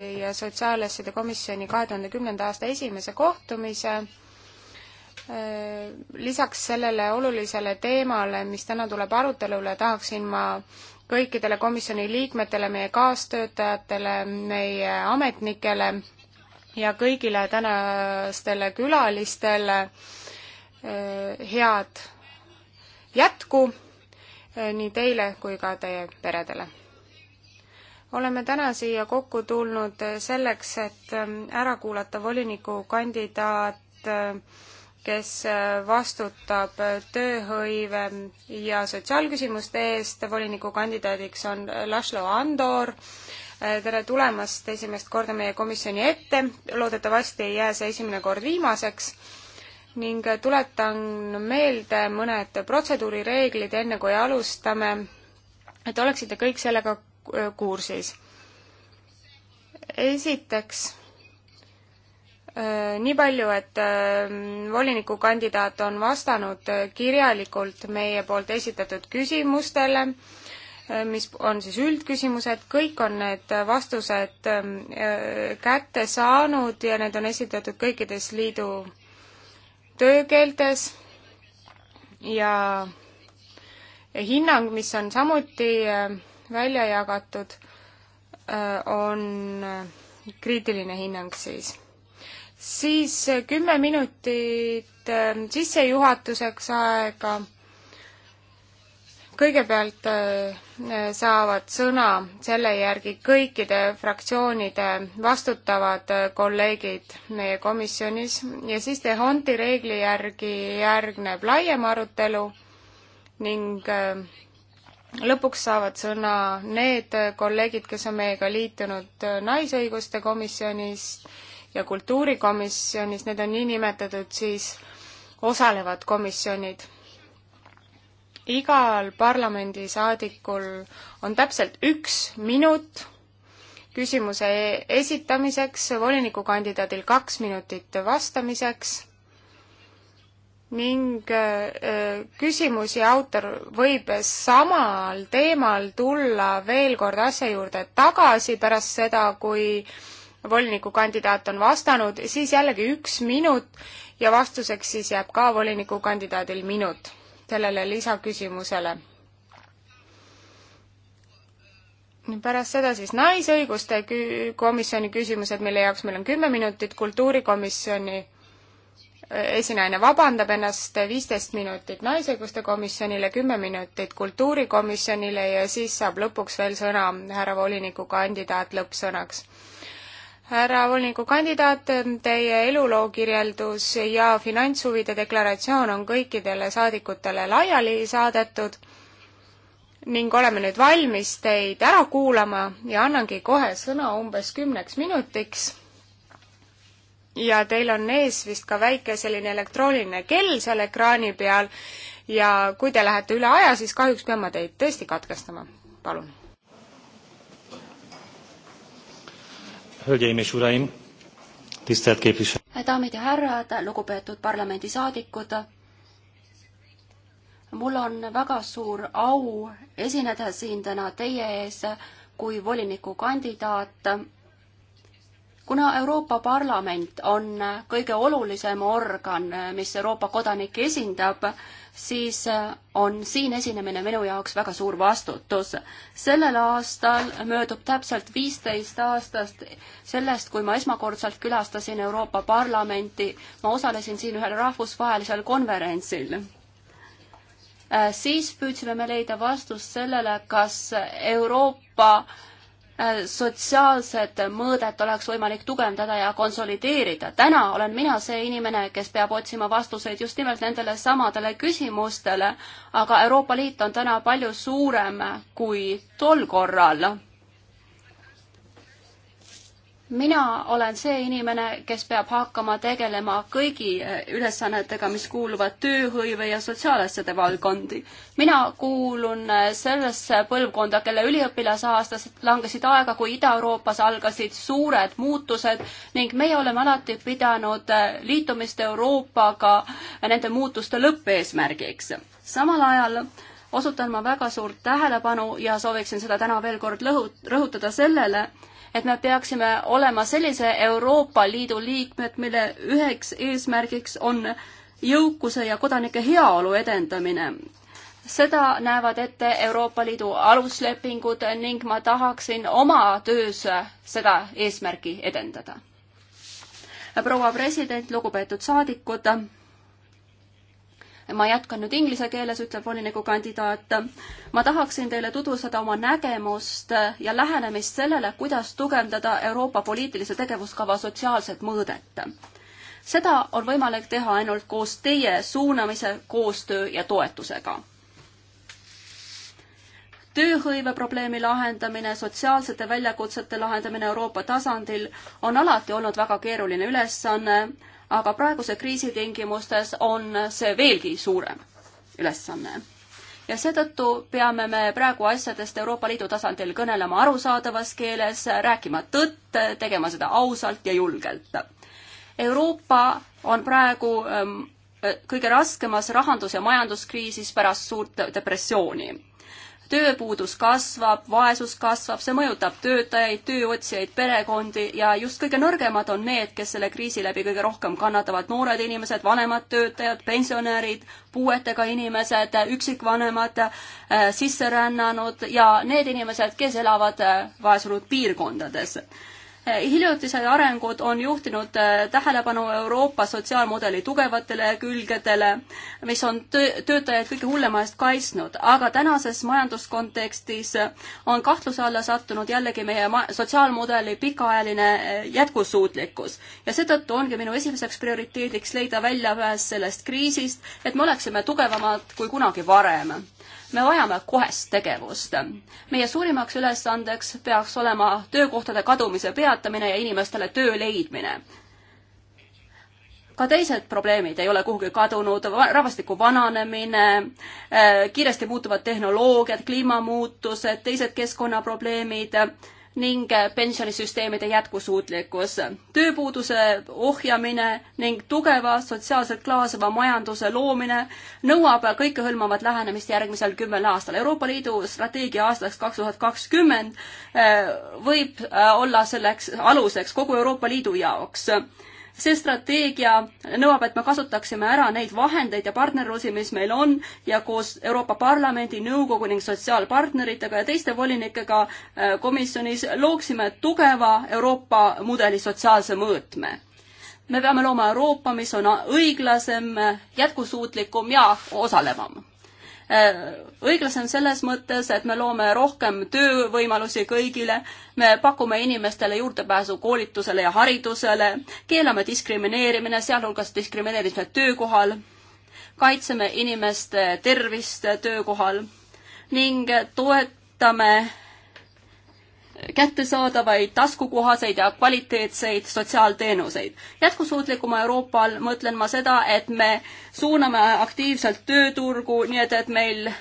ja Sotsiaalasjade Komisjoni kahe tuhande kümnenda aasta esimese kohtumise. Äh, lisaks sellele olulisele teemale, mis täna tuleb arutelule, tahaksin ma kõikidele komisjoni liikmetele, meie kaastöötajatele, meie ametnikele ja kõigile tänastele külalistele äh, head jätku äh, nii teile kui ka teie peredele oleme täna siia kokku tulnud eh, selleks, et eh, ära kuulata volinikukandidaat, eh, kes vastutab tööhõive ja sotsiaalküsimuste eest. volinikukandidaadiks on Laslo Andor. tere tulemast esimest korda meie komisjoni ette. loodetavasti ei jää see esimene kord viimaseks ning tuletan meelde mõned protseduurireeglid, enne kui alustame et oleksite kõik sellega kursis. esiteks äh, nii palju, et äh, volinikukandidaat on vastanud äh, kirjalikult meie poolt esitatud küsimustele, mis on siis üldküsimused, kõik on need vastused kätte saanud ja need on esitatud kõikides liidu töökeeltes ja hinnang, mis on samuti välja jagatud, äh, on äh, kriitiline hinnang siis. siis äh, kümme minutit sissejuhatuseks aega. kõigepealt saavad sõna selle järgi kõikide fraktsioonide vastutavad kolleegid meie komisjonis ja siis De Honti reegli järgi järgneb laiem arutelu ning äh, lõpuks saavad sõna need kolleegid, kes on meiega liitunud Naisõiguste Komisjonist ja Kultuurikomisjonist, need on niinimetatud siis osalevad komisjonid. igal parlamendisaadikul on täpselt üks minut küsimuse esitamiseks, volinikukandidaadil kaks minutit vastamiseks ning äh, äh, küsimusi autor võib samal teemal tulla veel kord asja juurde tagasi pärast seda, kui volinikukandidaat on vastanud, siis jällegi üks minut ja vastuseks siis jääb ka volinikukandidaadil minut sellele lisaküsimusele. pärast seda siis naisõiguste komisjoni küsimused, mille jaoks meil on kümme minutit, kultuurikomisjoni esinaine vabandab ennast viisteist minutit Naisõiguste komisjonile, kümme minutit Kultuurikomisjonile ja siis saab lõpuks veel sõna härra volinikukandidaat lõppsõnaks. härra volinikukandidaat, teie eluloo kirjeldus ja finantshuvide deklaratsioon on kõikidele saadikutele laiali saadetud ning oleme nüüd valmis teid ära kuulama ja annangi kohe sõna umbes kümneks minutiks ja teil on ees vist ka väike selline elektrooniline kell seal ekraani peal ja kui te lähete üle aja, siis kahjuks pean ma teid tõesti katkestama. palun. daamid ja härrad, lugupeetud parlamendisaadikud, mul on väga suur au esineda siin täna teie ees kui volinikukandidaat kuna Euroopa Parlament on kõige olulisem organ, mis Euroopa kodanikke esindab, siis on siin esinemine minu jaoks väga suur vastutus. sellel aastal möödub täpselt viisteist aastast sellest, kui ma esmakordselt külastasin Euroopa Parlamenti. ma osalesin siin ühel rahvusvahelisel konverentsil äh, siis püüdsime me leida vastust sellele, kas Euroopa Äh, sotsiaalset mõõdet oleks võimalik tugevdada ja konsolideerida. täna olen mina see inimene, kes peab otsima vastuseid just nimelt nendele samadele küsimustele, aga Euroopa Liit on täna palju suurem kui tol korral mina olen see inimene, kes peab hakkama tegelema kõigi eh, ülesannetega, mis kuuluvad tööhõive ja sotsiaalasjade valdkondi. mina kuulun eh, sellesse põlvkonda, kelle üliõpilasaastased langesid aega, kui Ida-Euroopas algasid suured muutused ning meie oleme alati pidanud eh, liitumist Euroopaga nende muutuste lõppeesmärgiks. samal ajal osutan ma väga suurt tähelepanu ja sooviksin seda täna veel kord lõhut-, rõhutada sellele, et me peaksime olema sellise Euroopa Liidu liikmed, mille üheks eesmärgiks on jõukuse ja kodanike heaolu edendamine. seda näevad ette Euroopa Liidu aluslepingud ning ma tahaksin oma töös seda eesmärki edendada. proua president, lugupeetud saadikud ma jätkan nüüd inglise keeles, ütleb volinikukandidaat. ma tahaksin teile tutvustada oma nägemust ja lähenemist sellele, kuidas tugevdada Euroopa poliitilise tegevuskava sotsiaalset mõõdet. seda on võimalik teha ainult koos teie suunamise, koostöö ja toetusega tööhõive probleemi lahendamine, sotsiaalsete väljakutsete lahendamine Euroopa tasandil on alati olnud väga keeruline ülesanne aga praeguse kriisi tingimustes on see veelgi suurem ülesanne. ja seetõttu peame me praegu asjadest Euroopa Liidu tasandil kõnelema arusaadavas keeles, rääkima tõtt, tegema seda ausalt ja julgelt. Euroopa on praegu ähm, kõige raskemas rahandus- ja majanduskriisis pärast suurt depressiooni tööpuudus kasvab, vaesus kasvab, see mõjutab töötajaid, tööotsijaid, perekondi ja just kõige nõrgemad on need, kes selle kriisi läbi kõige rohkem kannatavad. noored inimesed, vanemad töötajad, pensionärid, puuetega inimesed, üksikvanemad, äh, sisserännanud ja need inimesed, kes elavad äh, vaesunud piirkondades hiljutised arengud on juhtinud äh, tähelepanu Euroopa sotsiaalmudeli tugevatele külgedele, mis on töötajaid kõige hullema eest kaitsnud, aga tänases majanduskontekstis äh, on kahtluse alla sattunud jällegi meie sotsiaalmudeli pikaajaline äh, jätkusuutlikkus. ja seetõttu ongi minu esimeseks prioriteediks leida väljapääs sellest kriisist, et me oleksime tugevamad kui kunagi varem me vajame kohest tegevust. meie suurimaks ülesandeks peaks olema töökohtade kadumise peatamine ja inimestele töö leidmine. ka teised probleemid ei ole kuhugi kadunud, rahvastiku vananemine, äh, kiiresti muutuvad tehnoloogiad, kliimamuutused, teised keskkonnaprobleemid ning pensionisüsteemide jätkusuutlikkus, tööpuuduse ohjamine ning tugeva sotsiaalselt klaasava majanduse loomine nõuab kõikehõlmavat lähenemist järgmisel kümnel aastal. Euroopa Liidu strateegia aastaks kaks tuhat kakskümmend eh, võib eh, olla selleks aluseks kogu Euroopa Liidu jaoks see strateegia nõuab, et me kasutaksime ära neid vahendeid ja partnerlusi, mis meil on ja koos Euroopa Parlamendi, nõukogu ning sotsiaalpartneritega ja teiste volinikega äh, komisjonis looksime tugeva Euroopa mudeli sotsiaalse mõõtme me peame looma Euroopa, mis on õiglasem, jätkusuutlikum ja osalevam Äh, õiglasem selles mõttes, et me loome rohkem töövõimalusi kõigile, me pakume inimestele juurdepääsu koolitusele ja haridusele, keelame diskrimineerimine, sealhulgas diskrimineerimise töökohal, kaitseme inimeste tervist töökohal ning toetame kättesaadavaid, taskukohaseid ja kvaliteetseid sotsiaalteenuseid. jätkusuutlikuma Euroopa all mõtlen ma seda, et me suuname aktiivselt tööturgu, nii et, et meil äh,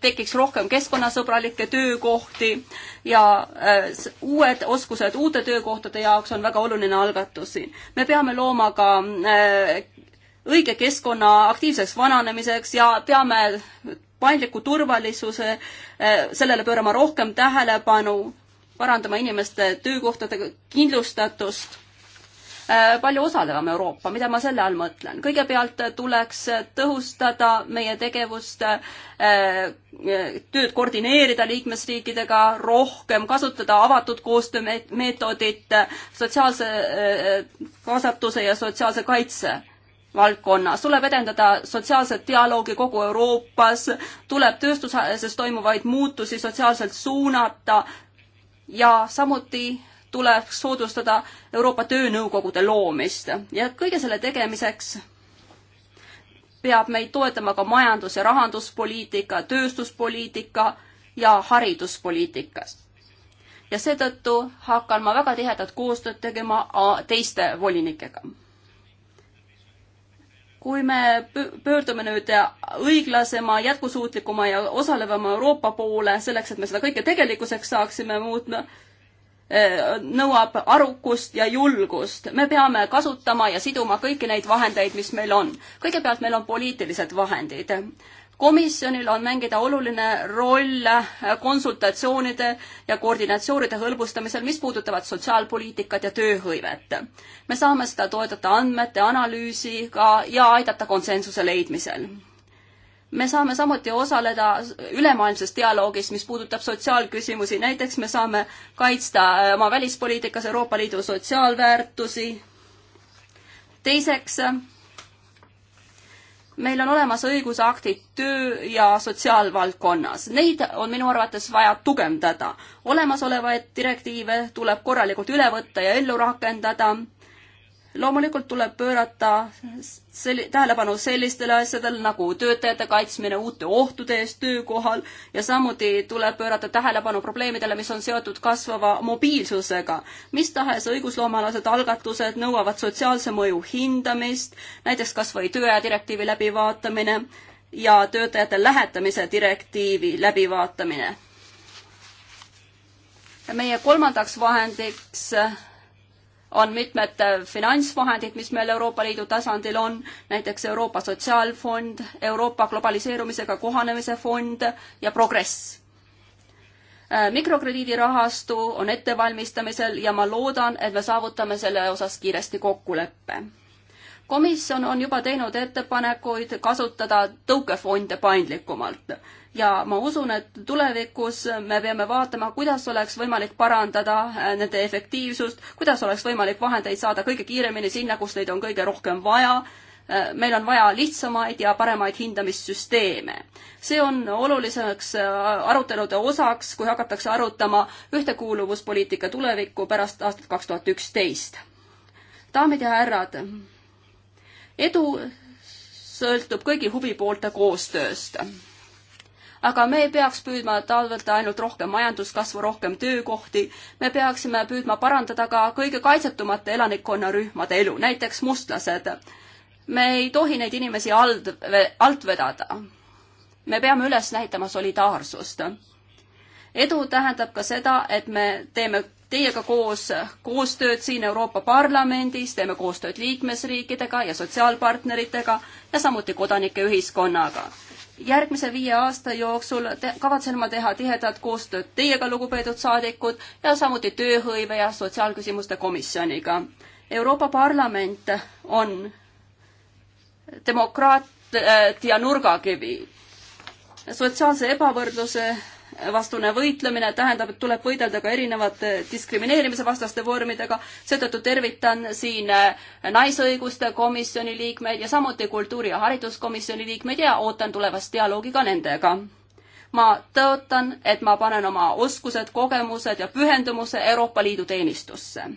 tekiks rohkem keskkonnasõbralikke töökohti ja äh, uued oskused uute töökohtade jaoks on väga oluline algatus siin. me peame looma ka äh, õige keskkonna aktiivseks vananemiseks ja peame paindliku turvalisuse, sellele pöörama rohkem tähelepanu parandama inimeste töökohtade kindlustatust äh, palju osalevam Euroopa, mida ma selle all mõtlen? kõigepealt tuleks tõhustada meie tegevust, äh, tööd koordineerida liikmesriikidega rohkem, kasutada avatud koostöömeetodit sotsiaalse äh, kaasatuse ja sotsiaalse kaitse valdkonnas, tuleb edendada sotsiaalset dialoogi kogu Euroopas, tuleb tööstuses toimuvaid muutusi sotsiaalselt suunata, ja samuti tuleks soodustada Euroopa Töönõukogude loomist ja kõige selle tegemiseks peab meid toetama ka majandus- ja rahanduspoliitika, tööstuspoliitika ja hariduspoliitikas. ja seetõttu hakkan ma väga tihedat koostööd tegema teiste volinikega kui me pöördume nüüd õiglasema, jätkusuutlikuma ja osalevama Euroopa poole, selleks et me seda kõike tegelikkuseks saaksime muutma, eh, nõuab arukust ja julgust. me peame kasutama ja siduma kõiki neid vahendeid, mis meil on. kõigepealt meil on poliitilised vahendid komisjonil on mängida oluline roll äh, konsultatsioonide ja koordinatsioonide hõlbustamisel, mis puudutavad sotsiaalpoliitikat ja tööhõivet. me saame seda toetada andmete analüüsiga ja aidata konsensuse leidmisel me saame samuti osaleda ülemaailmses dialoogis, mis puudutab sotsiaalküsimusi, näiteks me saame kaitsta äh, oma välispoliitikas Euroopa Liidu sotsiaalväärtusi. teiseks meil on olemas õigusaktid töö- ja sotsiaalvaldkonnas. Neid on minu arvates vaja tugevdada. olemasolevaid direktiive tuleb korralikult üle võtta ja ellu rakendada. loomulikult tuleb pöörata sel-, tähelepanu sellistele asjadele nagu töötajate kaitsmine uute ohtude eest töökohal ja samuti tuleb pöörata tähelepanu probleemidele, mis on seotud kasvava mobiilsusega. mis tahes õigusloomalased algatused nõuavad sotsiaalse mõju hindamist, näiteks kas või tööaja direktiivi läbivaatamine ja töötajate lähetamise direktiivi läbivaatamine. meie kolmandaks vahendiks on mitmed finantsvahendid, mis meil Euroopa Liidu tasandil on, näiteks Euroopa Sotsiaalfond, Euroopa globaliseerumisega kohanemise fond ja progress. Äh, mikrokrediidirahastu on ettevalmistamisel ja ma loodan, et me saavutame selle osas kiiresti kokkuleppe. komisjon on juba teinud ettepanekuid kasutada tõukefonde paindlikumalt ja ma usun, et tulevikus me peame vaatama, kuidas oleks võimalik parandada äh, nende efektiivsust, kuidas oleks võimalik vahendeid saada kõige kiiremini sinna, kus neid on kõige rohkem vaja äh, meil on vaja lihtsamaid ja paremaid hindamissüsteeme. see on oluliseks äh, arutelude osaks, kui hakatakse arutama ühtekuuluvuspoliitika tulevikku pärast aastat kaks tuhat üksteist. daamid ja härrad, edu sõltub kõigi huvipoolte koostööst aga me ei peaks püüdma taotleda ainult rohkem majanduskasvu, rohkem töökohti, me peaksime püüdma parandada ka kõige kaitsetumate elanikkonnarühmade elu, näiteks mustlased. me ei tohi neid inimesi alt, alt vedada. me peame üles näitama solidaarsust. edu tähendab ka seda, et me teeme teiega koos koostööd siin Euroopa Parlamendis, teeme koostööd liikmesriikidega ja sotsiaalpartneritega ja samuti kodanike ühiskonnaga järgmise viie aasta jooksul te, kavatsen ma teha tihedat koostööd teiega, lugupeetud saadikud, ja samuti tööhõive ja sotsiaalküsimuste komisjoniga. Euroopa Parlament on demokraatia nurgakivi. sotsiaalse ebavõrdluse vastune võitlemine tähendab, et tuleb võidelda ka erinevate diskrimineerimise vastaste vormidega, seetõttu tervitan siin äh, Naisõiguste Komisjoni liikmeid ja samuti Kultuuri- ja Hariduskomisjoni liikmeid ja ootan tulevast dialoogi ka nendega ma tõotan, et ma panen oma oskused, kogemused ja pühendumuse Euroopa Liidu teenistusse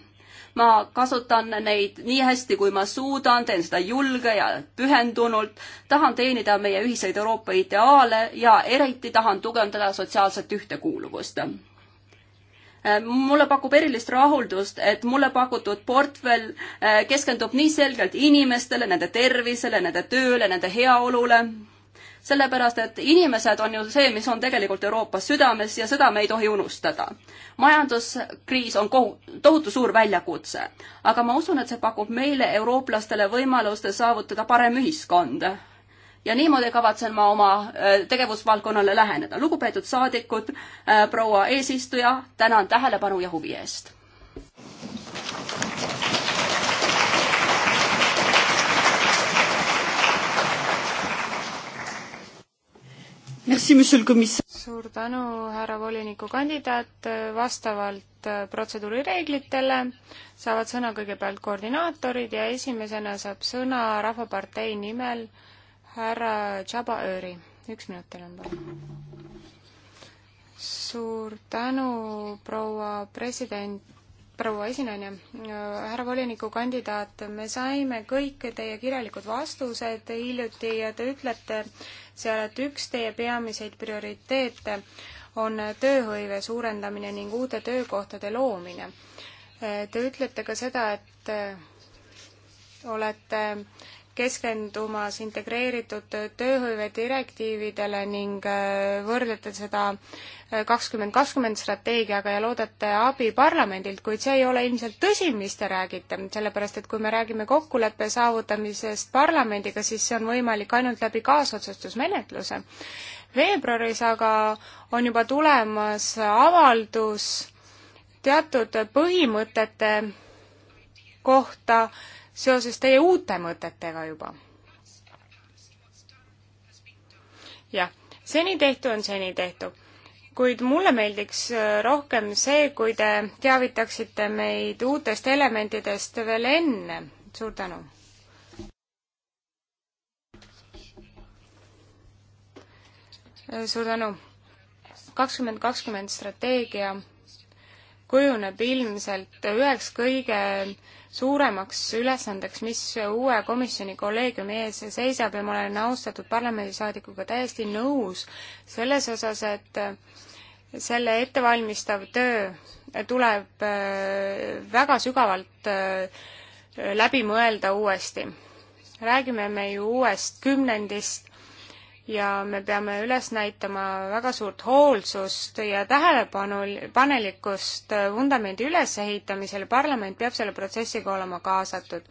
ma kasutan neid nii hästi, kui ma suudan, teen seda julge ja pühendunult, tahan teenida meie ühiseid Euroopa ideaale ja eriti tahan tugevdada sotsiaalset ühtekuuluvust äh, mulle pakub erilist rahuldust, et mulle pakutud portfell äh, keskendub nii selgelt inimestele, nende tervisele, nende tööle, nende heaolule sellepärast et inimesed on ju see, mis on tegelikult Euroopa südames ja seda me ei tohi unustada. majanduskriis on kohu-, tohutu suur väljakutse, aga ma usun, et see pakub meile, eurooplastele, võimalust saavutada parem ühiskond. ja niimoodi kavatsen ma oma äh, tegevusvaldkonnale läheneda. lugupeetud saadikud, äh, proua eesistuja, tänan tähelepanu ja huvi eest! suur tänu, härra volinikukandidaat, vastavalt äh, protseduurireeglitele saavad sõna kõigepealt koordinaatorid ja esimesena saab sõna Rahvapartei nimel härra Tšaba Ööri. üks minut teil on, palun. suur tänu, proua president, proua esinaine, äh, härra volinikukandidaat, me saime kõik teie kirjalikud vastused hiljuti ja te ütlete, seal, et üks teie peamiseid prioriteete on tööhõive suurendamine ning uute töökohtade loomine. Te ütlete ka seda, et äh, olete keskendumas integreeritud tööhõive direktiividele ning äh, võrdlete seda äh, kakskümmend kakskümmend strateegiaga ja loodate abi parlamendilt, kuid see ei ole ilmselt tõsi, mis te räägite, sellepärast et kui me räägime kokkuleppe saavutamisest parlamendiga, siis see on võimalik ainult läbi kaasotsustusmenetluse. veebruaris aga on juba tulemas avaldus teatud põhimõtete kohta, seoses teie uute mõtetega juba? jah, seni tehtu on seni tehtu, kuid mulle meeldiks äh, rohkem see, kui te teavitaksite meid uutest elementidest veel enne. suur tänu! Äh, suur tänu! kakskümmend kakskümmend strateegia kujuneb ilmselt üheks kõige suuremaks ülesandeks, mis uue komisjoni kolleegiumi ees seisab ja ma olen austatud parlamendisaadikuga täiesti nõus selles osas, et selle ettevalmistav töö tuleb äh, väga sügavalt äh, läbi mõelda uuesti. räägime me ju uuest kümnendist, ja me peame üles näitama väga suurt hoolsust ja tähelepanu, panelikkust vundamendi ülesehitamisel, parlament peab selle protsessiga olema kaasatud.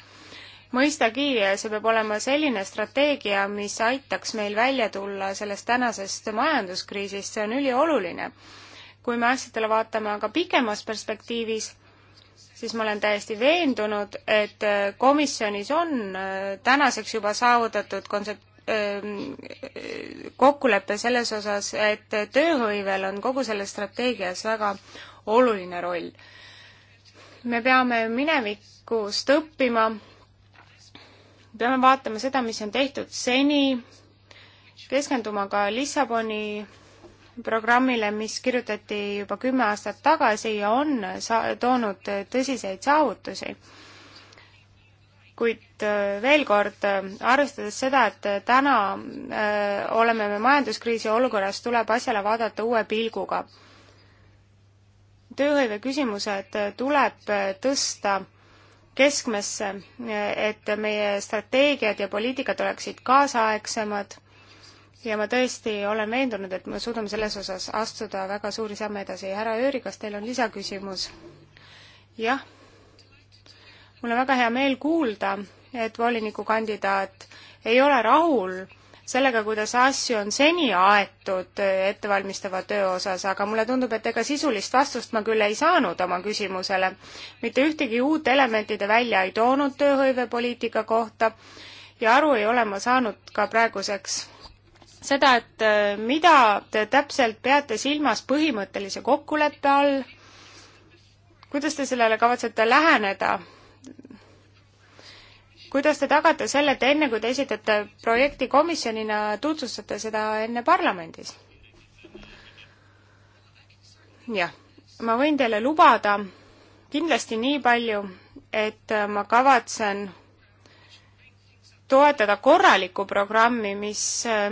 mõistagi, see peab olema selline strateegia, mis aitaks meil välja tulla sellest tänasest majanduskriisist, see on ülioluline. kui me asjadele vaatame aga pikemas perspektiivis, siis ma olen täiesti veendunud, et komisjonis on tänaseks juba saavutatud kontsept-, Ähm, kokkulepe selles osas, et tööhõivel on kogu selles strateegias väga oluline roll. me peame minevikust õppima, peame vaatama seda, mis on tehtud seni, keskenduma ka Lissaboni programmile, mis kirjutati juba kümme aastat tagasi ja on sa-, toonud tõsiseid saavutusi kuid äh, veel kord, äh, arvestades seda, et äh, täna öö, oleme me majanduskriisi olukorras, tuleb asjale vaadata uue pilguga. tööhõive küsimused tuleb tõsta keskmesse, et meie strateegiad ja poliitikad oleksid kaasaegsemad ja ma tõesti olen veendunud, et me suudame selles osas astuda väga suuri samme edasi. härra Ööri, kas teil on lisaküsimus? jah mul on väga hea meel kuulda, et volinikukandidaat ei ole rahul sellega, kuidas asju on seni aetud ettevalmistava töö osas, aga mulle tundub, et ega sisulist vastust ma küll ei saanud oma küsimusele. mitte ühtegi uut elementi te välja ei toonud tööhõivepoliitika kohta ja aru ei ole ma saanud ka praeguseks seda, et äh, mida te täpselt peate silmas põhimõttelise kokkuleppe all, kuidas te sellele kavatsete läheneda kuidas te tagate selle, et enne, kui te esitate projekti komisjonina, tutvustate seda enne parlamendis? jah, ma võin teile lubada kindlasti nii palju, et ma kavatsen toetada korralikku programmi, mis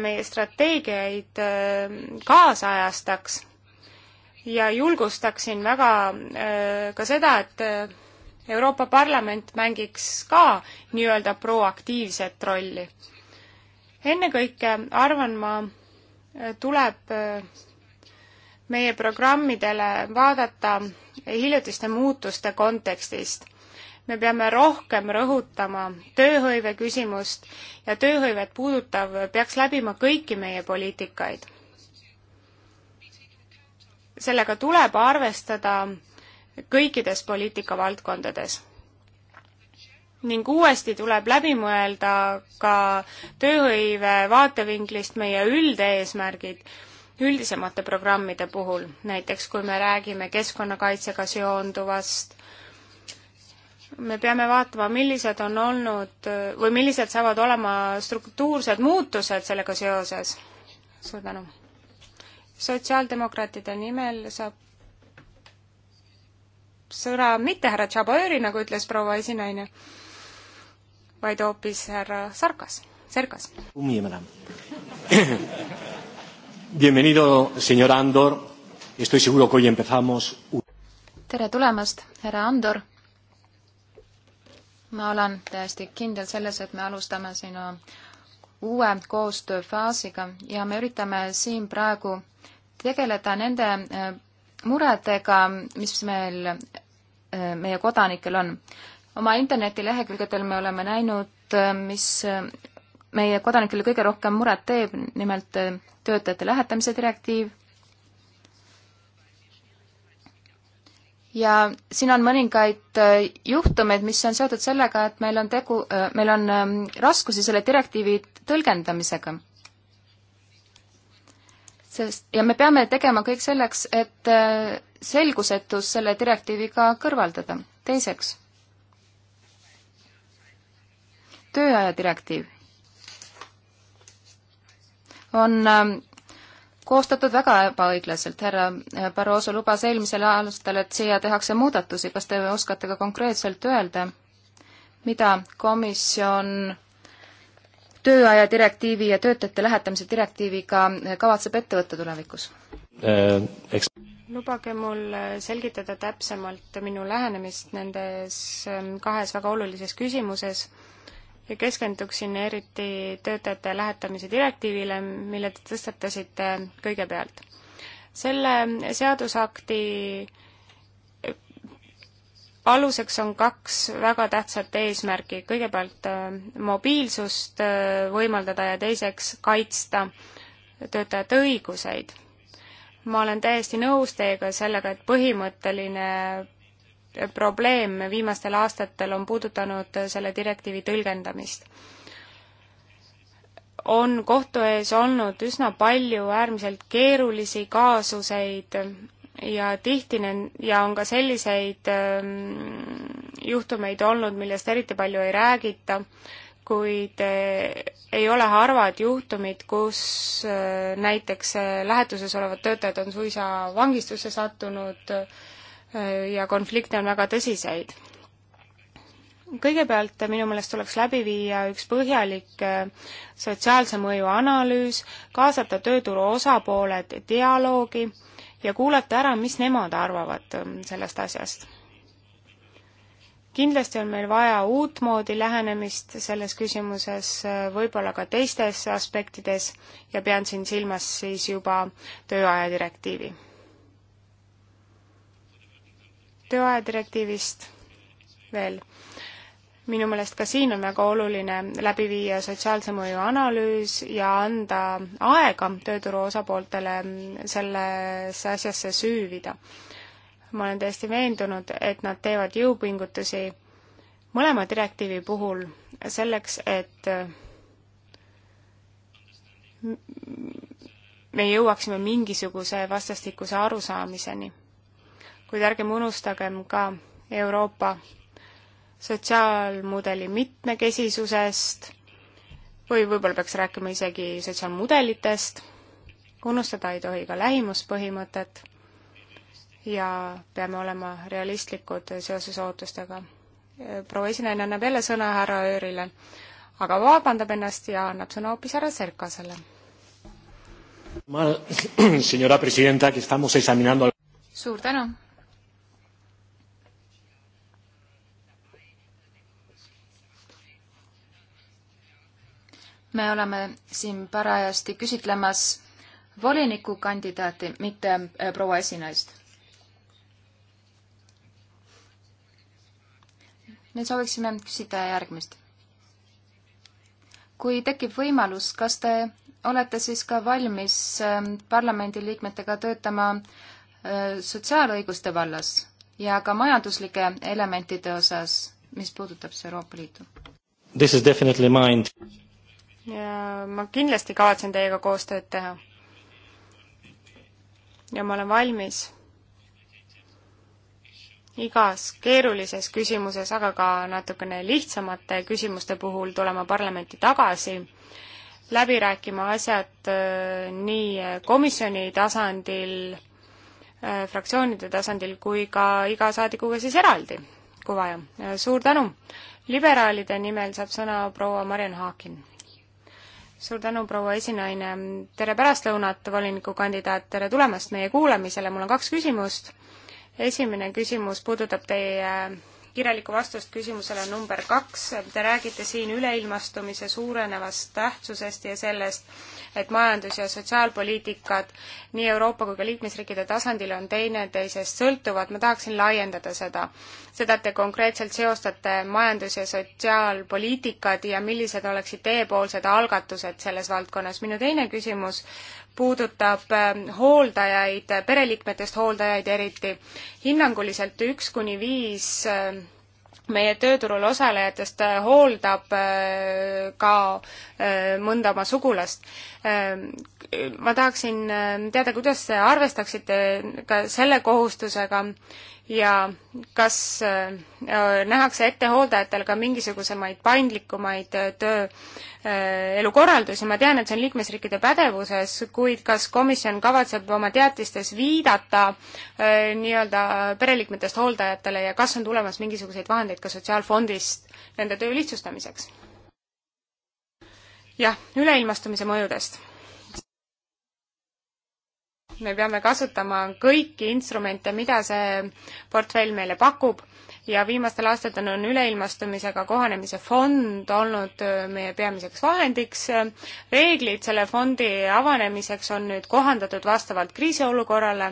meie strateegiaid äh, kaasajastaks ja julgustaksin väga äh, ka seda, et äh, Euroopa Parlament mängiks ka nii-öelda proaktiivset rolli. ennekõike arvan ma, tuleb äh, meie programmidele vaadata hiljutiste muutuste kontekstist. me peame rohkem rõhutama tööhõive küsimust ja tööhõivet puudutav peaks läbima kõiki meie poliitikaid. sellega tuleb arvestada kõikides poliitikavaldkondades. ning uuesti tuleb läbi mõelda ka tööhõive vaatevinklist meie üldeesmärgid üldisemate programmide puhul, näiteks kui me räägime keskkonnakaitsega seonduvast, me peame vaatama, millised on olnud või millised saavad olema struktuursed muutused sellega seoses. suur tänu. sotsiaaldemokraatide nimel saab sõna mitte härra Tšabõõri, nagu ütles proua esinaine, vaid hoopis härra Sarkas, Serkas. Bienvenido, senor Andor, estoy seguro que hoy empezamos tere tulemast, härra Andor! ma olen täiesti kindel selles, et me alustame siin uue koostööfaasiga ja me üritame siin praegu tegeleda nende eh, muredega, mis meil, äh, meie kodanikel on. oma internetilehekülgedel me oleme näinud, äh, mis äh, meie kodanikele kõige rohkem muret teeb, nimelt töötajate lähetamise direktiiv. ja siin on mõningaid juhtumeid, mis on seotud sellega, et meil on tegu, meil on ähm, raskusi selle direktiivi tõlgendamisega sest, ja me peame tegema kõik selleks, et äh, selgusetus selle direktiiviga kõrvaldada. teiseks, tööaja direktiiv on ähm, koostatud väga ebaõiglaselt, härra äh, Barroso lubas eelmisel aastal, et siia tehakse muudatusi, kas te oskate ka konkreetselt öelda, mida komisjon tööaja direktiivi ja töötajate lähetamise direktiiviga kavatseb ette võtta tulevikus äh,? Eks... lubage mul selgitada täpsemalt minu lähenemist nendes ähm, kahes väga olulises küsimuses ja keskenduksin eriti töötajate lähetamise direktiivile, mille te tõstatasite kõigepealt. selle seadusakti aluseks on kaks väga tähtsat eesmärki, kõigepealt äh, mobiilsust äh, võimaldada ja teiseks kaitsta töötajate õiguseid. ma olen täiesti nõus teiega sellega, et põhimõtteline äh, probleem viimastel aastatel on puudutanud selle direktiivi tõlgendamist. on kohtu ees olnud üsna palju äärmiselt keerulisi kaasuseid ja tihti nen- ja on ka selliseid ähm, juhtumeid olnud, millest eriti palju ei räägita, kuid äh, ei ole harvad juhtumid, kus äh, näiteks äh, lähetuses olevad töötajad on suisa vangistusse sattunud ja konflikte on väga tõsiseid. kõigepealt minu meelest tuleks läbi viia üks põhjalik sotsiaalse mõju analüüs, kaasata tööturu osapooled dialoogi ja kuulata ära, mis nemad arvavad ähm, sellest asjast. kindlasti on meil vaja uutmoodi lähenemist selles küsimuses, äh, võib-olla ka teistes aspektides ja pean siin silmas siis juba tööaja direktiivi. tööaja direktiivist veel minu meelest ka siin on väga oluline läbi viia sotsiaalse mõju analüüs ja anda aega tööturu osapooltele sellesse asjasse süüvida. ma olen täiesti veendunud, et nad teevad jõupingutusi mõlema direktiivi puhul selleks, et me jõuaksime mingisuguse vastastikuse arusaamiseni. kuid ärgem unustagem ka Euroopa sotsiaalmudeli mitmekesisusest või võib-olla peaks rääkima isegi sotsiaalmudelitest, unustada ei tohi ka lähimuspõhimõtet ja peame olema realistlikud seoses ootustega. proua esinaine annab jälle sõna härra Öörile, aga vabandab ennast ja annab sõna hoopis härra Serkasele. suur tänu me oleme siin parajasti küsitlemas volinikukandidaati, mitte äh, proua esinaist. me sooviksime küsida järgmist. kui tekib võimalus, kas te olete siis ka valmis ähm, parlamendiliikmetega töötama äh, sotsiaalõiguste vallas ja ka majanduslike elementide osas, mis puudutab siis Euroopa Liitu? This is definitely mind ja ma kindlasti kavatsen teiega koostööd teha. ja ma olen valmis igas keerulises küsimuses, aga ka natukene lihtsamate küsimuste puhul tulema parlamenti tagasi, läbi rääkima asjad äh, nii komisjoni tasandil, äh, fraktsioonide tasandil kui ka iga saadikuga siis eraldi, kui vaja. Äh, suur tänu! liberaalide nimel saab sõna proua Mariann Haakin suur tänu, proua esinaine, tere pärastlõunat, volinikukandidaat, tere tulemast meie kuulamisele, mul on kaks küsimust. esimene küsimus puudutab teie kirjalikku vastust küsimusele number kaks. Te räägite siin üleilmastumise suurenevast tähtsusest ja sellest, et majandus- ja sotsiaalpoliitikad nii Euroopa kui ka liikmesriikide tasandil on teineteisest sõltuvad. ma tahaksin laiendada seda, seda, et te konkreetselt seostate majandus- ja sotsiaalpoliitikad ja millised oleksid teiepoolsed algatused selles valdkonnas. minu teine küsimus puudutab äh, hooldajaid, pereliikmetest hooldajaid eriti. hinnanguliselt üks kuni viis äh, meie tööturul osalejatest äh, hooldab ka mõnda oma sugulast. Ma tahaksin teada, kuidas te arvestaksite ka selle kohustusega ja kas nähakse ette hooldajatel ka mingisugusemaid paindlikumaid töö Äh, elukorraldusi, ma tean, et see on liikmesriikide pädevuses, kuid kas komisjon kavatseb oma teatistes viidata äh, nii-öelda pereliikmetest hooldajatele ja kas on tulemas mingisuguseid vahendeid ka Sotsiaalfondist nende töö lihtsustamiseks? jah, üleilmastumise mõjudest. me peame kasutama kõiki instrumente, mida see portfell meile pakub ja viimastel aastatel on üleilmastumisega kohanemise fond olnud äh, meie peamiseks vahendiks. reeglid selle fondi avanemiseks on nüüd kohandatud vastavalt kriisiolukorrale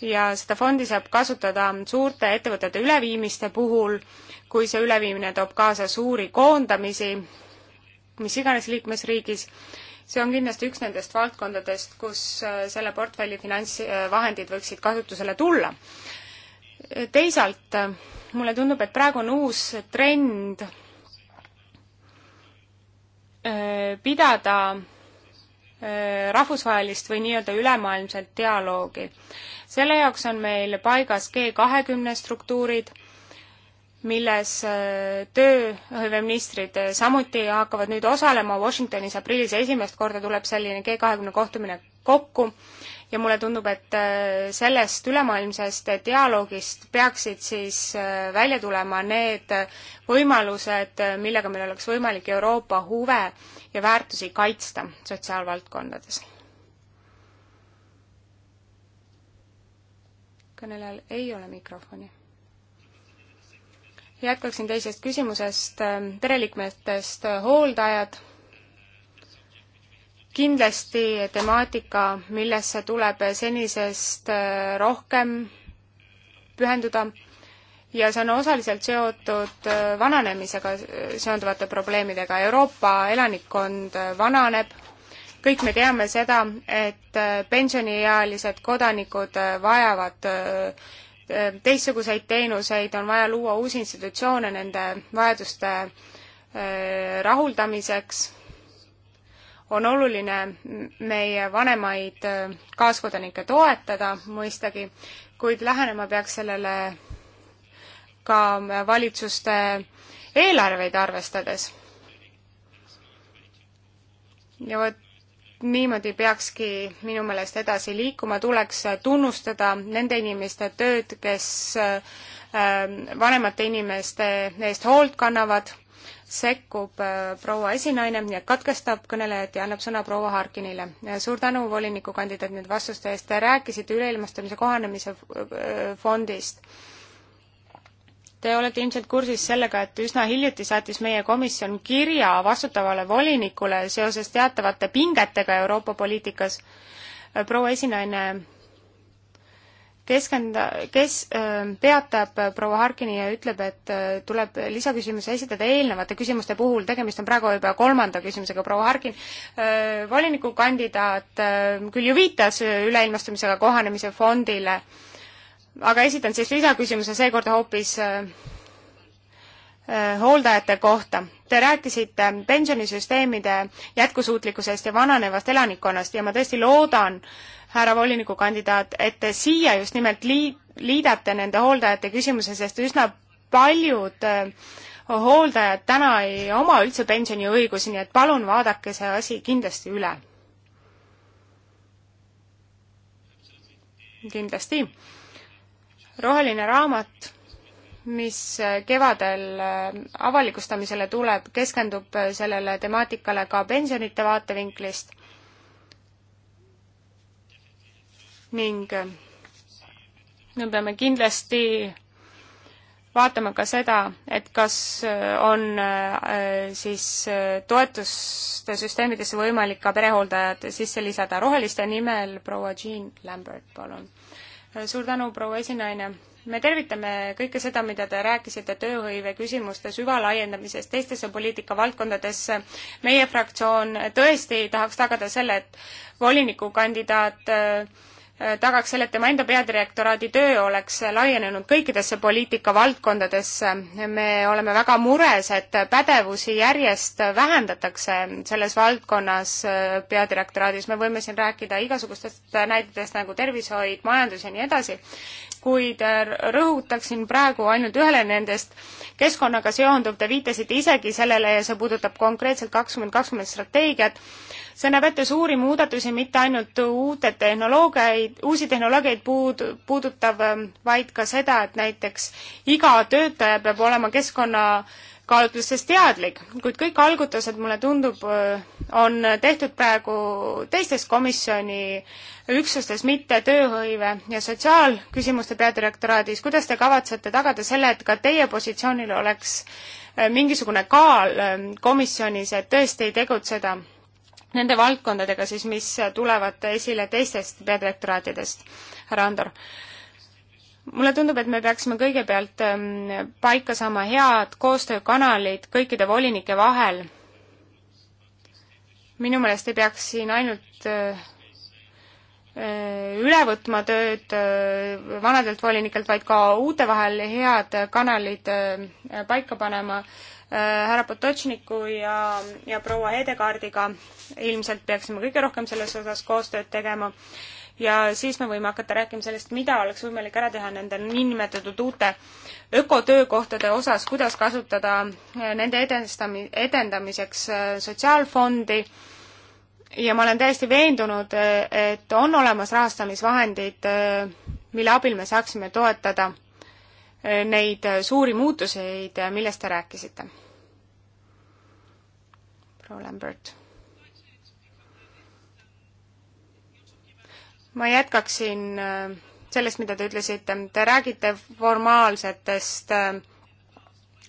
ja seda fondi saab kasutada suurte ettevõtete üleviimiste puhul, kui see üleviimine toob kaasa suuri koondamisi mis iganes liikmesriigis. see on kindlasti üks nendest valdkondadest, kus äh, selle portfelli finantsvahendid äh, võiksid kasutusele tulla teisalt mulle tundub, et praegu on uus trend äh, pidada äh, rahvusvahelist või nii-öelda ülemaailmset dialoogi. selle jaoks on meil paigas G kahekümne struktuurid, milles äh, tööhõiveministrid samuti hakkavad nüüd osalema Washingtonis aprillis esimest korda tuleb selline G kahekümne kohtumine kokku ja mulle tundub, et äh, sellest ülemaailmsest dialoogist peaksid siis äh, välja tulema need äh, võimalused, millega meil oleks võimalik Euroopa huve ja väärtusi kaitsta sotsiaalvaldkondades. kõnelejal ei ole mikrofoni jätkaksin teisest küsimusest, pereliikmetest hooldajad kindlasti temaatika, millesse tuleb senisest äh, rohkem pühenduda ja see on osaliselt seotud äh, vananemisega äh, seonduvate probleemidega. Euroopa elanikkond vananeb, kõik me teame seda, et pensioniealised kodanikud vajavad teistsuguseid teenuseid, on vaja luua uusi institutsioone nende vajaduste rahuldamiseks on oluline meie vanemaid äh, kaaskodanikke toetada mõistagi, kuid lähenema peaks sellele ka valitsuste eelarveid arvestades. ja vot niimoodi peakski minu meelest edasi liikuma, tuleks tunnustada nende inimeste tööd, kes äh, äh, vanemate inimeste eest hoolt kannavad sekkub äh, proua esinaine ja katkestab kõnelejat ja annab sõna proua Harkinile. suur tänu, volinikukandidaat, nende vastuste eest. Te rääkisite üleilmastumise kohanemise äh, fondist. Te olete ilmselt kursis sellega, et üsna hiljuti saatis meie komisjon kirja vastutavale volinikule seoses teatavate pingetega Euroopa poliitikas. Äh, proua esinaine keskenda-, kes ähm, peatab äh, proua Harkini ja ütleb, et äh, tuleb lisaküsimusi esitada eelnevate küsimuste puhul, tegemist on praegu juba kolmanda küsimusega, proua Harkin, äh, volinikukandidaat küll ju viitas üleilmastumisega kohanemise fondile, aga esitan siis lisaküsimuse seekord hoopis Eh, hooldajate kohta. Te rääkisite pensionisüsteemide jätkusuutlikkusest ja vananevast elanikkonnast ja ma tõesti loodan, härra volinikukandidaat, et te siia just nimelt lii-, liidate nende hooldajate küsimuse, sest üsna paljud eh, hooldajad täna ei oma üldse pensioniõigusi, nii et palun vaadake see asi kindlasti üle. kindlasti. roheline raamat mis kevadel äh, avalikustamisele tuleb, keskendub äh, sellele temaatikale ka pensionite vaatevinklist ning äh, me peame kindlasti vaatama ka seda, et kas on siis toetuste süsteemidesse võimalik ka perehooldajad sisse lisada. roheliste nimel proua Jean Lambert, palun. suur tänu, proua esinaine me tervitame kõike seda, mida te rääkisite tööhõive küsimuste süvalaiendamisest teistesse poliitikavaldkondadesse. meie fraktsioon tõesti tahaks tagada selle, et volinikukandidaat äh, tagaks selle, et tema enda peadirektoraadi töö oleks laienenud kõikidesse poliitikavaldkondadesse. me oleme väga mures, et pädevusi järjest vähendatakse selles valdkonnas äh, peadirektoraadis. me võime siin rääkida igasugustest näidetest nagu tervishoid, majandus ja nii edasi kuid äh, rõhutaksin praegu ainult ühele nendest keskkonnaga seonduv, te viitasite isegi sellele ja see puudutab konkreetselt kakskümmend kakskümmend strateegiat. see näeb ette suuri muudatusi, mitte ainult uute tehnoloogiaid, uusi tehnoloogiaid puud-, puudutav, ähm, vaid ka seda, et näiteks iga töötaja peab olema keskkonna äh, kaalutlustes teadlik, kuid kõik algutused, mulle tundub, on tehtud praegu teistes komisjoni üksustes, mitte tööhõive ja sotsiaalküsimuste peadirektoraadis. kuidas te kavatsete tagada selle, et ka teie positsioonil oleks äh, mingisugune kaal äh, komisjonis, et tõesti tegutseda nende valdkondadega siis, mis tulevad esile teistest peadirektoraatidest? härra Andor mulle tundub, et me peaksime kõigepealt ähm, paika saama head koostöökanalid kõikide volinike vahel. minu meelest ei peaks siin ainult äh, äh, üle võtma tööd äh, vanadelt volinikelt, vaid ka uute vahel head kanalid paika panema. härra Potočniku ja, ja proua Hedegaardiga ilmselt peaksime kõige rohkem selles osas koostööd tegema ja siis me võime hakata rääkima sellest, mida oleks võimalik ära teha nende niinimetatud uute ökotöökohtade osas, kuidas kasutada eh, nende edendami-, edendamiseks eh, sotsiaalfondi ja ma olen täiesti veendunud, eh, et on olemas rahastamisvahendid, mille abil me saaksime toetada neid suuri muutuseid, millest te rääkisite. proua Lambert ma jätkaksin äh, sellest, mida te ütlesite, te räägite formaalsetest äh,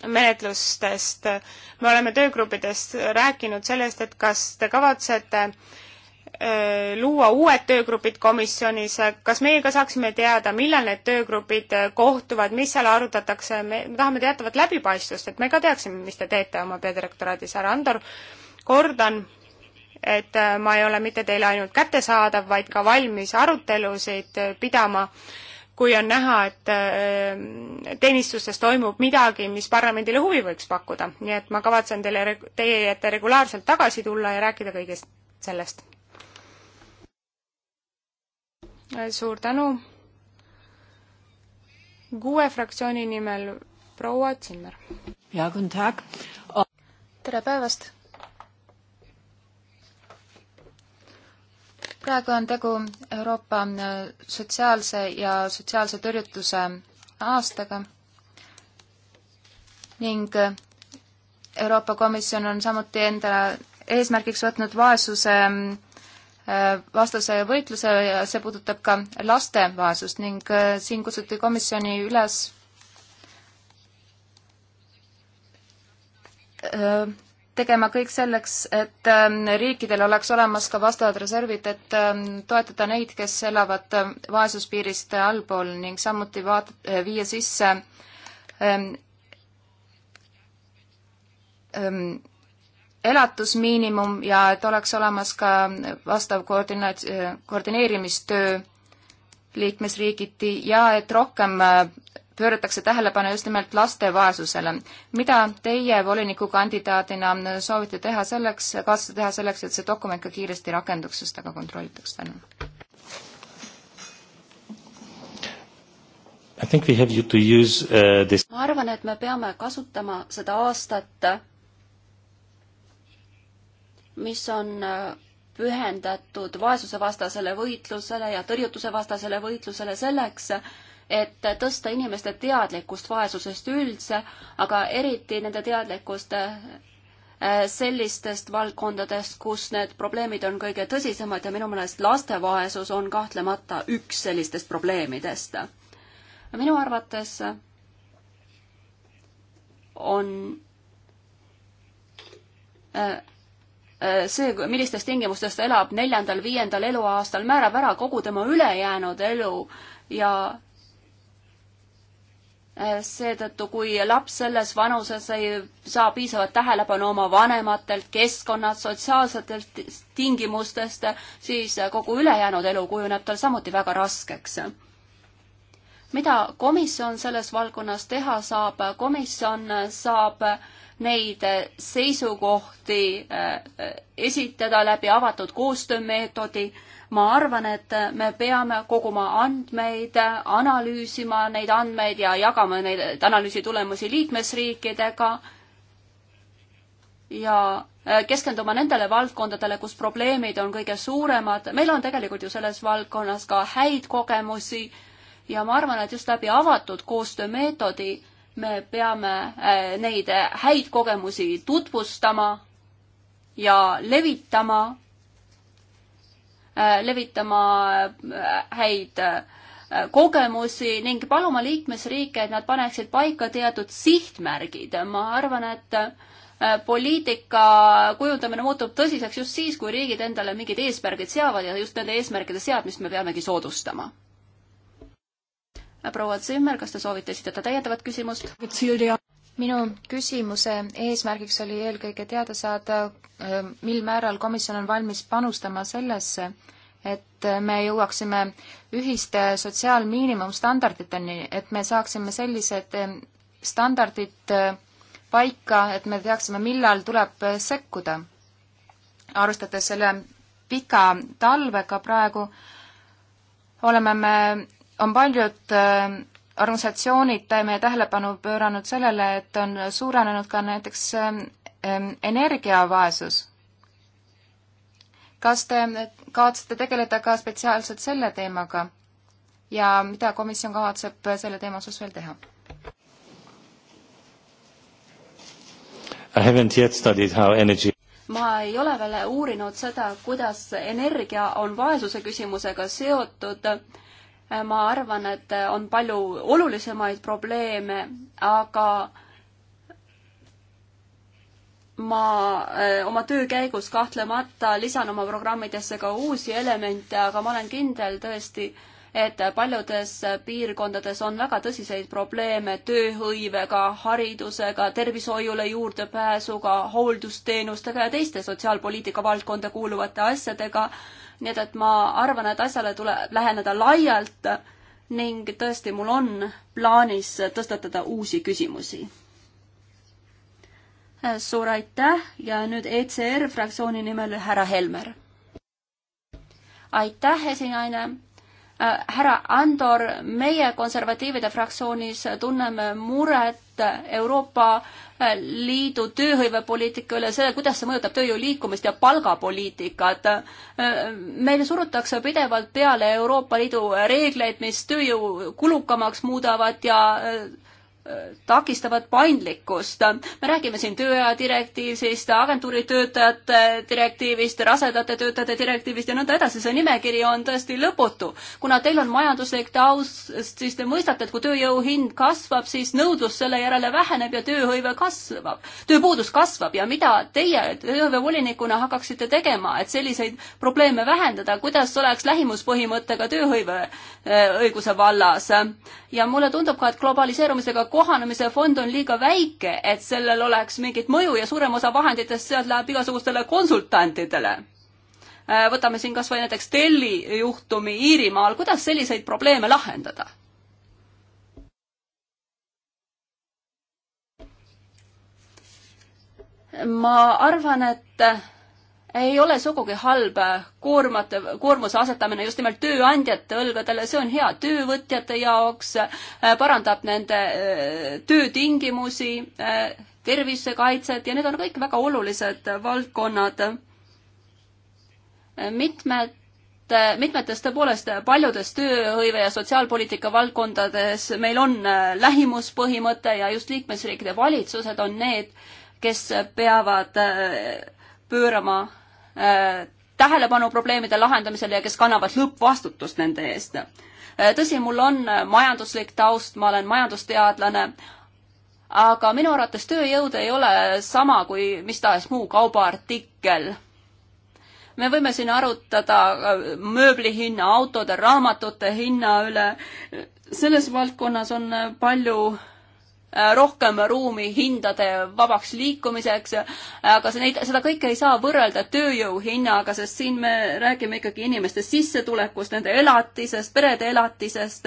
menetlustest, me oleme töögruppidest rääkinud sellest, et kas te kavatsete äh, luua uued töögrupid komisjonis, kas meie ka saaksime teada, millal need töögrupid kohtuvad, mis seal arutatakse, me tahame teatavat läbipaistvust, et me ka teaksime, mis te teete oma peadirektoraadis, härra Andor, kordan et äh, ma ei ole mitte teile ainult kättesaadav, vaid ka valmis arutelusid äh, pidama, kui on näha, et äh, teenistustes toimub midagi, mis parlamendile huvi võiks pakkuda. nii et ma kavatsen teile, teie ette regulaarselt tagasi tulla ja rääkida kõigest sellest. suur tänu. kuue fraktsiooni nimel proua Zimmer. jaa, tere päevast praegu on tegu Euroopa äh, sotsiaalse ja sotsiaalse tõrjutuse aastaga ning äh, Euroopa Komisjon on samuti endale eesmärgiks võtnud vaesuse äh, vastase võitluse ja see puudutab ka laste vaesust ning siin kutsuti komisjoni üles tegema kõik selleks, et ähm, riikidel oleks olemas ka vastavad reservid, et ähm, toetada neid, kes elavad ähm, vaesuspiirist allpool ning samuti vaat-, äh, viia sisse ähm, ähm, elatusmiinimum ja et oleks olemas ka vastav koordina-, äh, koordineerimistöö liikmesriigiti ja et rohkem äh, pööratakse tähelepanu just nimelt laste vaesusele. mida teie volinikukandidaadina soovite teha selleks, kaasa teha selleks, et see dokument ka kiiresti rakenduks, sest aga kontrollitakse tänu? Use, uh, this... ma arvan, et me peame kasutama seda aastat, mis on uh, pühendatud vaesusevastasele võitlusele ja tõrjutusevastasele võitlusele selleks, et tõsta inimeste teadlikkust vaesusest üldse, aga eriti nende teadlikkust äh, sellistest valdkondadest, kus need probleemid on kõige tõsisemad ja minu meelest laste vaesus on kahtlemata üks sellistest probleemidest. minu arvates on äh, äh, see, millistes tingimustes ta elab neljandal-viiendal eluaastal, määrab ära kogu tema ülejäänud elu ja Äh, seetõttu, kui laps selles vanuses ei saa piisavat tähelepanu oma vanematelt, keskkonnalt, sotsiaalsetelt tingimustest, siis kogu ülejäänud elu kujuneb tal samuti väga raskeks. mida komisjon selles valdkonnas teha saab? komisjon saab neid seisukohti äh, esitada läbi avatud koostöömeetodi, ma arvan, et me peame koguma andmeid, analüüsima neid andmeid ja jagama neid analüüsi tulemusi liikmesriikidega ja äh, keskenduma nendele valdkondadele, kus probleemid on kõige suuremad. meil on tegelikult ju selles valdkonnas ka häid kogemusi ja ma arvan, et just läbi avatud koostöömeetodi me peame äh, neid häid kogemusi tutvustama ja levitama Äh, levitama äh, häid äh, kogemusi ning paluma liikmesriike, et nad paneksid paika teatud sihtmärgid. ma arvan, et poliitika kujundamine muutub tõsiseks just siis, kui riigid endale mingid eesmärgid seavad ja just nende eesmärkide seadmist me peamegi soodustama. proua Zimmer, kas te soovite esitada täiendavat küsimust? minu küsimuse eesmärgiks oli eelkõige teada saada, äh, mil määral komisjon on valmis panustama sellesse, et me jõuaksime ühiste sotsiaalmiinimumstandarditeni, et me saaksime sellised äh, standardid äh, paika, et me teaksime, millal tuleb sekkuda. arvestades selle pika talvega praegu, oleme me, on paljud organisatsioonid meie tähelepanu pööranud sellele, et on suurenenud ka näiteks ähm, ähm, energiavaesus. kas te äh, kavatsete tegeleda ka spetsiaalselt selle teemaga ja mida komisjon kavatseb äh, selle teema osas veel teha? I haven't yet studied how energy ma ei ole veel uurinud seda, kuidas energia on vaesuse küsimusega seotud ma arvan, et on palju olulisemaid probleeme, aga ma eh, oma töö käigus kahtlemata lisan oma programmidesse ka uusi elemente, aga ma olen kindel tõesti, et paljudes piirkondades on väga tõsiseid probleeme tööhõivega, haridusega, tervishoiule juurdepääsuga, hooldusteenustega ja teiste sotsiaalpoliitika valdkonda kuuluvate asjadega nii et, et ma arvan, et asjale tuleb läheneda laialt ning tõesti, mul on plaanis tõstatada uusi küsimusi. suur aitäh ja nüüd ECR fraktsiooni nimel härra Helmer. aitäh, esinaine äh, härra Andor, meie konservatiivide fraktsioonis tunneme muret Euroopa Liidu tööhõivepoliitika üle, selle, kuidas see mõjutab tööjõu liikumist ja palgapoliitikat. meile surutakse pidevalt peale Euroopa Liidu reegleid, mis tööjõu kulukamaks muudavad ja takistavad paindlikkust. me räägime siin tööaja direktiivist, agentuuri töötajate direktiivist, rasedate töötajate direktiivist ja nõnda edasi, see nimekiri on tõesti lõputu. kuna teil on majanduslik taust, siis te mõistate, et kui tööjõu hind kasvab, siis nõudlus selle järele väheneb ja tööhõive kasvab, tööpuudus kasvab ja mida teie tööhõivevolinikuna hakkaksite tegema, et selliseid probleeme vähendada, kuidas oleks lähimuspõhimõttega tööhõive äh, õiguse vallas? ja mulle tundub ka, et globaliseerumisega kohanemise fond on liiga väike, et sellel oleks mingit mõju ja suurem osa vahenditest sealt läheb igasugustele konsultantidele. Äh, võtame siin kas või näiteks Telli juhtumi Iirimaal, kuidas selliseid probleeme lahendada? ma arvan, et ei ole sugugi halb koormate, koormuse asetamine just nimelt tööandjate õlgadele, see on hea töövõtjate jaoks, äh, parandab nende äh, töötingimusi, äh, tervisekaitset ja need on kõik väga olulised valdkonnad. mitmed mitmetes tõepoolest paljudes tööhõive ja sotsiaalpoliitika valdkondades meil on lähimuspõhimõte ja just liikmesriikide valitsused on need, kes peavad pöörama Äh, tähelepanu probleemide lahendamisele ja kes kannavad lõppvastutust nende eest. Äh, tõsi, mul on äh, majanduslik taust, ma olen majandusteadlane, aga minu arvates tööjõud ei ole sama kui mis tahes muu kaubaartikkel me võime siin arutada mööbli hinna, autode, raamatute hinna üle. selles valdkonnas on palju Äh, rohkem ruumi hindade vabaks liikumiseks, aga see, neid, seda kõike ei saa võrrelda tööjõu hinnaga, sest siin me räägime ikkagi inimeste sissetulekust, nende elatisest, perede elatisest,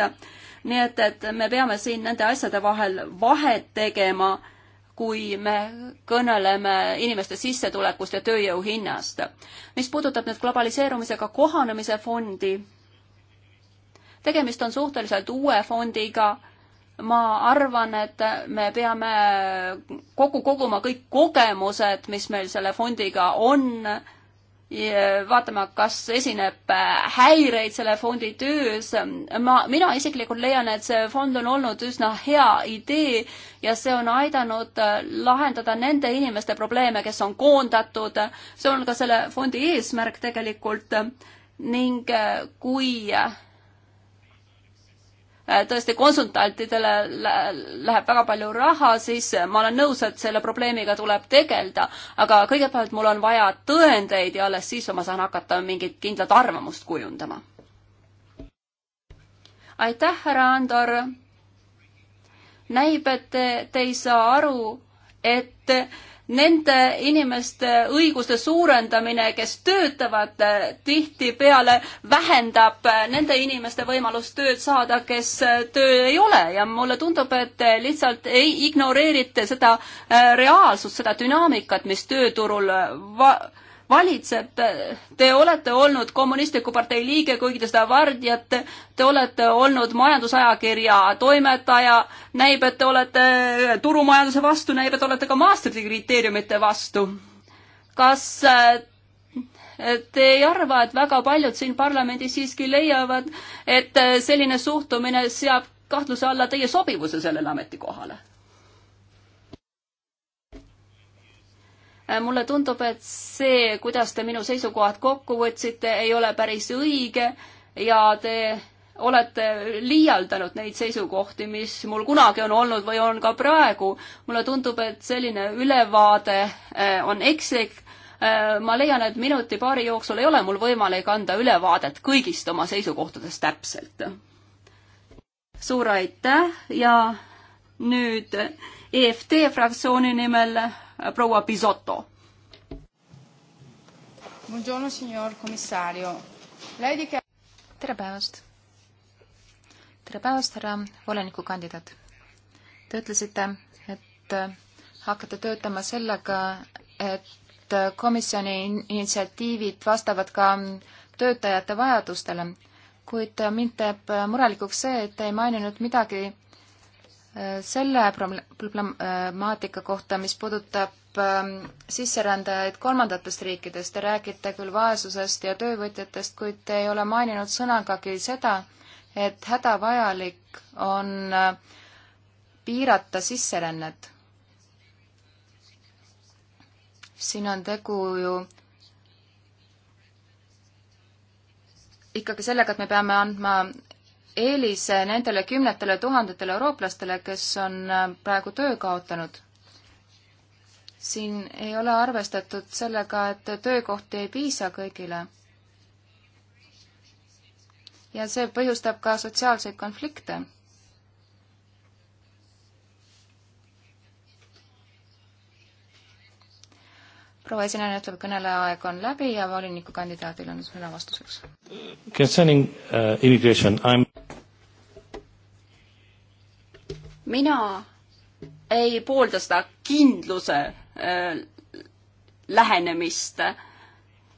nii et, et me peame siin nende asjade vahel vahet tegema kui me kõneleme inimeste sissetulekust ja tööjõu hinnast. mis puudutab nüüd globaliseerumisega kohanemise fondi, tegemist on suhteliselt uue fondiga ma arvan, et me peame kokku koguma kõik kogemused, mis meil selle fondiga on, vaatama, kas esineb häireid selle fondi töös. ma, mina isiklikult leian, et see fond on olnud üsna hea idee ja see on aidanud lahendada nende inimeste probleeme, kes on koondatud. see on ka selle fondi eesmärk tegelikult ning kui äh, Äh, tõesti konsultantidele läheb väga palju raha, siis ma olen nõus, et selle probleemiga tuleb tegeleda, aga kõigepealt mul on vaja tõendeid ja alles siis ma saan hakata mingit kindlat arvamust kujundama. aitäh, härra Andor. näib, et te, te ei saa aru, et nende inimeste õiguste suurendamine, kes töötavad eh, tihtipeale, vähendab eh, nende inimeste võimalust tööd saada, kes eh, tööl ei ole ja mulle tundub, et lihtsalt ei ignoreerite seda reaalsust, seda dünaamikat, mis tööturul va-, valitseb. Te olete olnud Kommunistliku partei liige, kuigi te seda vardjate. Te olete olnud majandusajakirja toimetaja. näib, et te olete turumajanduse vastu, näib, et olete ka Maastrichti kriteeriumite vastu. kas äh, te ei arva, et väga paljud siin parlamendis siiski leiavad, et selline suhtumine seab kahtluse alla teie sobivuse sellele ametikohale? Äh, mulle tundub, et see, kuidas te minu seisukohad kokku võtsite, ei ole päris õige ja te olete liialdanud neid seisukohti, mis mul kunagi on olnud või on ka praegu. mulle tundub, et selline ülevaade äh, on ekslik. Äh, ma leian, et minuti-paari jooksul ei ole mul võimalik anda ülevaadet kõigist oma seisukohtadest täpselt. suur aitäh ja nüüd EFT fraktsiooni nimel proua Pisoto. tere päevast! tere päevast, härra volinikukandidaat! Te ütlesite, et hakkate töötama sellega, et komisjoni initsiatiivid vastavad ka töötajate vajadustele, kuid mind teeb murelikuks see, et te ei maininud midagi selle problemaatika kohta, mis puudutab ähm, sisserändajaid kolmandatest riikidest. Te räägite küll vaesusest ja töövõtjatest, kuid te ei ole maininud sõnagagi seda, et hädavajalik on äh, piirata sisserännet. siin on tegu ju ikkagi sellega, et me peame andma eelise nendele kümnetele tuhandetele eurooplastele, kes on äh, praegu töö kaotanud. siin ei ole arvestatud sellega, et töökohti ei piisa kõigile. ja see põhjustab ka sotsiaalseid konflikte proua esineja ütleb, kõneleja aeg on läbi ja volinikukandidaadil on sõna vastuseks. Concerning uh, immigration, I am mina ei poolda seda kindluse äh, lähenemist.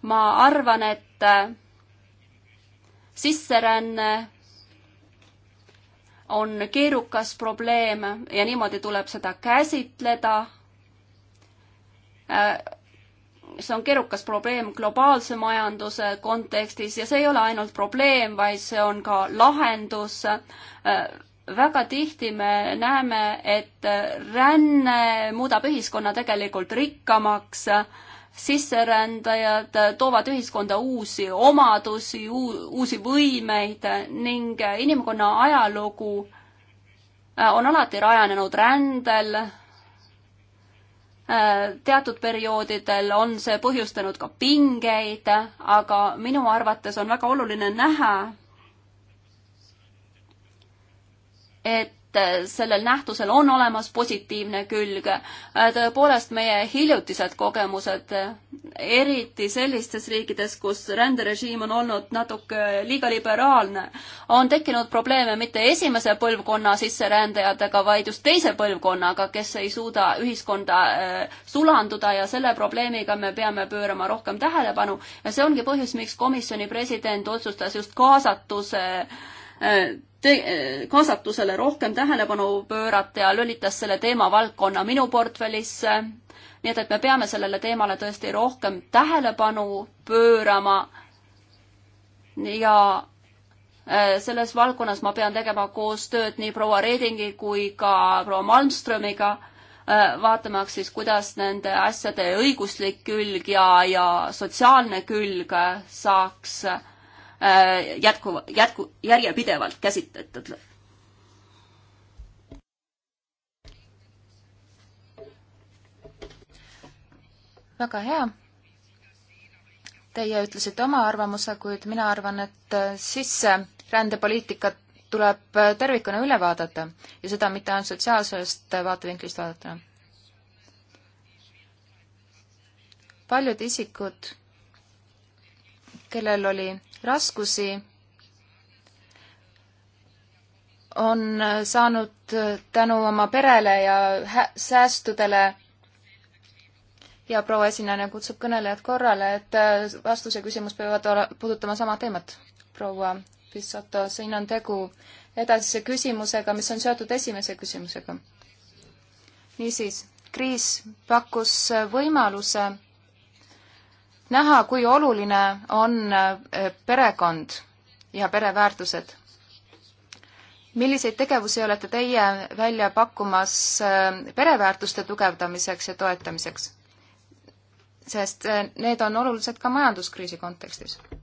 ma arvan, et äh, sisseränne on keerukas probleem ja niimoodi tuleb seda käsitleda. Äh, see on keerukas probleem globaalse majanduse kontekstis ja see ei ole ainult probleem, vaid see on ka lahendus väga tihti me näeme, et ränne muudab ühiskonna tegelikult rikkamaks, sisserändajad toovad ühiskonda uusi omadusi, uusi võimeid ning inimkonna ajalugu äh, on alati rajanenud rändel. Äh, teatud perioodidel on see põhjustanud ka pingeid, aga minu arvates on väga oluline näha, et äh, sellel nähtusel on olemas positiivne külg. Äh, tõepoolest, meie hiljutised kogemused, äh, eriti sellistes riikides, kus ränderežiim on olnud natuke liiga liberaalne, on tekkinud probleeme mitte esimese põlvkonna sisserändajatega, vaid just teise põlvkonnaga, kes ei suuda ühiskonda sulanduda ja selle probleemiga me peame pöörama rohkem tähelepanu ja see ongi põhjus, miks komisjoni president otsustas just kaasatuse kaasatusele rohkem tähelepanu pöörata ja lülitas selle teemavaldkonna minu portfellisse. nii et, et me peame sellele teemale tõesti rohkem tähelepanu pöörama. ja äh, selles valdkonnas ma pean tegema koostööd nii proua Redingi kui ka proua Malmströmiga, äh, vaatamaks siis, kuidas nende asjade õiguslik külg ja, ja sotsiaalne külg saaks äh, Äh, jätku, jätku, järjepidevalt käsitletud. väga hea. Teie ütlesite oma arvamuse, kuid mina arvan, et sisserändepoliitikat tuleb tervikuna üle vaadata ja seda mitte ainult sotsiaalsest vaatevinklist vaadata. paljud isikud, kellel oli raskusi on saanud tänu oma perele ja säästudele ja proua esinejana kutsub kõnelejad korrale, et äh, vastuse küsimus peavad ole, puudutama sama teemat. proua Pissoto, siin on tegu edasise küsimusega, mis on seotud esimese küsimusega. niisiis, kriis pakkus võimaluse näha, kui oluline on eh, perekond ja pereväärtused. milliseid tegevusi olete teie välja pakkumas eh, pereväärtuste tugevdamiseks ja toetamiseks? sest eh, need on olulised ka majanduskriisi kontekstis uh,.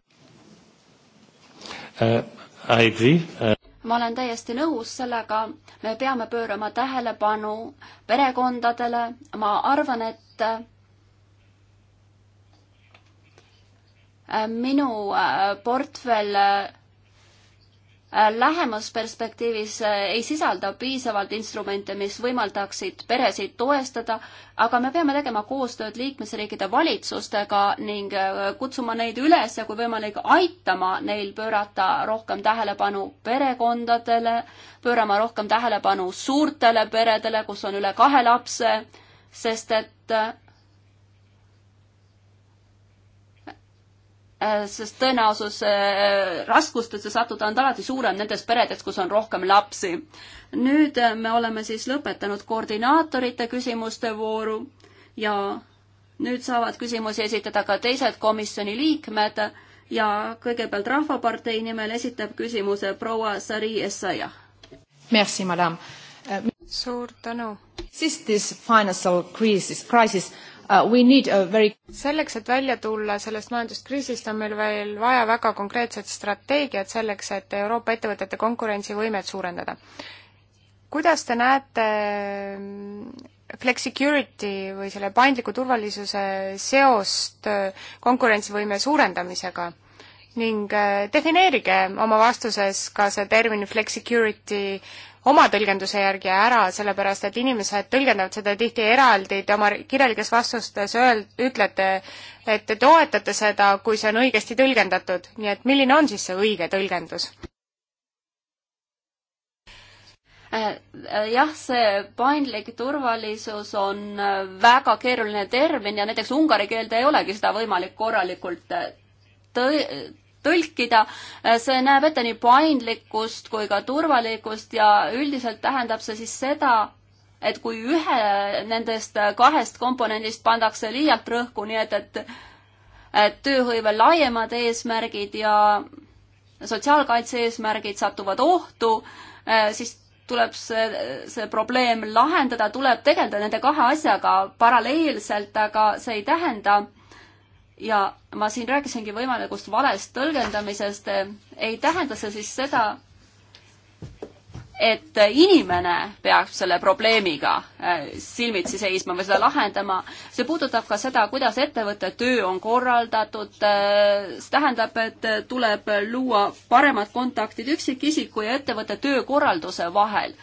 I agree uh ma olen täiesti nõus sellega, me peame pöörama tähelepanu perekondadele, ma arvan, et Äh, minu äh, portfell äh, lähemas perspektiivis ei sisalda piisavalt instrumente, mis võimaldaksid peresid toestada, aga me peame tegema koostööd liikmesriikide valitsustega ning kutsuma neid üles ja kui võimalik, aitama neil pöörata rohkem tähelepanu perekondadele, pöörama rohkem tähelepanu suurtele peredele, kus on üle kahe lapse, sest et Äh, sest tõenäosus äh, raskustesse sattuda on alati suurem nendes peredes, kus on rohkem lapsi. nüüd äh, me oleme siis lõpetanud koordinaatorite küsimuste vooru ja nüüd saavad küsimusi esitada ka teised komisjoni liikmed ja kõigepealt Rahvapartei nimel esitab küsimuse proua Sari Essaja. Merci, madam. suur tänu. This financial crisis, crisis Uh, very... selleks, et välja tulla sellest majanduskriisist, on meil veel vaja väga konkreetset strateegiat selleks, et Euroopa ettevõtete konkurentsivõimet suurendada. kuidas te näete mm, flexicurity või selle paindliku turvalisuse seost äh, konkurentsivõime suurendamisega? ning äh, defineerige oma vastuses ka see termin flexicurity oma tõlgenduse järgi ära, sellepärast et inimesed tõlgendavad seda tihti eraldi, te oma kirjalikes vastustes öel-, ütlete, et te toetate seda, kui see on õigesti tõlgendatud, nii et milline on siis see õige tõlgendus? Äh, äh, jah, see paindlik turvalisus on äh, väga keeruline termin ja näiteks ungari keelde ei olegi seda võimalik korralikult tõi-, tõlkida. see näeb ette nii paindlikkust kui ka turvalikkust ja üldiselt tähendab see siis seda, et kui ühe nendest kahest komponendist pandakse liialt rõhku, nii et, et tööhõive laiemad eesmärgid ja sotsiaalkaitse eesmärgid satuvad ohtu, siis tuleb see, see probleem lahendada, tuleb tegeleda nende kahe asjaga paralleelselt, aga see ei tähenda, ja ma siin rääkisingi võimalikust valest tõlgendamisest, ei tähenda see siis seda, et inimene peab selle probleemiga äh, silmitsi seisma või seda lahendama. see puudutab ka seda, kuidas ettevõtte töö on korraldatud. Äh, see tähendab, et tuleb luua paremad kontaktid üksikisiku ja ettevõtte töökorralduse vahel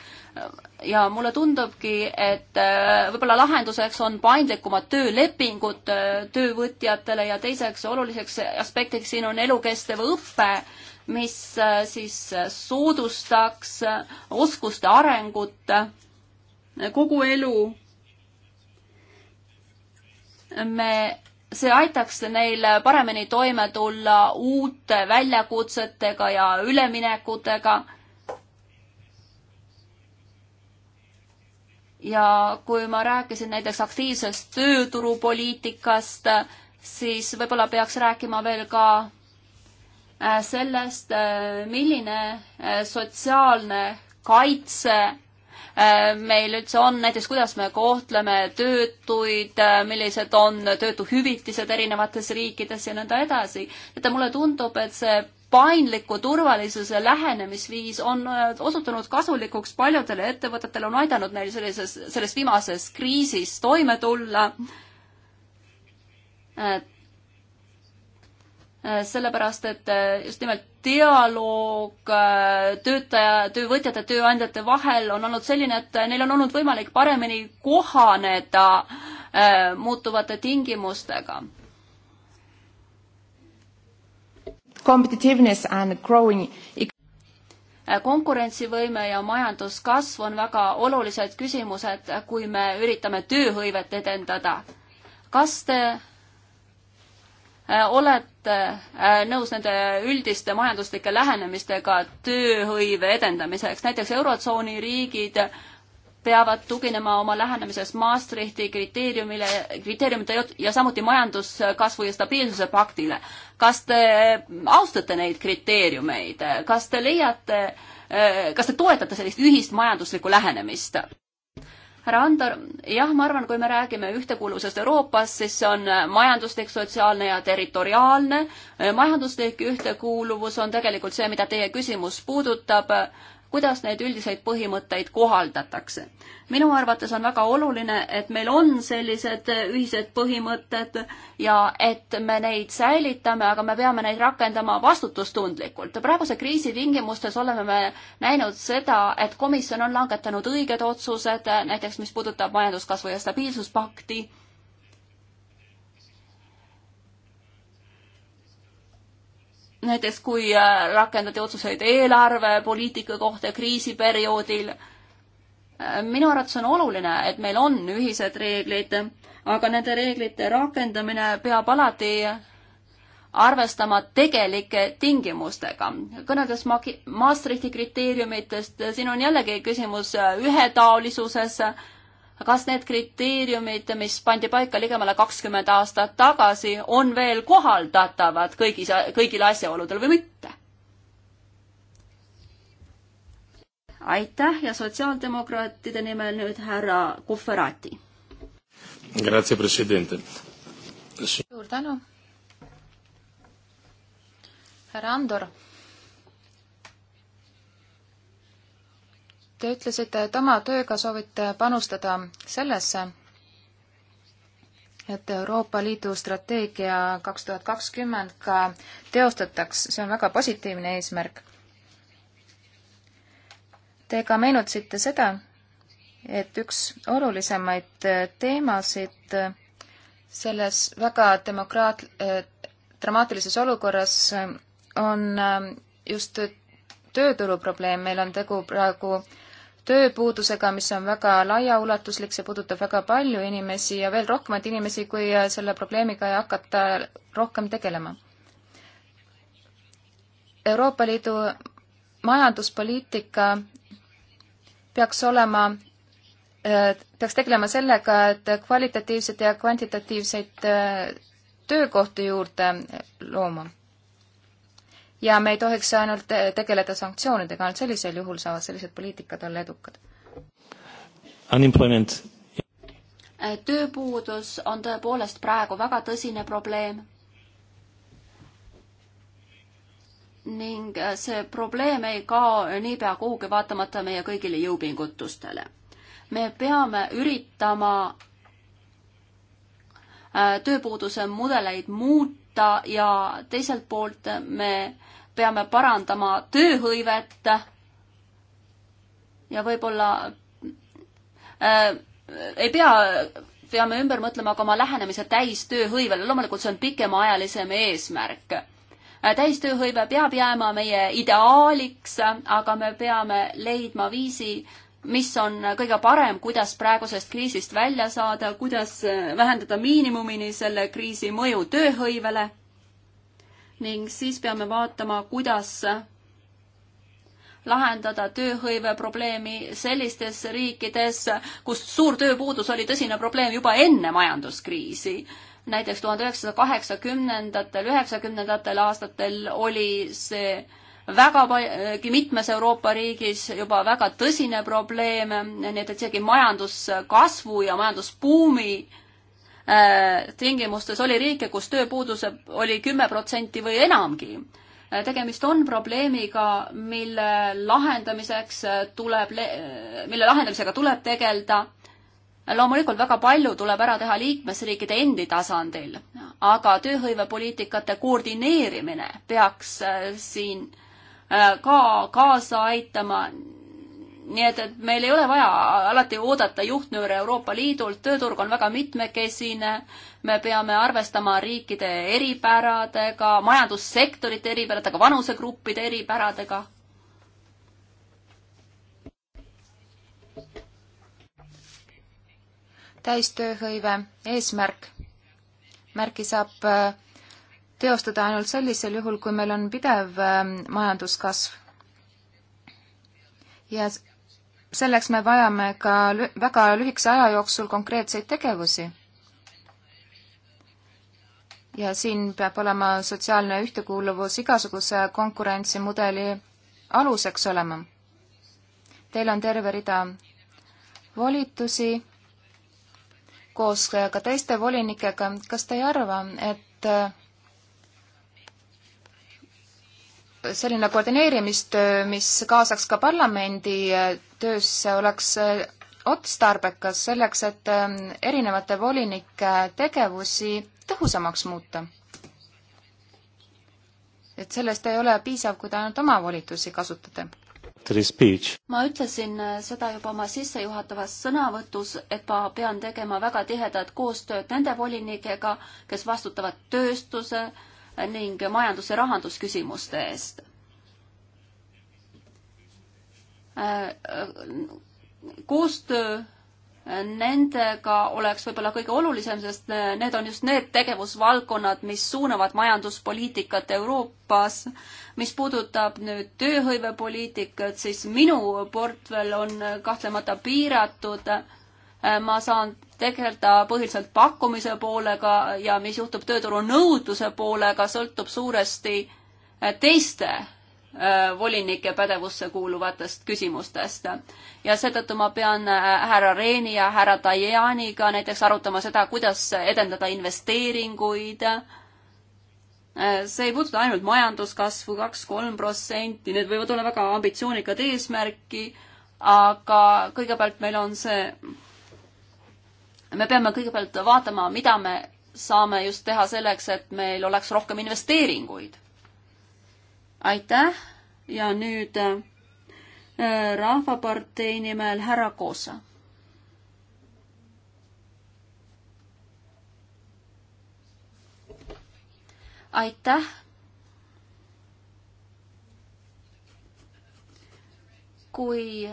ja mulle tundubki, et äh, võib-olla lahenduseks on paindlikumad töölepingud äh, töövõtjatele ja teiseks oluliseks aspektiks siin on elukestev õpe, mis äh, siis soodustaks oskuste arengut kogu elu. me see aitaks neil paremini toime tulla uute väljakutsetega ja üleminekutega ja kui ma rääkisin näiteks aktiivsest tööturupoliitikast, siis võib-olla peaks rääkima veel ka äh, sellest, äh, milline äh, sotsiaalne kaitse meil üldse on, näiteks kuidas me kohtleme töötuid, millised on töötuhüvitised erinevates riikides ja nõnda edasi. et mulle tundub, et see paindliku turvalisuse lähenemisviis on äh, osutunud kasulikuks paljudele ettevõtetele, on aidanud neil sellises, selles viimases kriisis toime tulla. Äh, sellepärast, et äh, just nimelt dialoog töötaja, töövõtjate, tööandjate vahel on olnud selline, et neil on olnud võimalik paremini kohaneda muutuvate tingimustega competitiveness and growing e- äh, konkurentsivõime ja majanduskasv on väga olulised küsimused, kui me üritame tööhõivet edendada. kas te äh, olete äh, nõus nende üldiste majanduslike lähenemistega tööhõive edendamiseks, näiteks Eurotsooni riigid äh, peavad tuginema oma lähenemises Maastrichti kriteeriumile, kriteeriumite ja samuti majanduskasvu ja stabiilsuse paktile. kas te äh, austate neid kriteeriumeid, kas te leiate, äh, kas te toetate sellist ühist majanduslikku lähenemist? härra Andor, jah, ma arvan, kui me räägime ühtekuuluvusest Euroopas, siis see on äh, majanduslik, sotsiaalne ja territoriaalne. majanduslik ühtekuuluvus on tegelikult see, mida teie küsimus puudutab kuidas neid üldiseid põhimõtteid kohaldatakse. minu arvates on väga oluline, et meil on sellised ühised põhimõtted ja et me neid säilitame, aga me peame neid rakendama vastutustundlikult. praeguse kriisi tingimustes oleme me näinud seda, et komisjon on langetanud õiged otsused, näiteks mis puudutab majanduskasvu ja stabiilsuspakti näiteks kui äh, rakendati otsuseid eelarvepoliitika kohta kriisiperioodil. Äh, minu arvates on oluline, et meil on ühised reeglid, aga nende reeglite rakendamine peab alati arvestama tegelike tingimustega. kõneldes ma-, Maastrichti kriteeriumitest, siin on jällegi küsimus äh, ühetaolisuses kas need kriteeriumid, mis pandi paika ligemale kakskümmend aastat tagasi, on veel kohaldatavad kõigis, kõigil asjaoludel või mitte? aitäh ja sotsiaaldemokraatide nimel nüüd härra Kufferati. suur tänu. härra Andor Te ütlesite, et oma tööga soovite panustada sellesse, et Euroopa Liidu strateegia kaks tuhat kakskümmend ka teostataks, see on väga positiivne eesmärk. Te ka meenutasite seda, et üks olulisemaid teemasid selles väga demokraat-, dramaatilises olukorras on äh, just tööturuprobleem, meil on tegu praegu äh, tööpuudusega, mis on väga laiaulatuslik, see puudutab väga palju inimesi ja veel rohkemaid inimesi, kui äh, selle probleemiga hakata rohkem tegelema. Euroopa Liidu majanduspoliitika peaks olema, äh, peaks tegelema sellega, et kvalitatiivseid ja kvantitatiivseid äh, töökohti juurde looma ja me ei tohiks ainult tegeleda sanktsioonidega, ainult sellisel juhul saavad sellised poliitikad olla edukad. Unemployment. tööpuudus on tõepoolest praegu väga tõsine probleem. ning äh, see probleem ei kao niipea kuhugi, vaatamata meie kõigile jõupingutustele. me peame üritama äh, tööpuuduse mudeleid muuta ja teiselt poolt me peame parandama tööhõivet ja võib-olla äh, ei pea, peame ümber mõtlema ka oma lähenemise täistööhõivele, loomulikult see on pikemaajalisem eesmärk äh, täistööhõive peab jääma meie ideaaliks, aga me peame leidma viisi, mis on kõige parem, kuidas praegusest kriisist välja saada, kuidas äh, vähendada miinimumini selle kriisi mõju tööhõivele ning siis peame vaatama, kuidas lahendada tööhõive probleemi sellistes riikides, kus suur tööpuudus oli tõsine probleem juba enne majanduskriisi. näiteks tuhande üheksasaja kaheksakümnendatel, üheksakümnendatel aastatel oli see väga paljugi mitmes Euroopa riigis juba väga tõsine probleem, nii et isegi majanduskasvu ja majandusbuumi Äh, tingimustes oli riike, kus tööpuudus oli kümme protsenti või enamgi. Äh, tegemist on probleemiga, mille lahendamiseks äh, tuleb, mille lahendamisega tuleb tegeleda. loomulikult väga palju tuleb ära teha liikmesriikide endi tasandil, aga tööhõivepoliitikate koordineerimine peaks siin ka kaasa aitama nii et, et meil ei ole vaja alati oodata juhtnööre Euroopa Liidult, tööturg on väga mitmekesine, me peame arvestama riikide eripäradega, majandussektorite eripäradega, vanusegruppide eripäradega. täistööhõive eesmärk, märki saab äh, teostada ainult sellisel juhul, kui meil on pidev äh, majanduskasv ja selleks me vajame ka lü väga lühikese aja jooksul konkreetseid tegevusi. ja siin peab olema sotsiaalne ühtekuuluvus igasuguse konkurentsimudeli aluseks olema. Teil on terve rida volitusi koos ka teiste volinikega, kas te ei arva, et äh, selline koordineerimistöö, mis kaasaks ka parlamendi äh, töösse oleks äh, otstarbekas selleks, et ähm, erinevate volinike tegevusi tõhusamaks muuta. et sellest ei ole piisav, kui te ainult oma volitusi kasutate ma ütlesin äh, seda juba oma sissejuhatavas sõnavõtus, et ma pean tegema väga tihedat koostööd nende volinikega, kes vastutavad tööstuse ning majandus- ja rahandusküsimuste eest. Äh, äh, koostöö nendega oleks võib-olla kõige olulisem, sest need on just need tegevusvaldkonnad, mis suunavad majanduspoliitikat Euroopas. mis puudutab nüüd tööhõivepoliitikat, siis minu portfell on kahtlemata piiratud. Äh, ma saan tegeleda põhiliselt pakkumise poolega ja mis juhtub tööturu nõudluse poolega, sõltub suuresti teiste Äh, volinike pädevusse kuuluvatest küsimustest. ja seetõttu ma pean äh, härra Reeni ja härra Tajaniga näiteks arutama seda, kuidas edendada investeeringuid. Äh, see ei puuduta ainult majanduskasvu kaks-kolm protsenti, need võivad olla väga ambitsioonikad eesmärki, aga kõigepealt meil on see, me peame kõigepealt vaatama, mida me saame just teha selleks, et meil oleks rohkem investeeringuid aitäh ja nüüd äh, äh, Rahvapartei nimel härra Koosa. aitäh. kui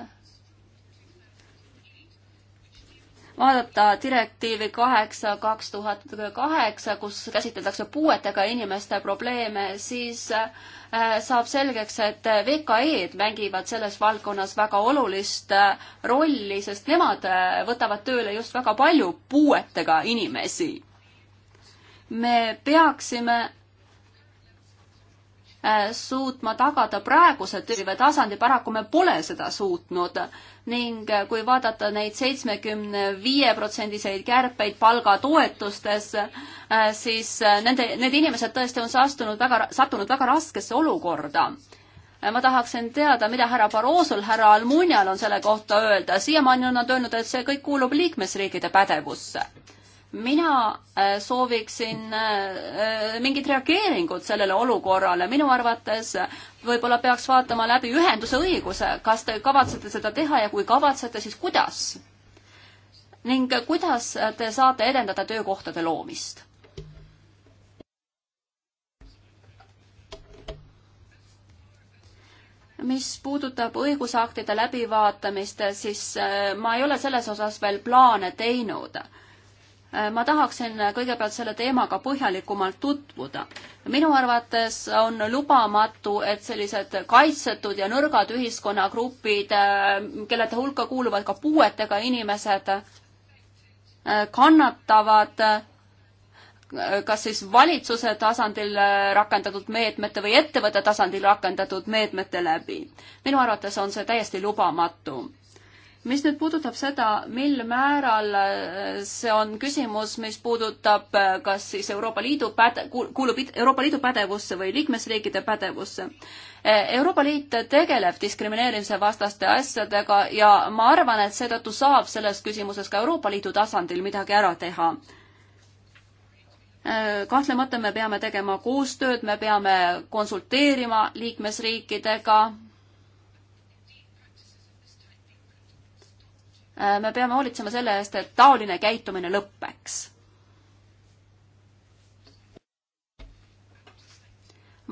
vaadata direktiivi kaheksa, kaks tuhat kaheksa, kus käsitletakse puuetega inimeste probleeme, siis äh, saab selgeks, et VKE-d mängivad selles valdkonnas väga olulist äh, rolli, sest nemad äh, võtavad tööle just väga palju puuetega inimesi. me peaksime Äh, suutma tagada praeguse töötasandi, paraku me pole seda suutnud ning äh, kui vaadata neid seitsmekümne viie protsendiseid kärpeid palgatoetustes, äh, siis nende, need inimesed tõesti on astunud väga, sattunud väga raskesse olukorda ma tahaksin teada, mida härra Barrosol, härra Almunial on selle kohta öelda, siiamaani on nad öelnud, et see kõik kuulub liikmesriikide pädevusse mina äh, sooviksin äh, äh, mingit reageeringut sellele olukorrale, minu arvates võib-olla peaks vaatama läbi ühenduse õiguse, kas te kavatsete seda teha ja kui kavatsete, siis kuidas? ning kuidas te saate edendada töökohtade loomist? mis puudutab õigusaktide läbivaatamist, siis ma ei ole selles osas veel plaane teinud Äh, ma tahaksin kõigepealt selle teemaga põhjalikumalt tutvuda. minu arvates on lubamatu, et sellised kaitsetud ja nõrgad ühiskonnagrupid, äh, kelle hulka kuuluvad ka puuetega inimesed, äh, kannatavad kas siis valitsuse tasandil rakendatud meetmete või ettevõtte tasandil rakendatud meetmete läbi. minu arvates on see täiesti lubamatu mis nüüd puudutab seda, mil määral äh, see on küsimus, mis puudutab, äh, kas siis Euroopa Liidu päde-, kuulub Euroopa Liidu pädevusse või liikmesriikide pädevusse. Äh, Euroopa Liit tegeleb diskrimineerimise vastaste asjadega ja ma arvan, et seetõttu saab selles küsimuses ka Euroopa Liidu tasandil midagi ära teha kahtlemata me peame tegema koostööd, me peame konsulteerima liikmesriikidega Äh, me peame hoolitsema selle eest, et taoline käitumine lõpeks.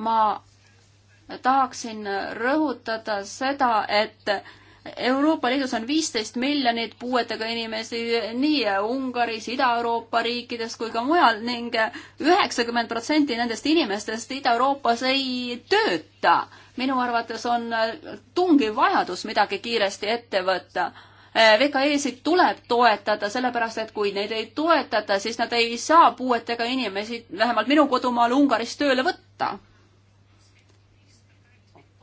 ma tahaksin rõhutada seda, et Euroopa Liidus on viisteist miljonit puuetega inimesi nii Ungaris, Ida-Euroopa riikides kui ka mujal ning üheksakümmend protsenti nendest inimestest Ida-Euroopas ei tööta. minu arvates on tungiv vajadus midagi kiiresti ette võtta Äh, VKE-sid tuleb toetada, sellepärast et kui neid ei toetata, siis nad ei saa puuetega inimesi vähemalt minu kodumaal Ungaris tööle võtta.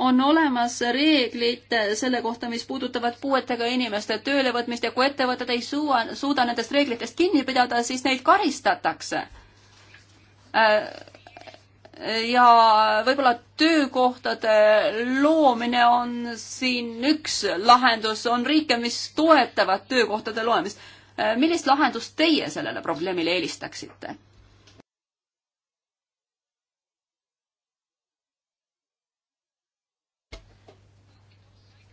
on olemas reeglid selle kohta, mis puudutavad puuetega inimeste töölevõtmist ja kui ettevõtted ei suua, suuda nendest reeglitest kinni pidada, siis neid karistatakse äh, ja võib-olla töökohtade loomine on siin üks lahendus, on riike, mis toetavad töökohtade loomist. Äh, millist lahendust teie sellele probleemile eelistaksite?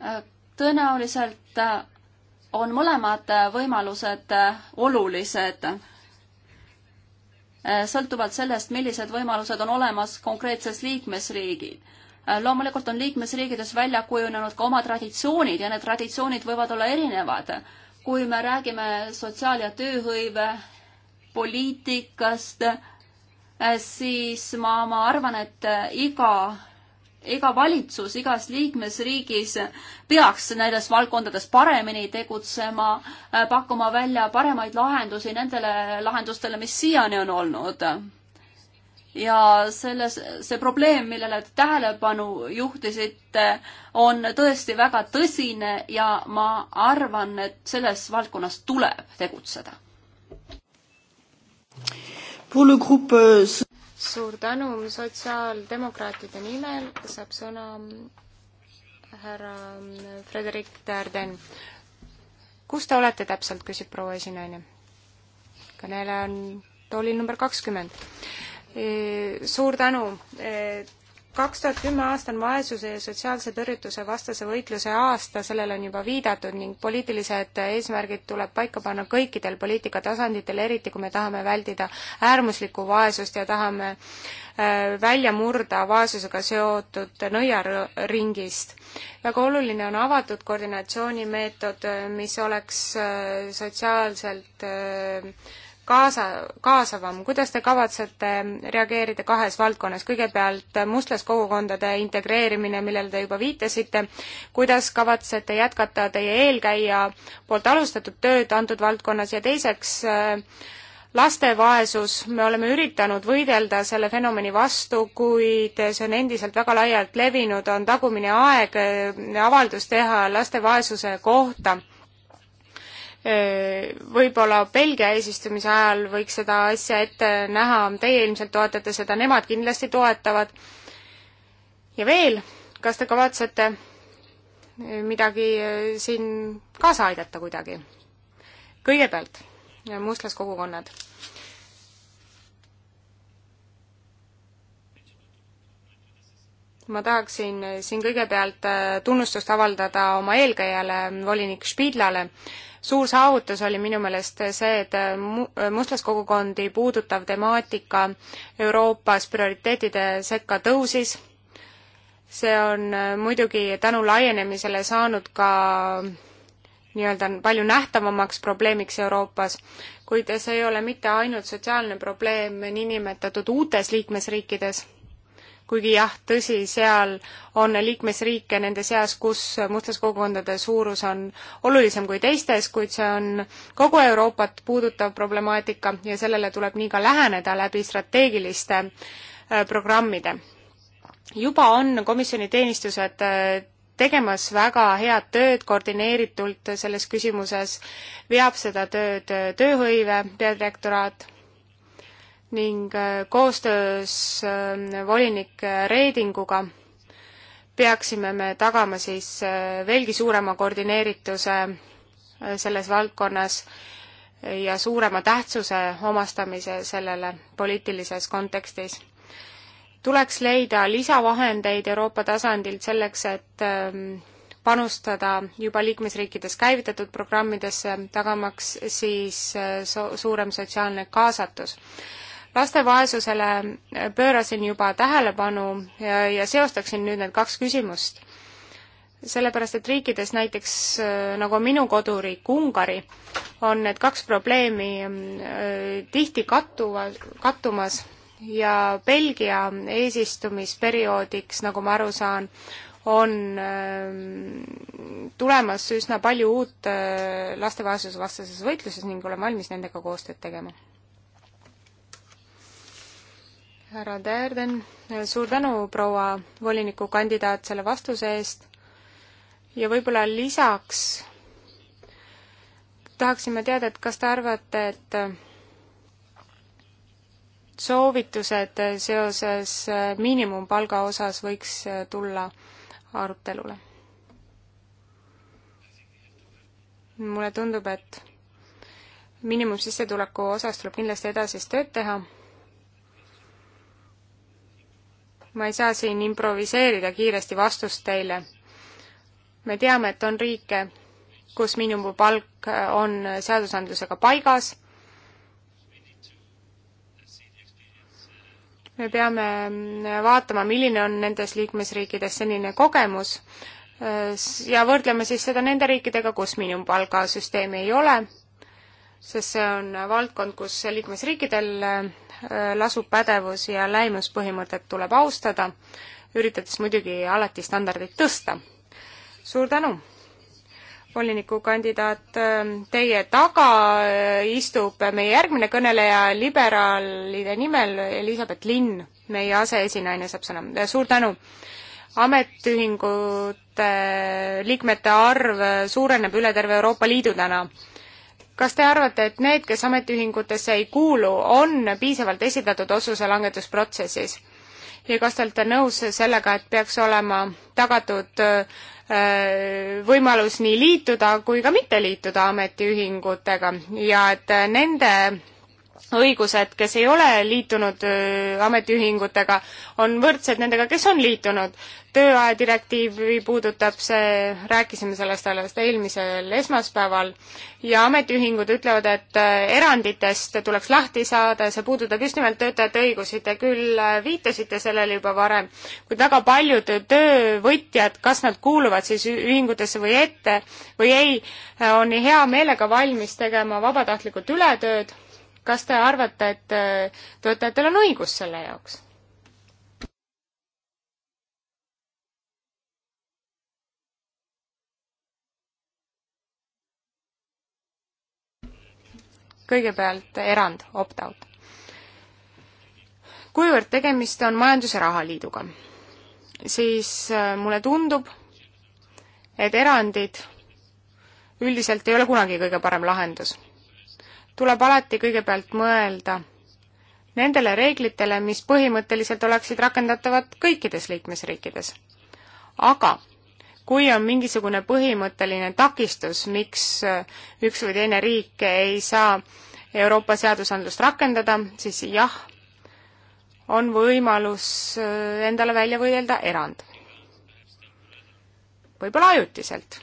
Äh, tõenäoliselt äh, on mõlemad võimalused olulised Eh, sõltuvalt sellest, millised võimalused on olemas konkreetses liikmesriigil. Eh, loomulikult on liikmesriikides välja kujunenud ka oma traditsioonid ja need traditsioonid võivad olla erinevad. kui me räägime sotsiaal- ja tööhõive poliitikast, eh, siis ma, ma arvan, et iga iga valitsus igas liikmesriigis peaks nendes valdkondades paremini tegutsema, äh, pakkuma välja paremaid lahendusi nendele lahendustele, mis siiani on olnud. ja selles, see probleem, millele te tähelepanu juhtisite, on tõesti väga tõsine ja ma arvan, et selles valdkonnas tuleb tegutseda. Pour le groupe euh, suur tänu, sotsiaaldemokraatide nimel saab sõna härra Frederik Tärden. kus te olete täpselt, küsib proua esinaine. kõneleja on toolil number kakskümmend. Suur tänu kaks tuhat kümme aasta on vaesuse ja sotsiaalse tõrjutuse vastase võitluse aasta, sellele on juba viidatud ning poliitilised eesmärgid tuleb paika panna kõikidel poliitikatasanditel, eriti kui me tahame väldida äärmuslikku vaesust ja tahame äh, välja murda vaesusega seotud nõiaringist. väga oluline on avatud koordinatsioonimeetod, mis oleks äh, sotsiaalselt äh, kaasa, kaasavam, kuidas te kavatsete reageerida kahes valdkonnas, kõigepealt mustlaskogukondade integreerimine, millele te juba viitasite, kuidas kavatsete jätkata teie eelkäija poolt alustatud tööd antud valdkonnas ja teiseks äh, laste vaesus, me oleme üritanud võidelda selle fenomeni vastu, kuid see on endiselt väga laialt levinud, on tagumine aeg äh, avaldus teha laste vaesuse kohta võib-olla Belgia eesistumise ajal võiks seda asja ette näha, teie ilmselt toetate seda, nemad kindlasti toetavad. ja veel, kas te kavatsete midagi siin kaasa aidata kuidagi? kõigepealt mustlaskogukonnad ma tahaksin siin kõigepealt äh, tunnustust avaldada oma eelkäijale, volinik Spidlale. suur saavutus oli minu meelest see, et äh, äh, mustlaskogukondi puudutav temaatika Euroopas prioriteetide sekka tõusis. see on muidugi tänu laienemisele saanud ka nii-öelda palju nähtavamaks probleemiks Euroopas, kuid see ei ole mitte ainult sotsiaalne probleem niinimetatud uutes liikmesriikides kuigi jah, tõsi, seal on liikmesriike nende seas, kus mustlaskogukondade suurus on olulisem kui teistes, kuid see on kogu Euroopat puudutav problemaatika ja sellele tuleb nii ka läheneda läbi strateegiliste äh, programmide. juba on komisjoni teenistused äh, tegemas väga head tööd koordineeritult selles küsimuses, veab seda tööd äh, tööhõive peadirektoraat ning äh, koostöös ähm, volinik äh, Reedinguga peaksime me tagama siis äh, veelgi suurema koordineerituse selles valdkonnas ja suurema tähtsuse omastamise sellele poliitilises kontekstis. tuleks leida lisavahendeid Euroopa tasandilt selleks, et ähm, panustada juba liikmesriikides käivitatud programmidesse, tagamaks siis so suurem sotsiaalne kaasatus laste vaesusele eh, pöörasin juba tähelepanu ja, ja seostaksin nüüd need kaks küsimust. sellepärast, et riikides näiteks eh, nagu minu koduriik Ungari, on need kaks probleemi eh, tihti kattuva, kattumas ja Belgia eesistumisperioodiks, nagu ma aru saan, on tulemas üsna palju uut laste vaesusevastases võitluses ning olen valmis nendega koostööd tegema härra Derden, suur tänu, proua volinikukandidaat, selle vastuse eest ja võib-olla lisaks tahaksime teada, et kas te arvate, et soovitused seoses miinimumpalga osas võiks tulla arutelule? mulle tundub, et miinimumsissetuleku osas tuleb kindlasti edasist tööd teha ma ei saa siin improviseerida kiiresti vastust teile. me teame, et on riike, kus miinimumpalk äh, on seadusandlusega paigas. me peame äh, vaatama, milline on nendes liikmesriikides senine kogemus äh, ja võrdleme siis seda nende riikidega, kus miinimumpalgasüsteemi ei ole, sest see on valdkond, kus liikmesriikidel Äh, lasub pädevus ja läimuspõhimõtet tuleb austada, üritades muidugi alati standardit tõsta. suur tänu! volinikukandidaat, äh, teie taga äh, istub meie järgmine kõneleja liberaalide nimel, Elizabeth Linn, meie aseesinaine saab sõna. suur tänu! ametiühingute liikmete arv suureneb üle terve Euroopa Liidu täna kas te arvate, et need, kes ametiühingutesse ei kuulu, on piisavalt esindatud otsuse langetusprotsessis? ja kas te olete nõus sellega, et peaks olema tagatud äh, võimalus nii liituda kui ka mitte liituda ametiühingutega ja et nende õigused, kes ei ole liitunud ametiühingutega, on võrdsed nendega, kes on liitunud. tööaja direktiivi puudutab see, rääkisime sellest alles eelmisel esmaspäeval, ja ametiühingud ütlevad, et eranditest tuleks lahti saada ja see puudutab just nimelt töötajate õigusi. Te küll viitasite sellele juba varem, kuid väga paljud töövõtjad, kas nad kuuluvad siis ühingutesse või ette või ei, on hea meelega valmis tegema vabatahtlikult ületööd kas te arvate, et äh, töötajatel on õigus selle jaoks? kõigepealt erand, opt-out. kuivõrd tegemist on Majandus- ja Rahaliiduga, siis äh, mulle tundub, et erandid üldiselt ei ole kunagi kõige parem lahendus tuleb alati kõigepealt mõelda nendele reeglitele, mis põhimõtteliselt oleksid rakendatavad kõikides liikmesriikides. aga kui on mingisugune põhimõtteline takistus, miks äh, üks või teine riik ei saa Euroopa seadusandlust rakendada, siis jah, on võimalus äh, endale välja võidelda erand. võib-olla ajutiselt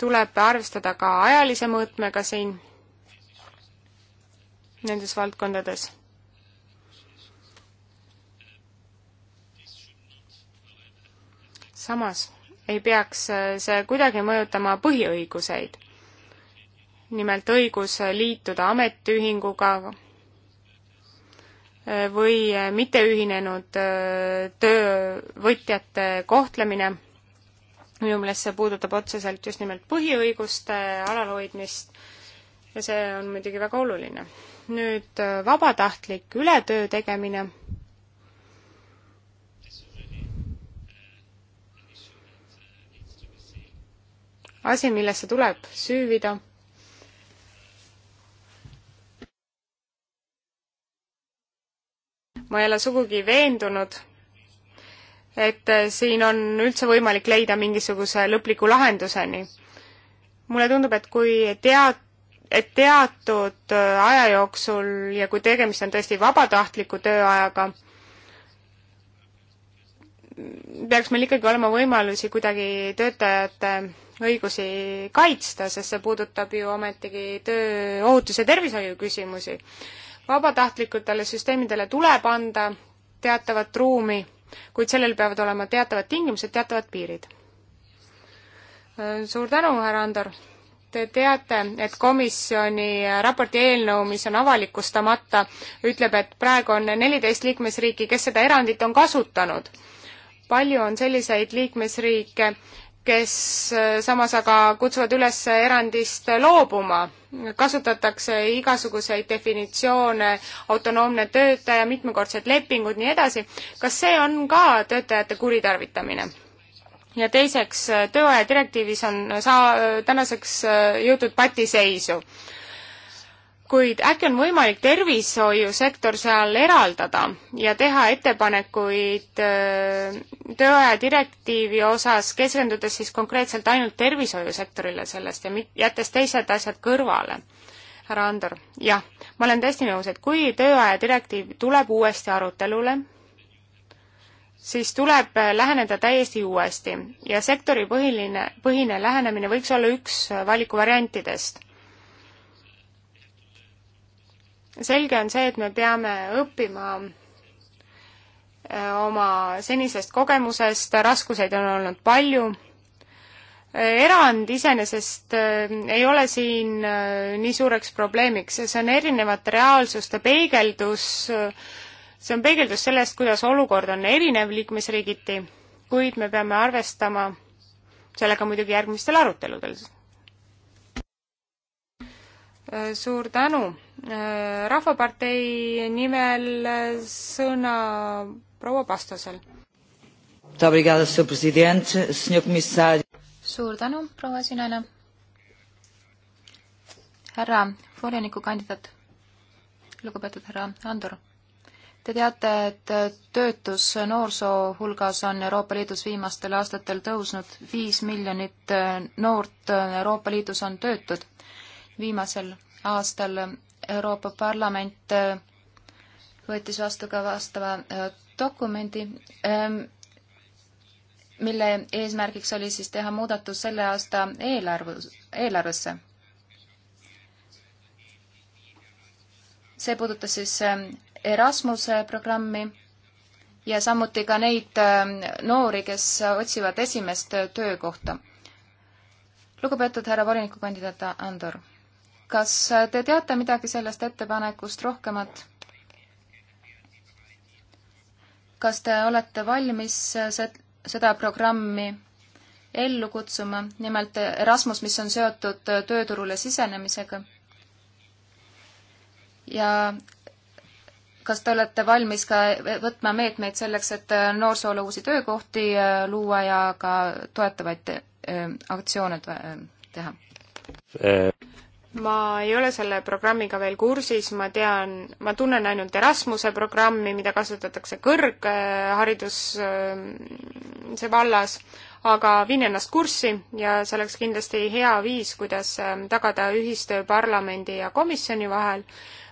tuleb arvestada ka ajalise mõõtmega siin nendes valdkondades. samas ei peaks äh, see kuidagi mõjutama põhiõiguseid. nimelt õigus liituda ametiühinguga äh, või äh, mitteühinenud töövõtjate kohtlemine minu meelest see puudutab otseselt just nimelt põhiõiguste alalhoidmist ja see on muidugi väga oluline. nüüd äh, vabatahtlik ületöö tegemine. asi, millesse tuleb süüvida ma ei ole sugugi veendunud, et äh, siin on üldse võimalik leida mingisuguse lõpliku lahenduseni. mulle tundub, et kui tead-, et teatud äh, aja jooksul ja kui tegemist on tõesti vabatahtliku tööajaga, peaks meil ikkagi olema võimalusi kuidagi töötajate õigusi kaitsta, sest see puudutab ju ometigi tööohutuse tervishoiu küsimusi. vabatahtlikutele süsteemidele tuleb anda teatavat ruumi kuid sellel peavad olema teatavad tingimused, teatavad piirid. suur tänu, härra Andor! Te teate, et komisjoni raporti eelnõu, mis on avalikustamata, ütleb, et praegu on neliteist liikmesriiki, kes seda erandit on kasutanud palju on selliseid liikmesriike, kes äh, samas aga kutsuvad üles erandist loobuma. kasutatakse igasuguseid definitsioone, autonoomne töötaja, mitmekordsed lepingud, nii edasi. kas see on ka töötajate kuritarvitamine? ja teiseks, äh, tööaja direktiivis on saa-, tänaseks äh, jõutud patiseisu kuid äkki on võimalik tervishoiusektor seal eraldada ja teha ettepanekuid äh, tööaja direktiivi osas, keskendudes siis konkreetselt ainult tervishoiusektorile sellest ja jättes teised asjad kõrvale? härra Andor, jah, ma olen täiesti nõus, et kui tööaja direktiiv tuleb uuesti arutelule, siis tuleb äh, läheneda täiesti uuesti ja sektori põhiline, põhine lähenemine võiks olla üks äh, valikuvariantidest selge on see, et me peame õppima äh, oma senisest kogemusest, raskuseid on olnud palju. erand iseenesest äh, ei ole siin äh, nii suureks probleemiks, see on erinevate reaalsuste peegeldus, see on peegeldus sellest, kuidas olukord on erinev liikmesriigiti, kuid me peame arvestama sellega muidugi järgmistel aruteludel suur tänu. Äh, rahvapartei nimel sõna proua Pastosel. suur tänu, proua esinejana. härra voolinikukandidaat, lugupeetud härra Andur. Te teate, et töötus noorsoo hulgas on Euroopa Liidus viimastel aastatel tõusnud, viis miljonit äh, noort äh, Euroopa Liidus on töötud viimasel aastal Euroopa Parlament äh, võttis vastu ka vastava äh, dokumendi, ähm, mille eesmärgiks oli siis teha muudatus selle aasta eelarvus, eelarvesse. see puudutas siis ähm, Erasmuse programmi ja samuti ka neid ähm, noori, kes otsivad esimest äh, töökohta. lugupeetud härra volinikukandidaat Andor kas te teate midagi sellest ettepanekust rohkemat? kas te olete valmis seda programmi ellu kutsuma, nimelt Erasmus, mis on seotud tööturule sisenemisega? ja kas te olete valmis ka võtma meetmeid selleks, et noorsoole uusi töökohti äh, luua ja ka toetavaid äh, aktsioone äh, teha? ma ei ole selle programmiga veel kursis, ma tean, ma tunnen ainult Erasmuse programmi, mida kasutatakse kõrghariduse ähm, vallas, aga viin ennast kurssi ja see oleks kindlasti hea viis, kuidas ähm, tagada ühistöö parlamendi ja komisjoni vahel.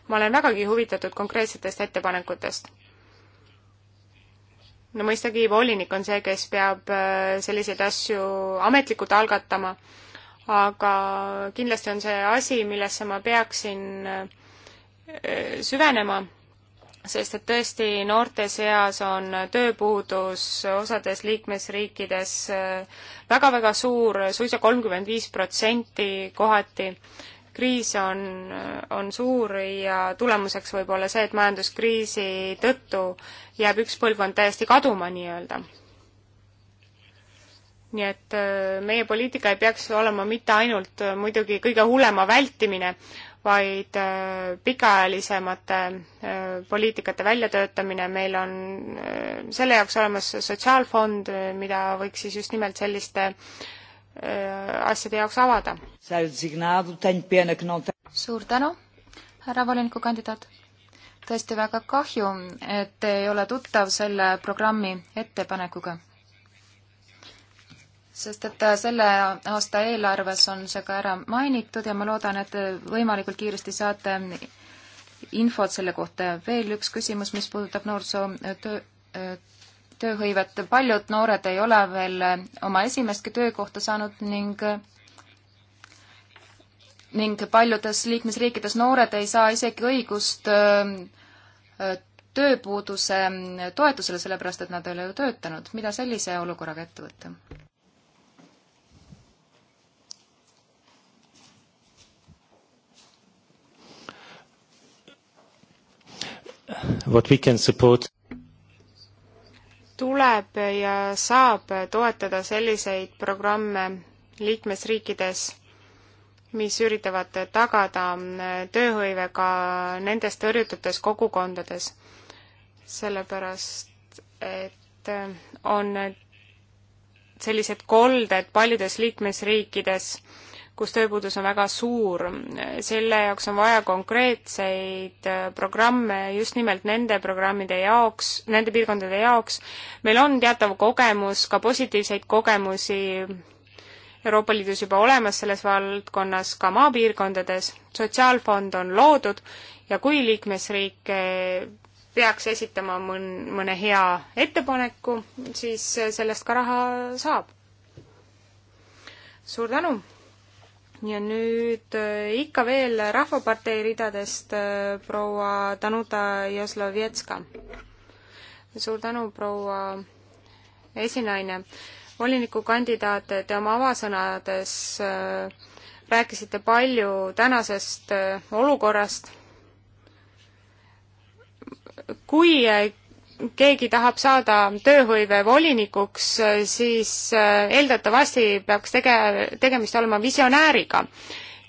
ma olen vägagi huvitatud konkreetsetest ettepanekutest. no mõistagi, volinik on see, kes peab äh, selliseid asju ametlikult algatama aga kindlasti on see asi, millesse ma peaksin äh, süvenema, sest et tõesti noorte seas on tööpuudus osades liikmesriikides väga-väga äh, suur suisa, suisa kolmkümmend viis protsenti kohati kriis on, on suur ja tulemuseks võib olla see, et majanduskriisi tõttu jääb üks põlvkond täiesti kaduma nii-öelda nii et äh, meie poliitika ei peaks olema mitte ainult äh, muidugi kõige hullema vältimine, vaid äh, pikaajalisemate poliitikate väljatöötamine, meil on selle jaoks olemas sotsiaalfond, mida võiks siis just nimelt selliste asjade jaoks avada. suur tänu, härra volinikukandidaat! tõesti väga kahju, et te ei ole tuttav selle programmi ettepanekuga sest et selle aasta eelarves on see ka ära mainitud ja ma loodan, et võimalikult kiiresti saate infot selle kohta. veel üks küsimus, mis puudutab noorsoo töö, tööhõivet. paljud noored ei ole veel oma esimestki töökohta saanud ning ning paljudes liikmesriikides noored ei saa isegi õigust tööpuuduse toetusele, sellepärast et nad ei ole ju töötanud. mida sellise olukorraga ette võtta? what we can support tuleb ja saab toetada selliseid programme liikmesriikides, mis üritavad tagada tööhõive ka nendes tõrjututes kogukondades. sellepärast, et on sellised kolded paljudes liikmesriikides kus tööpuudus on väga suur. selle jaoks on vaja konkreetseid äh, programme just nimelt nende programmide jaoks, nende piirkondade jaoks. meil on teatav kogemus, ka positiivseid kogemusi Euroopa Liidus juba olemas selles valdkonnas, ka maapiirkondades. sotsiaalfond on loodud ja kui liikmesriik peaks esitama mõn-, mõne hea ettepaneku, siis sellest ka raha saab. suur tänu! ja nüüd äh, ikka veel Rahvapartei ridadest äh, proua Danuta Joslovetska. suur tänu, proua esinaine. volinikukandidaat, te oma avasõnades äh, rääkisite palju tänasest olukorrast. kui keegi tahab saada tööhõive volinikuks, siis äh, eeldatavasti peaks tege-, tegemist olema visionääriga,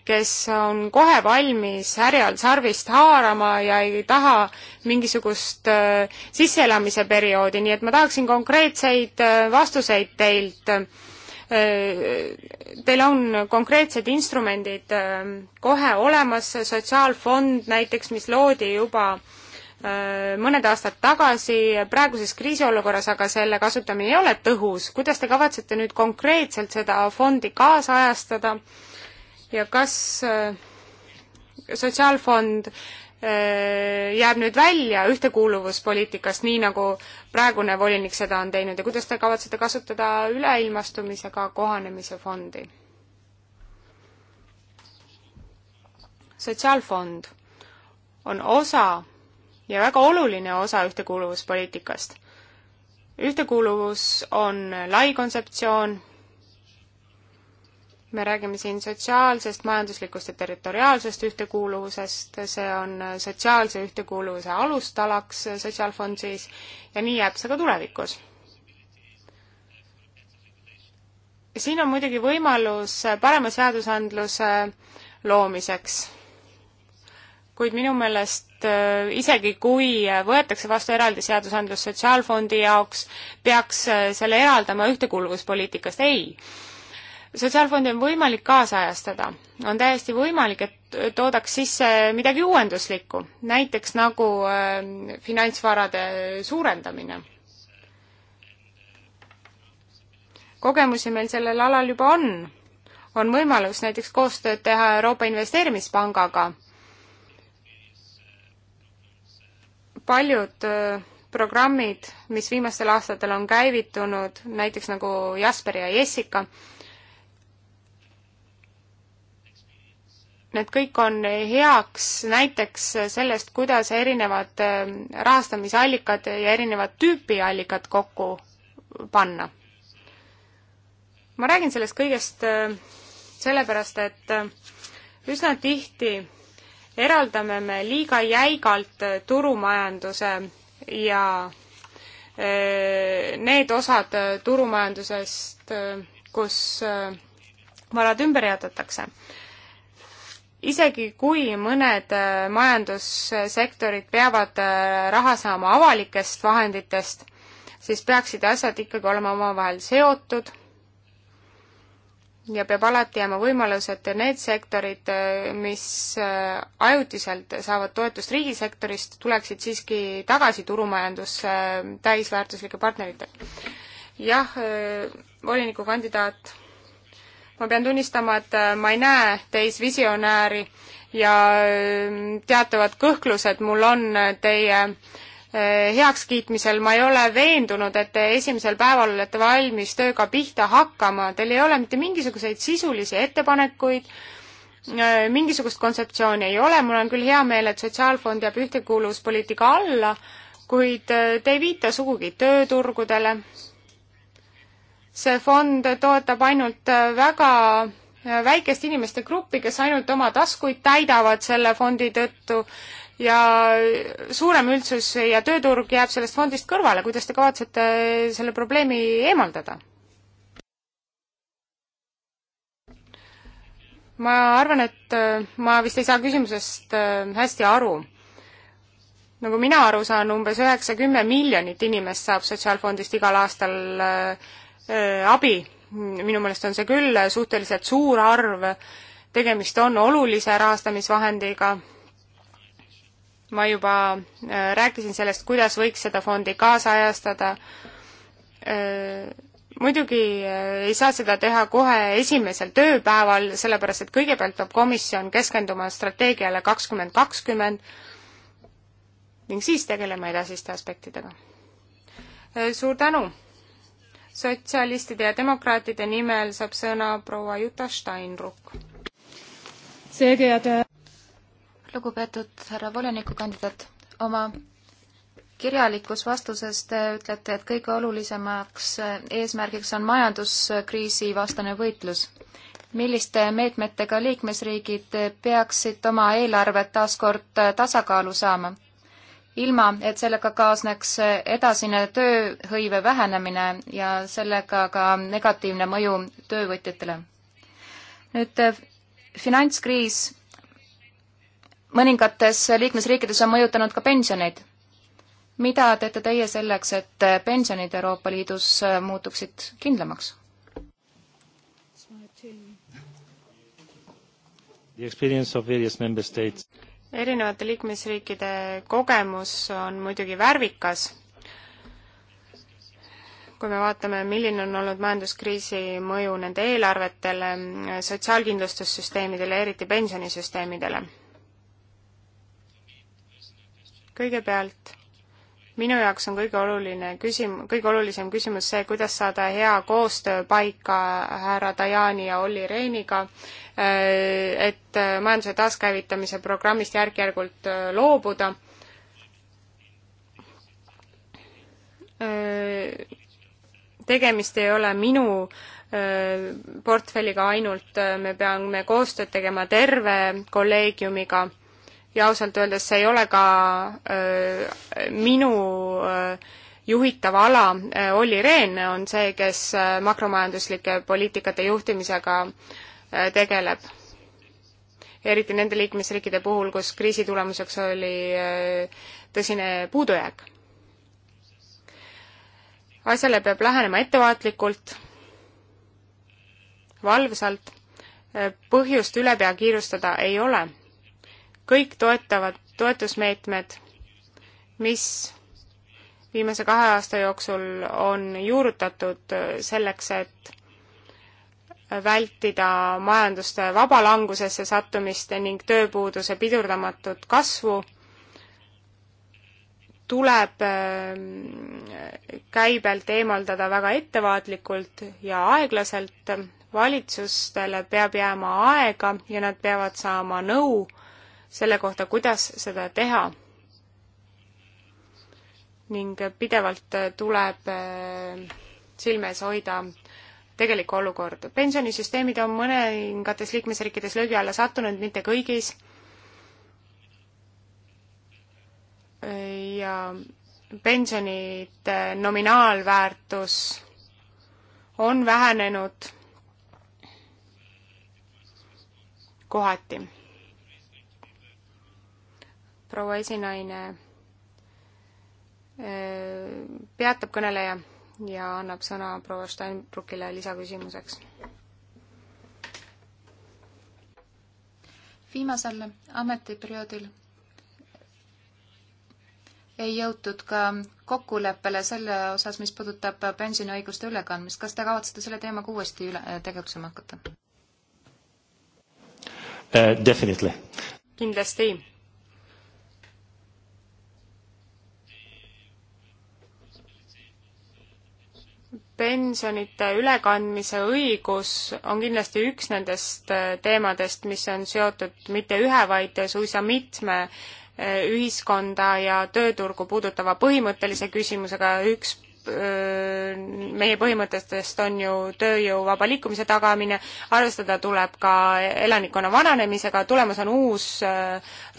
kes on kohe valmis härjal sarvist haarama ja ei taha mingisugust äh, sisseelamise perioodi, nii et ma tahaksin konkreetseid äh, vastuseid teilt. Teil on konkreetsed instrumendid kohe olemas, sotsiaalfond näiteks, mis loodi juba Äh, mõned aastad tagasi, praeguses kriisiolukorras aga selle kasutamine ei ole tõhus. kuidas te kavatsete nüüd konkreetselt seda fondi kaasajastada ja kas äh, sotsiaalfond äh, jääb nüüd välja ühtekuuluvuspoliitikast, nii nagu praegune volinik seda on teinud ja kuidas te kavatsete kasutada üleilmastumisega kohanemise fondi? sotsiaalfond on osa ja väga oluline osa ühtekuuluvuspoliitikast. ühtekuuluvus on lai kontseptsioon, me räägime siin sotsiaalsest, majanduslikust ja territoriaalsest ühtekuuluvusest, see on sotsiaalse ühtekuuluvuse alustalaks, sotsiaalfond siis, ja nii jääb see ka tulevikus. siin on muidugi võimalus parema seadusandluse loomiseks kuid minu meelest äh, isegi, kui äh, võetakse vastu eraldi seadusandlus Sotsiaalfondi jaoks, peaks äh, selle eraldama ühtekuuluvuspoliitikast, ei. sotsiaalfondi on võimalik kaasajastada, on täiesti võimalik, et toodaks sisse midagi uuenduslikku, näiteks nagu finantsvarade suurendamine. kogemusi meil sellel alal juba on, on võimalus näiteks koostööd teha Euroopa Investeerimispangaga paljud programmid, mis viimastel aastatel on käivitunud, näiteks nagu Jasper ja Jessica, need kõik on heaks näiteks sellest, kuidas erinevad rahastamisallikad ja erinevat tüüpi allikad kokku panna. ma räägin sellest kõigest sellepärast, et üsna tihti eraldame me liiga jäigalt turumajanduse ja eh, need osad eh, turumajandusest, eh, kus varad ümber jaotatakse. isegi kui mõned majandussektorid peavad raha saama avalikest vahenditest, siis peaksid asjad ikkagi olema omavahel seotud ja peab alati jääma võimalus, et need sektorid, mis äh, ajutiselt saavad toetust riigisektorist, tuleksid siiski tagasi turumajandusse äh, täisväärtuslike partneritega. jah, äh, volinikukandidaat, ma pean tunnistama, et ma ei näe teis visionääri ja teatavad kõhklused mul on teie äh, Eh, heakskiitmisel, ma ei ole veendunud, et te esimesel päeval olete valmis tööga pihta hakkama, teil ei ole mitte mingisuguseid sisulisi ettepanekuid, eh, mingisugust kontseptsiooni ei ole, mul on küll hea meel, et Sotsiaalfond jääb ühtekuuluvuspoliitika alla, kuid eh, te ei viita sugugi tööturgudele. see fond toetab ainult väga väikest inimeste gruppi, kes ainult oma taskuid täidavad selle fondi tõttu ja suurem üldsus ja tööturg jääb sellest fondist kõrvale, kuidas te kavatsete selle probleemi eemaldada? ma arvan, et äh, ma vist ei saa küsimusest äh, hästi aru nagu mina aru saan, umbes üheksa-kümme miljonit inimest saab Sotsiaalfondist igal aastal äh, abi. minu meelest on see küll suhteliselt suur arv, tegemist on olulise rahastamisvahendiga ma juba äh, rääkisin sellest, kuidas võiks seda fondi kaasajastada. Äh, muidugi äh, ei saa seda teha kohe esimesel tööpäeval, sellepärast et kõigepealt peab komisjon keskenduma strateegiale kakskümmend kakskümmend ning siis tegelema edasiste aspektidega. suur tänu! sotsialistide ja demokraatide nimel saab sõna proua Juta Steinruck lugupeetud härra volinikukandidaat, oma kirjalikus vastuses te ütlete, et kõige olulisemaks eesmärgiks on majanduskriisi vastane võitlus. milliste meetmetega liikmesriigid peaksid oma eelarvet taas kord tasakaalu saama? ilma, et sellega kaasneks edasine tööhõive vähenemine ja sellega ka negatiivne mõju töövõtjatele. nüüd finantskriis mõningates liikmesriikides on mõjutanud ka pensioneid. mida teete teie selleks, et pensionid Euroopa Liidus äh, muutuksid kindlamaks? erinevate liikmesriikide kogemus on muidugi värvikas, kui me vaatame, milline on olnud majanduskriisi mõju nende eelarvetele, sotsiaalkindlustussüsteemidele, eriti pensionisüsteemidele kõigepealt minu jaoks on kõige oluline küsim-, kõige olulisem küsimus see, kuidas saada hea koostöö paika härra Tajani ja Olli Rehniga, äh, et äh, majanduse taaskäivitamise programmist järk-järgult äh, loobuda. tegemist ei ole minu portfelliga ainult, me peame koostööd tegema terve kolleegiumiga ja ausalt öeldes see ei ole ka öö, minu öö, juhitav ala, Olli Rehn on see, kes makromajanduslike poliitikate juhtimisega tegeleb. eriti nende liikmesriikide puhul, kus kriisi tulemuseks oli tõsine puudujääk. asjale peab lähenema ettevaatlikult, valvsalt, põhjust ülepea kiirustada ei ole kõik toetavad toetusmeetmed, mis viimase kahe aasta jooksul on juurutatud selleks, et vältida majanduste vabalangusesse sattumist ning tööpuuduse pidurdamatut kasvu, tuleb ähm, käibelt eemaldada väga ettevaatlikult ja aeglaselt, valitsustele peab jääma aega ja nad peavad saama nõu selle kohta, kuidas seda teha. ning pidevalt tuleb äh, silmes hoida tegelikku olukorda. pensionisüsteemid on mõningates liikmesriikides löögi alla sattunud, mitte kõigis. ja pensionite nominaalväärtus on vähenenud kohati proua esinaine äh, peatab kõneleja ja annab sõna proua Steinbrückile lisaküsimuseks. viimasel ametiperioodil ei jõutud ka kokkuleppele selle osas, mis puudutab pensioniõiguste ülekandmist. kas te kavatsete selle teemaga uuesti üle, äh, tegutsema hakata uh,? Definitely. kindlasti pensionite ülekandmise õigus on kindlasti üks nendest äh, teemadest, mis on seotud mitte ühe, vaid suisa mitme äh, ühiskonda ja tööturgu puudutava põhimõttelise küsimusega, üks äh, meie põhimõtetest on ju tööjõu vaba liikumise tagamine, arvestada tuleb ka elanikkonna vananemisega, tulemas on uus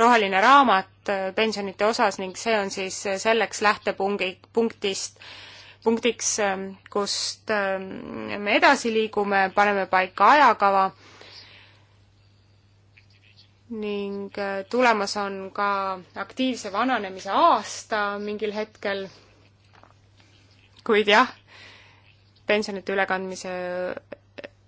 roheline raamat pensionite osas ning see on siis selleks lähtepungi, punktist äh, punktiks, ähm, kust ähm, me edasi liigume, paneme paika ajakava ning äh, tulemas on ka aktiivse vananemise aasta mingil hetkel, kuid jah, pensionite ülekandmise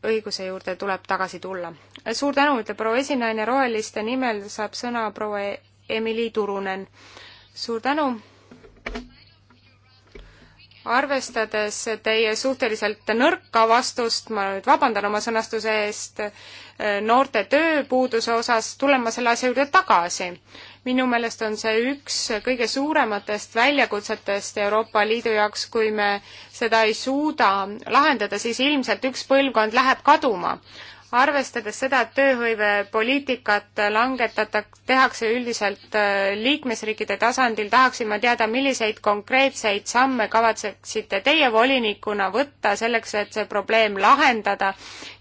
õiguse juurde tuleb tagasi tulla. suur tänu, ütleb proua esinaine, Roheliste nimel saab sõna proua Emily Turunen. suur tänu arvestades teie suhteliselt nõrka vastust, ma nüüd vabandan oma sõnastuse eest, äh, noorte tööpuuduse osas, tulen ma selle asja juurde tagasi. minu meelest on see üks kõige suurematest väljakutsetest Euroopa Liidu jaoks, kui me seda ei suuda lahendada, siis ilmselt üks põlvkond läheb kaduma arvestades seda, et tööhõivepoliitikat langetada, tehakse üldiselt äh, liikmesriikide tasandil, tahaksin ma teada, milliseid konkreetseid samme kavatseksite teie volinikuna võtta selleks, et see probleem lahendada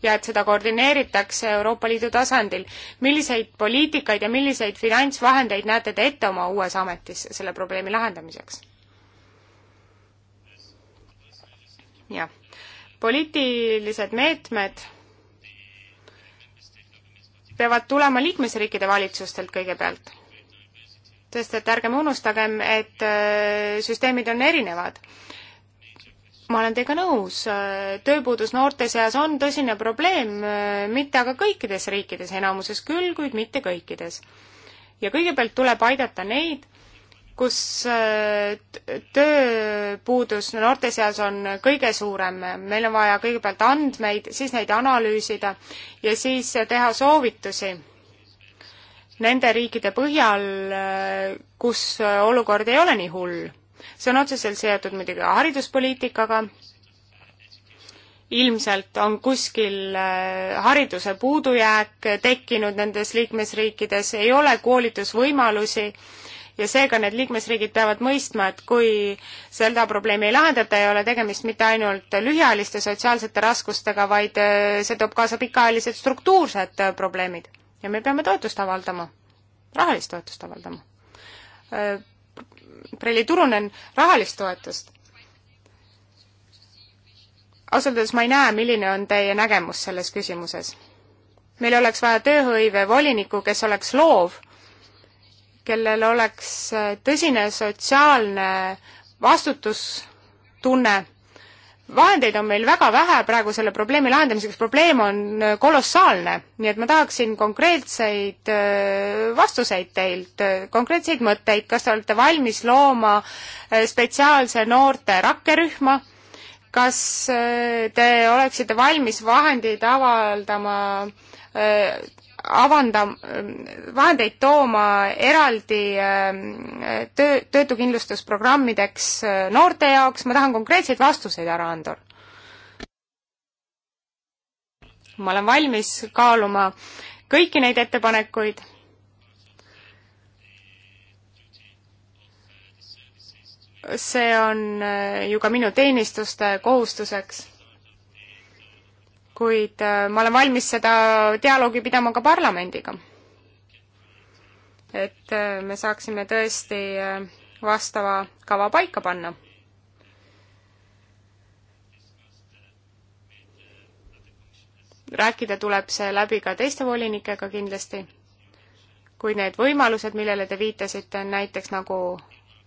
ja et seda koordineeritakse Euroopa Liidu tasandil. milliseid poliitikaid ja milliseid finantsvahendeid näete te ette oma uues ametis selle probleemi lahendamiseks? jah, poliitilised meetmed peavad tulema liikmesriikide valitsustelt kõigepealt. sest et ärgem unustagem, et äh, süsteemid on erinevad. ma olen teiega nõus, äh, tööpuudus noorte seas on tõsine probleem, äh, mitte aga kõikides riikides, enamuses küll, kuid mitte kõikides. ja kõigepealt tuleb aidata neid, kus äh, tööpuudus noorte seas on kõige suurem, meil on vaja kõigepealt andmeid, siis neid analüüsida ja siis teha soovitusi nende riikide põhjal, äh, kus olukord ei ole nii hull. see on otseselt seotud muidugi hariduspoliitikaga, ilmselt on kuskil äh, hariduse puudujääk tekkinud nendes liikmesriikides, ei ole koolitusvõimalusi ja seega need liikmesriigid peavad mõistma, et kui seda probleemi ei lahendata, ei ole tegemist mitte ainult lühiajaliste sotsiaalsete raskustega, vaid äh, see toob kaasa pikaajalised struktuursed äh, probleemid ja me peame toetust avaldama, rahalist toetust avaldama. Äh, Preli Turunen, rahalist toetust. ausalt öeldes ma ei näe, milline on teie nägemus selles küsimuses. meil oleks vaja tööhõive volinikku, kes oleks loov kellel oleks tõsine sotsiaalne vastutustunne. vahendeid on meil väga vähe praegu selle probleemi lahendamiseks, probleem on kolossaalne, nii et ma tahaksin konkreetseid äh, vastuseid teilt, äh, konkreetseid mõtteid, kas te olete valmis looma äh, spetsiaalse noorte rakkerühma, kas te oleksite valmis vahendeid avaldama avanda-, ähm, vahendeid tooma eraldi ähm, töö, töötukindlustusprogrammideks äh, noorte jaoks, ma tahan konkreetseid vastuseid, härra Andor. ma olen valmis kaaluma kõiki neid ettepanekuid see on äh, ju ka minu teenistuste kohustuseks kuid äh, ma olen valmis seda dialoogi pidama ka parlamendiga. et äh, me saaksime tõesti äh, vastava kava paika panna. rääkida tuleb see läbi ka teiste volinikega kindlasti, kuid need võimalused, millele te viitasite, näiteks nagu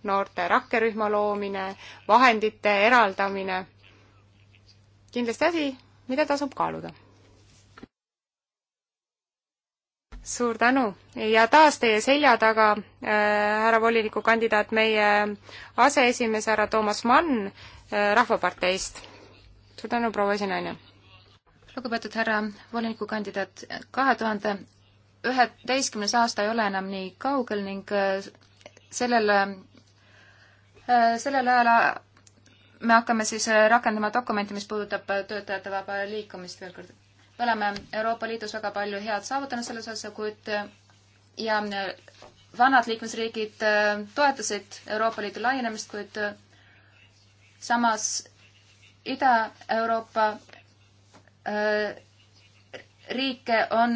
noorte rakkerühma loomine, vahendite eraldamine, kindlasti asi, mida tasub kaaluda. suur tänu ja taas teie selja taga äh,, härra volinikukandidaat, meie aseesimees härra Toomas Mann äh, Rahvaparteist. suur tänu, proua esinaine. lugupeetud härra volinikukandidaat, kahe tuhande üheteistkümnes aasta ei ole enam nii kaugel ning äh, sellel, äh, sellel ajal me hakkame siis äh, rakendama dokumenti, mis puudutab äh, töötajate vaba liikumist veel kord. me oleme Euroopa Liidus väga palju head saavutanud selles osas, kuid äh, ja vanad liikmesriigid toetasid Euroopa Liidu laienemist, kuid samas Ida-Euroopa riike on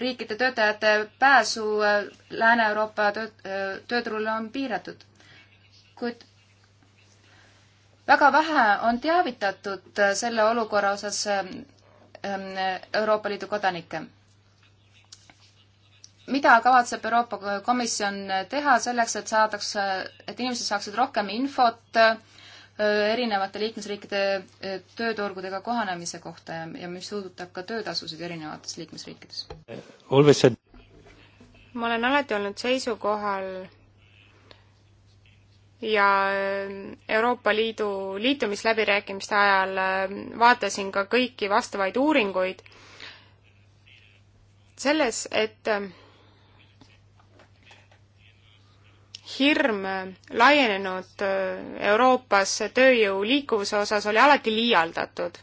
riikide töötajate pääsu Lääne-Euroopa tööturule on piiratud. kuid väga vähe on teavitatud äh, selle olukorra osas äh, ähm, Euroopa Liidu kodanikke. mida kavatseb Euroopa Komisjon teha selleks, et saadaks, et inimesed saaksid rohkem infot äh, erinevate liikmesriikide tööturgudega kohanemise kohta ja, ja mis puudutab ka töötasusid erinevates liikmesriikides? ma olen alati olnud seisukohal, ja ähm, Euroopa Liidu liitumisläbirääkimiste ajal ähm, vaatasin ka kõiki vastavaid uuringuid selles, et ähm, hirm äh, laienenud äh, Euroopas tööjõu liikuvuse osas oli alati liialdatud.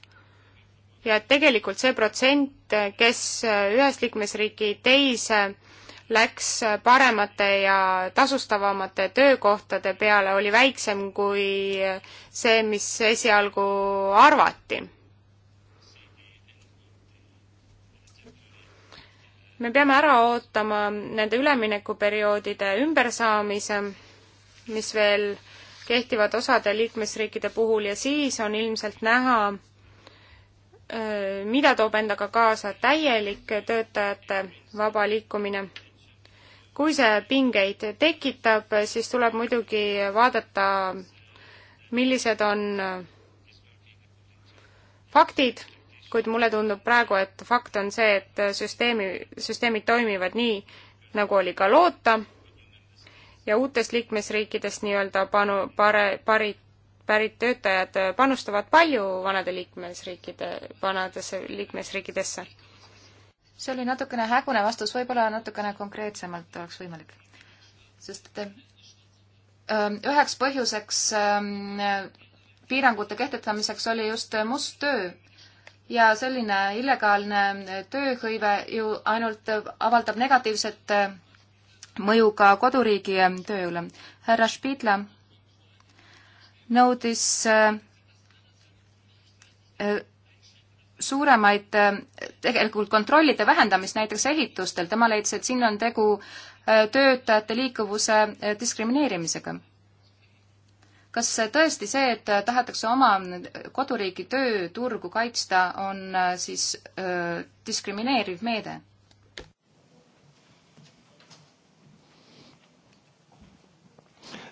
ja et tegelikult see protsent, äh, kes ühest liikmesriiki teise läks paremate ja tasustavamate töökohtade peale, oli väiksem kui see, mis esialgu arvati. me peame ära ootama nende üleminekuperioodide ümbersaamise, mis veel kehtivad osade liikmesriikide puhul ja siis on ilmselt näha, mida toob endaga kaasa täielik töötajate vaba liikumine kui see pingeid tekitab, siis tuleb muidugi vaadata, millised on äh, faktid, kuid mulle tundub praegu, et fakt on see, et süsteemi, süsteemid toimivad nii, nagu oli ka loota ja uutest liikmesriikidest nii-öelda panu, pare, parit, pärit töötajad panustavad palju vanade liikmesriikide, vanadesse liikmesriikidesse see oli natukene hägune vastus, võib-olla natukene konkreetsemalt oleks võimalik. sest öö, ähm, üheks põhjuseks öö, ähm, piirangute kehtestamiseks oli just must töö ja selline illegaalne tööhõive ju ainult avaldab negatiivset äh, mõju ka koduriigi äh, tööle. härra Spiidla nõudis öö, äh, suuremaid äh, tegelikult kontrollide vähendamist näiteks ehitustel, tema leidis, et siin on tegu äh, töötajate liikuvuse äh, diskrimineerimisega. kas tõesti see, et tahetakse oma koduriigi tööturgu kaitsta, on siis öö, diskrimineeriv meede?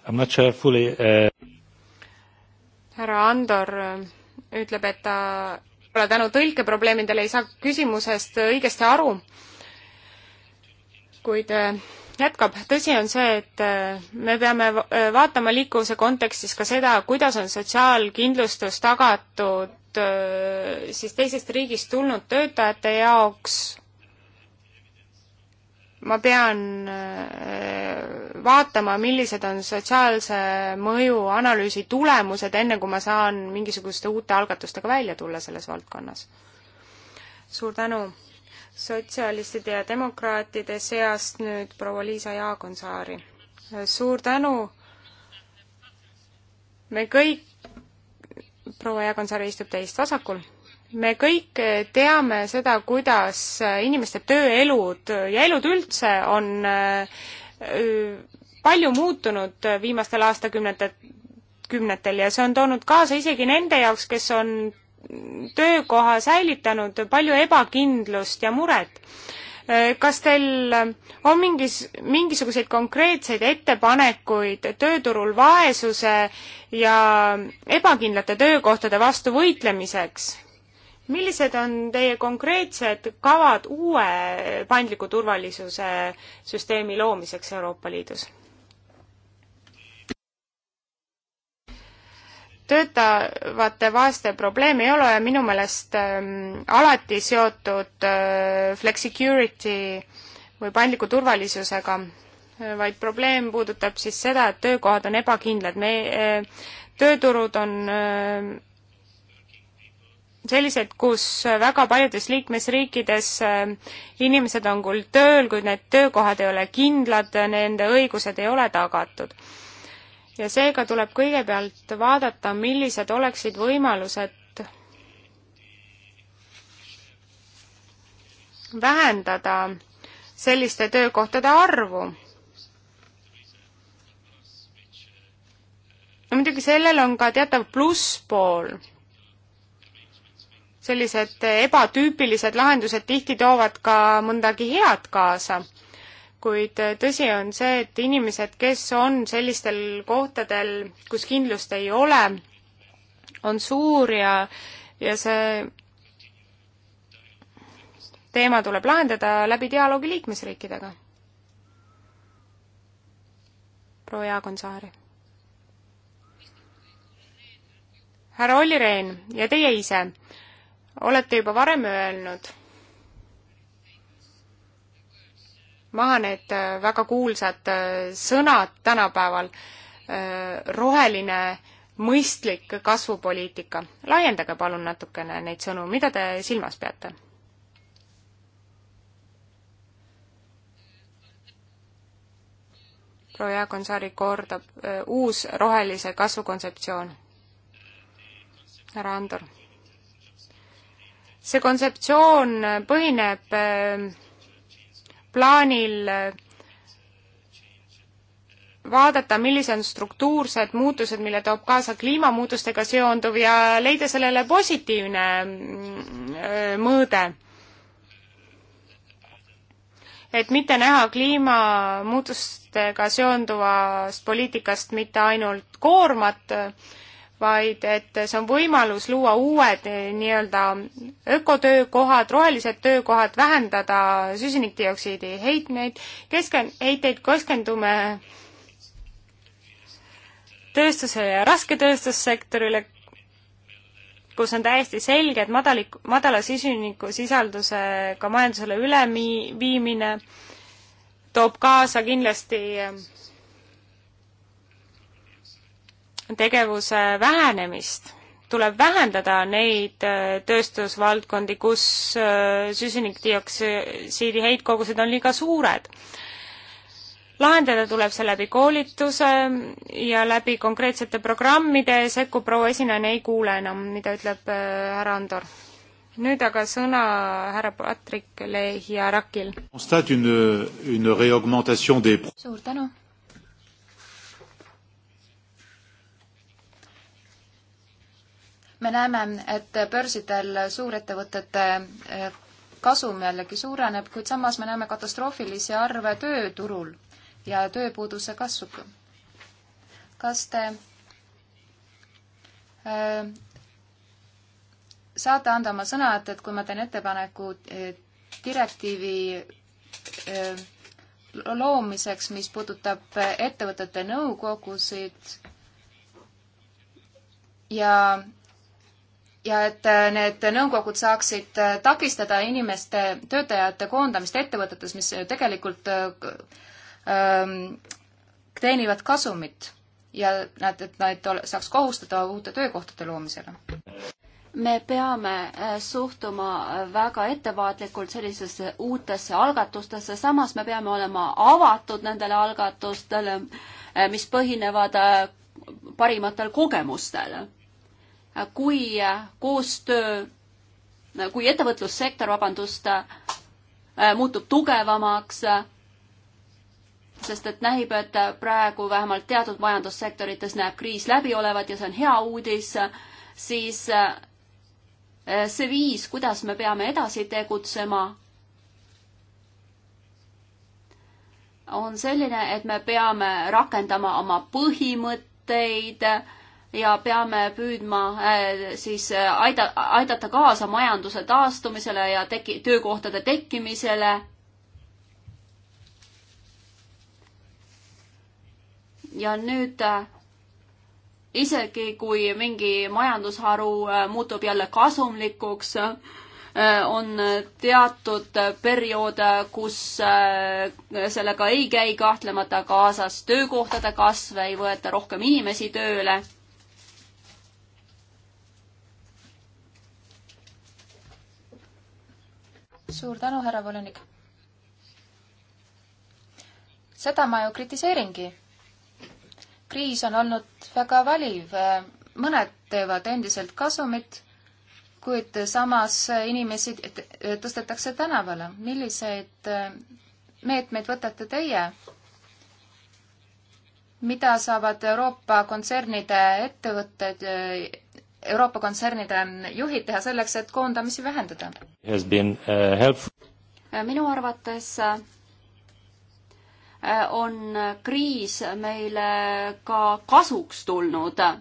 I m not sure fully uh... härra Andor ütleb, et ta võib-olla tänu tõlkeprobleemidele ei saa küsimusest õigesti aru, kuid äh, jätkab, tõsi on see, et äh, me peame äh, vaatama liikuvuse kontekstis ka seda, kuidas on sotsiaalkindlustus tagatud siis teisest riigist tulnud töötajate jaoks ma pean äh, vaatama, millised on sotsiaalse mõju analüüsi tulemused, enne kui ma saan mingisuguste uute algatustega välja tulla selles valdkonnas. suur tänu! sotsialistide ja demokraatide seast nüüd proua Liisa Jaagonsaari. suur tänu! me kõik, proua Jaagonsaar istub teist vasakul me kõik teame seda, kuidas inimeste tööelud ja elud üldse on äh, palju muutunud viimastel aastakümnetel, kümnetel ja see on toonud kaasa isegi nende jaoks, kes on töökoha säilitanud, palju ebakindlust ja muret. Äh, kas teil on mingis, mingisuguseid konkreetseid ettepanekuid tööturul vaesuse ja ebakindlate töökohtade vastu võitlemiseks? millised on teie konkreetsed kavad uue paindliku turvalisuse süsteemi loomiseks Euroopa Liidus? töötavate vaeste probleem ei ole minu meelest ähm, alati seotud äh, flexicurity või paindliku turvalisusega, vaid probleem puudutab siis seda, et töökohad on ebakindlad, me äh,, tööturud on äh, sellised, kus väga paljudes liikmesriikides äh, inimesed on küll tööl, kuid need töökohad ei ole kindlad, nende õigused ei ole tagatud. ja seega tuleb kõigepealt vaadata, millised oleksid võimalused vähendada selliste töökohtade arvu no muidugi sellel on ka teatav plusspool sellised ebatüüpilised lahendused tihti toovad ka mõndagi head kaasa. kuid tõsi on see, et inimesed, kes on sellistel kohtadel, kus kindlust ei ole, on suur ja, ja see teema tuleb lahendada läbi dialoogi liikmesriikidega. proua Jaagonsaari. härra Olli Rehn ja teie ise olete juba varem öelnud maha need äh, väga kuulsad äh, sõnad tänapäeval, äh, roheline mõistlik kasvupoliitika. laiendage palun natukene neid sõnu, mida te silmas peate? proua Jaagonsaari kordab, uus rohelise kasvu kontseptsioon. härra Andor see kontseptsioon põhineb äh, plaanil äh, vaadata, millised on struktuursed muutused, mille toob kaasa kliimamuutustega seonduv ja leida sellele positiivne äh, mõõde. et mitte näha kliimamuutustega seonduvast poliitikast mitte ainult koormat, vaid et see on võimalus luua uued eh, nii-öelda ökotöökohad, rohelised töökohad, vähendada süsinikdioksiidi heitmeid, kesken-, heiteid keskendume tööstusele ja rasketööstussektorile, kus on täiesti selge, et madalik, madala süsinikusisaldusega majandusele ülemiimine toob kaasa kindlasti eh, tegevuse vähenemist, tuleb vähendada neid äh, tööstusvaldkondi, kus äh, süsinikdioksiidi heitkogused on liiga suured. lahendada tuleb see läbi koolituse ja läbi konkreetsete programmide, sekku proua esinejana ei kuule enam, mida ütleb äh, härra Andor. nüüd aga sõna härra Patrick Lehiarakil. suur tänu me näeme, et börsidel suurettevõtete eh, kasum jällegi suureneb, kuid samas me näeme katastroofilisi arve tööturul ja tööpuuduse kasvu. kas te äh, saate anda oma sõna, et, et kui ma teen ettepaneku eh, direktiivi äh, loomiseks, mis puudutab ettevõtete nõukogusid ja ja et äh, need nõukogud saaksid äh, takistada inimeste, töötajate koondamist ettevõtetes, mis äh, tegelikult ähm, teenivad kasumit ja nad, et neid saaks kohustada uute töökohtade loomisele. me peame suhtuma väga ettevaatlikult sellisesse uutesse algatustesse, samas me peame olema avatud nendele algatustele, mis põhinevad parimatel kogemustel kui äh, koostöö, äh, kui ettevõtlussektor, vabandust, äh, muutub tugevamaks, sest et näib, et praegu vähemalt teatud majandussektorites näeb kriis läbi olevat ja see on hea uudis, siis see viis, kuidas me peame edasi tegutsema, on selline, et me peame rakendama oma põhimõtteid, ja peame püüdma äh, siis äh, aida, aidata kaasa majanduse taastumisele ja teki-, töökohtade tekkimisele. ja nüüd äh, isegi kui mingi majandusharu muutub jälle kasumlikuks, on teatud periood, kus sellega ei käi kahtlemata kaasas töökohtade kasv, ei võeta rohkem inimesi tööle suur tänu, härra volinik. seda ma ju kritiseeringi. kriis on olnud väga valiv. mõned teevad endiselt kasumit, kuid samas inimesi tõstetakse tänavale. milliseid meetmeid võtate teie? mida saavad Euroopa kontsernide ettevõtted Euroopa kontsernide juhid teha selleks, et koondamisi vähendada? Uh, äh, minu arvates äh, on kriis meile ka kasuks tulnud äh,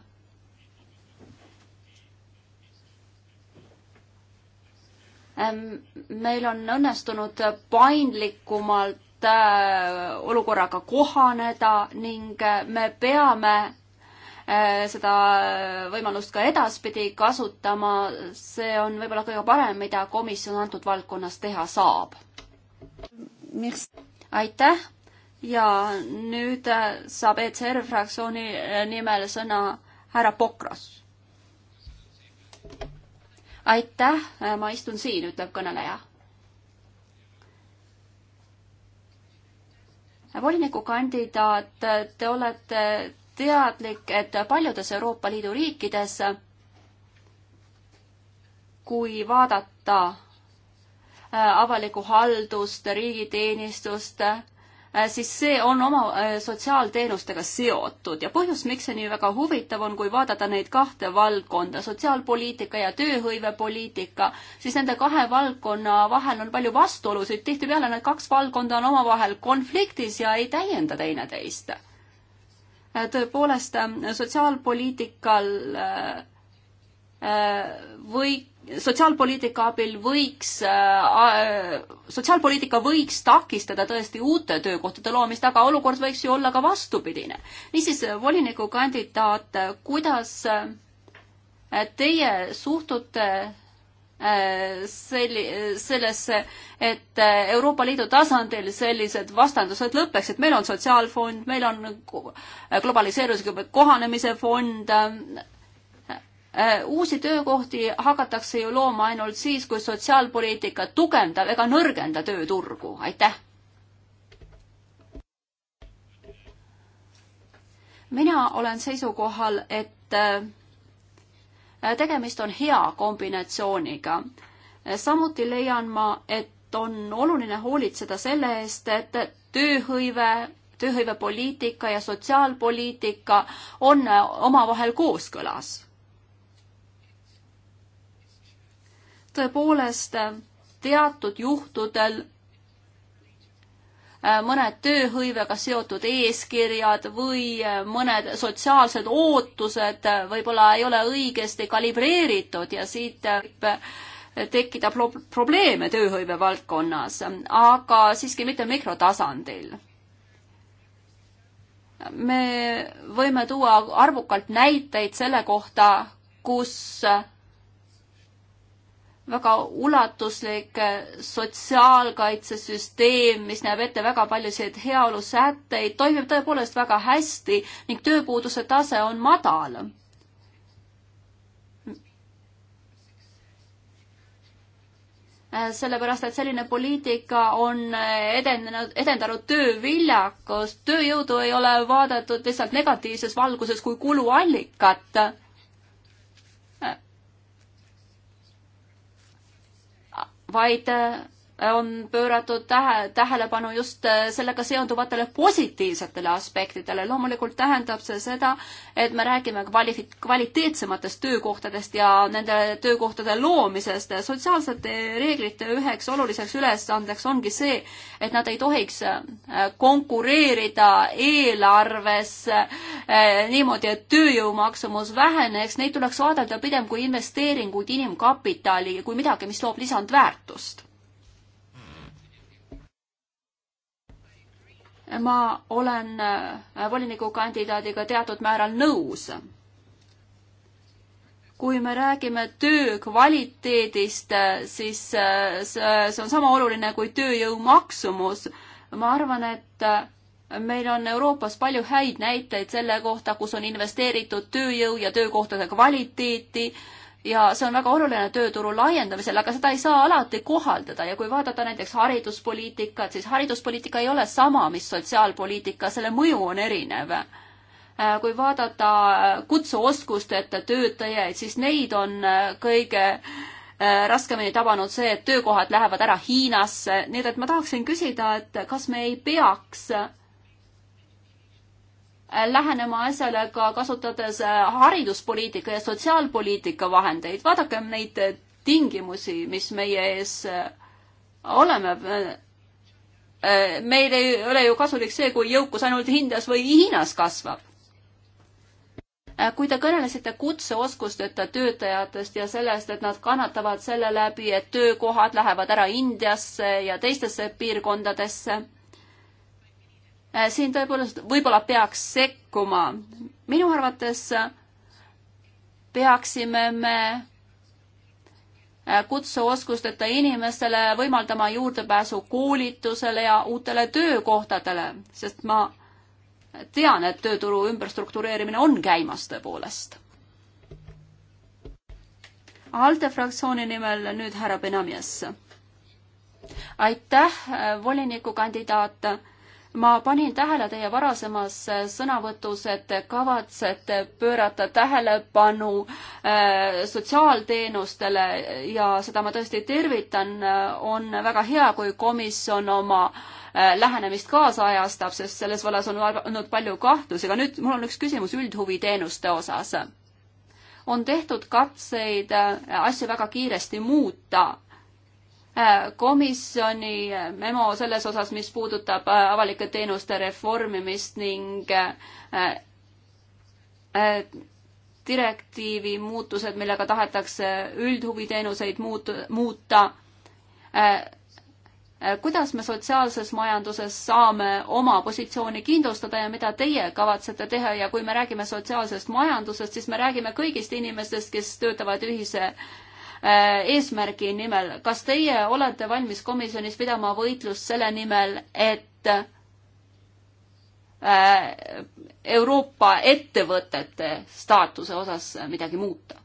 meil on õnnestunud paindlikumalt olukorraga kohaneda ning me peame Äh, seda võimalust ka edaspidi kasutama, see on võib-olla kõige parem, mida komisjon antud valdkonnas teha saab. aitäh ja nüüd äh, saab ECR fraktsiooni äh, nimel sõna härra Pokras. aitäh, ma istun siin, ütleb kõneleja volinikukandidaat, te olete teadlik, et paljudes Euroopa Liidu riikides, kui vaadata äh, avalikku haldust, riigiteenistust, äh, siis see on oma äh, sotsiaalteenustega seotud ja põhjus, miks see nii väga huvitav on, kui vaadata neid kahte valdkonda, sotsiaalpoliitika ja tööhõivepoliitika, siis nende kahe valdkonna vahel on palju vastuolusid, tihtipeale need kaks valdkonda on omavahel konfliktis ja ei täienda teineteist tõepoolest sotsiaalpoliitikal äh, või sotsiaalpoliitika abil võiks, äh, sotsiaalpoliitika võiks takistada tõesti uute töökohtade loomist, aga olukord võiks ju olla ka vastupidine. niisiis, volinikukandidaat, kuidas äh, teie suhtute Äh, selli-, sellesse, et äh, Euroopa Liidu tasandil sellised vastandused lõpeksid, meil on sotsiaalfond, meil on globaliseerumisega kohanemise fond, äh, uusi töökohti hakatakse ju looma ainult siis, kui sotsiaalpoliitika tugevdab ega nõrgenda tööturgu, aitäh! mina olen seisukohal, et Äh, tegemist on hea kombinatsiooniga. Äh, samuti leian ma, et on oluline hoolitseda selle eest, et tööhõive, tööhõivepoliitika ja sotsiaalpoliitika on äh, omavahel kooskõlas. tõepoolest, teatud juhtudel Äh, mõned tööhõivega seotud eeskirjad või äh, mõned sotsiaalsed ootused äh, võib-olla ei ole õigesti kalibreeritud ja siit võib tekkida probleeme tööhõive valdkonnas, aga siiski mitte mikrotasandil. me võime tuua arvukalt näiteid selle kohta, kus väga ulatuslik sotsiaalkaitsesüsteem, mis näeb ette väga paljusid heaolusätteid, toimib tõepoolest väga hästi ning tööpuuduse tase on madal. sellepärast, et selline poliitika on edenenud, edendanud tööviljakust, tööjõudu ei ole vaadatud lihtsalt negatiivses valguses kui kuluallikat vaid äh, on pööratud tähe, tähelepanu just äh, sellega seonduvatele positiivsetele aspektidele. loomulikult tähendab see seda, et me räägime kvali-, kvaliteetsematest töökohtadest ja nende töökohtade loomisest. sotsiaalsete reeglite üheks oluliseks ülesandeks ongi see, et nad ei tohiks äh, konkureerida eelarves äh, niimoodi, et tööjõu maksumus väheneks, neid tuleks vaadelda pigem kui investeeringuid inimkapitali, kui midagi, mis loob lisandväärtust ma olen äh, volinikukandidaadiga teatud määral nõus. kui me räägime töö kvaliteedist, äh, siis äh, see on sama oluline kui tööjõu maksumus. ma arvan, et meil on Euroopas palju häid näiteid selle kohta, kus on investeeritud tööjõu ja töökohtade kvaliteeti ja see on väga oluline tööturu laiendamisel, aga seda ei saa alati kohaldada ja kui vaadata näiteks hariduspoliitikat, siis hariduspoliitika ei ole sama, mis sotsiaalpoliitika, selle mõju on erinev äh, kui vaadata äh, kutseoskusteta töötajaid, siis neid on äh, kõige raskemini tabanud see, et töökohad lähevad ära Hiinasse, nii et ma tahaksin küsida, et kas me ei peaks äh, lähenema asjale ka kasutades äh, hariduspoliitika ja sotsiaalpoliitika vahendeid. vaadakem neid tingimusi, mis meie ees äh, oleme. Äh, meil ei ole ju kasulik see, kui jõukus ainult Indias või Hiinas kasvab. kui te kõnelesite kutseoskusteta töötajatest ja sellest, et nad kannatavad selle läbi, et töökohad lähevad ära Indiasse ja teistesse piirkondadesse Äh, siin tõepoolest võib-olla peaks sekkuma. minu arvates äh, peaksime me äh, kutseoskusteta inimestele võimaldama juurdepääsu koolitusele ja uutele töökohtadele, sest ma tean, et tööturu ümberstruktureerimine on käimas tõepoolest. ALDE fraktsiooni nimel nüüd härra Benamias. aitäh, volinikukandidaat ma panin tähele teie varasemas äh, sõnavõtus, et te kavatsete pöörata tähelepanu äh, sotsiaalteenustele ja seda ma tõesti tervitan. Äh, on väga hea, kui komisjon oma lähenemist kaasajastab, sest selles vallas on olnud palju kahtlusi, aga nüüd mul on üks küsimus üldhuviteenuste osas. on tehtud katseid asju väga kiiresti muuta Äh, komisjoni äh, memo selles osas, mis puudutab äh, avalike teenuste reformimist ning direktiivi muutused, millega tahetakse üldhuviteenuseid muut-, muuta. kuidas me sotsiaalses majanduses saame oma positsiooni kindlustada ja mida teie kavatsete teha ja kui me räägime sotsiaalsest majandusest, siis me räägime kõigist inimestest, kes töötavad ühise Äh, eesmärgi nimel. kas teie olete valmis komisjonis pidama võitlust selle nimel, et äh, Euroopa ettevõtete staatuse osas midagi muuta?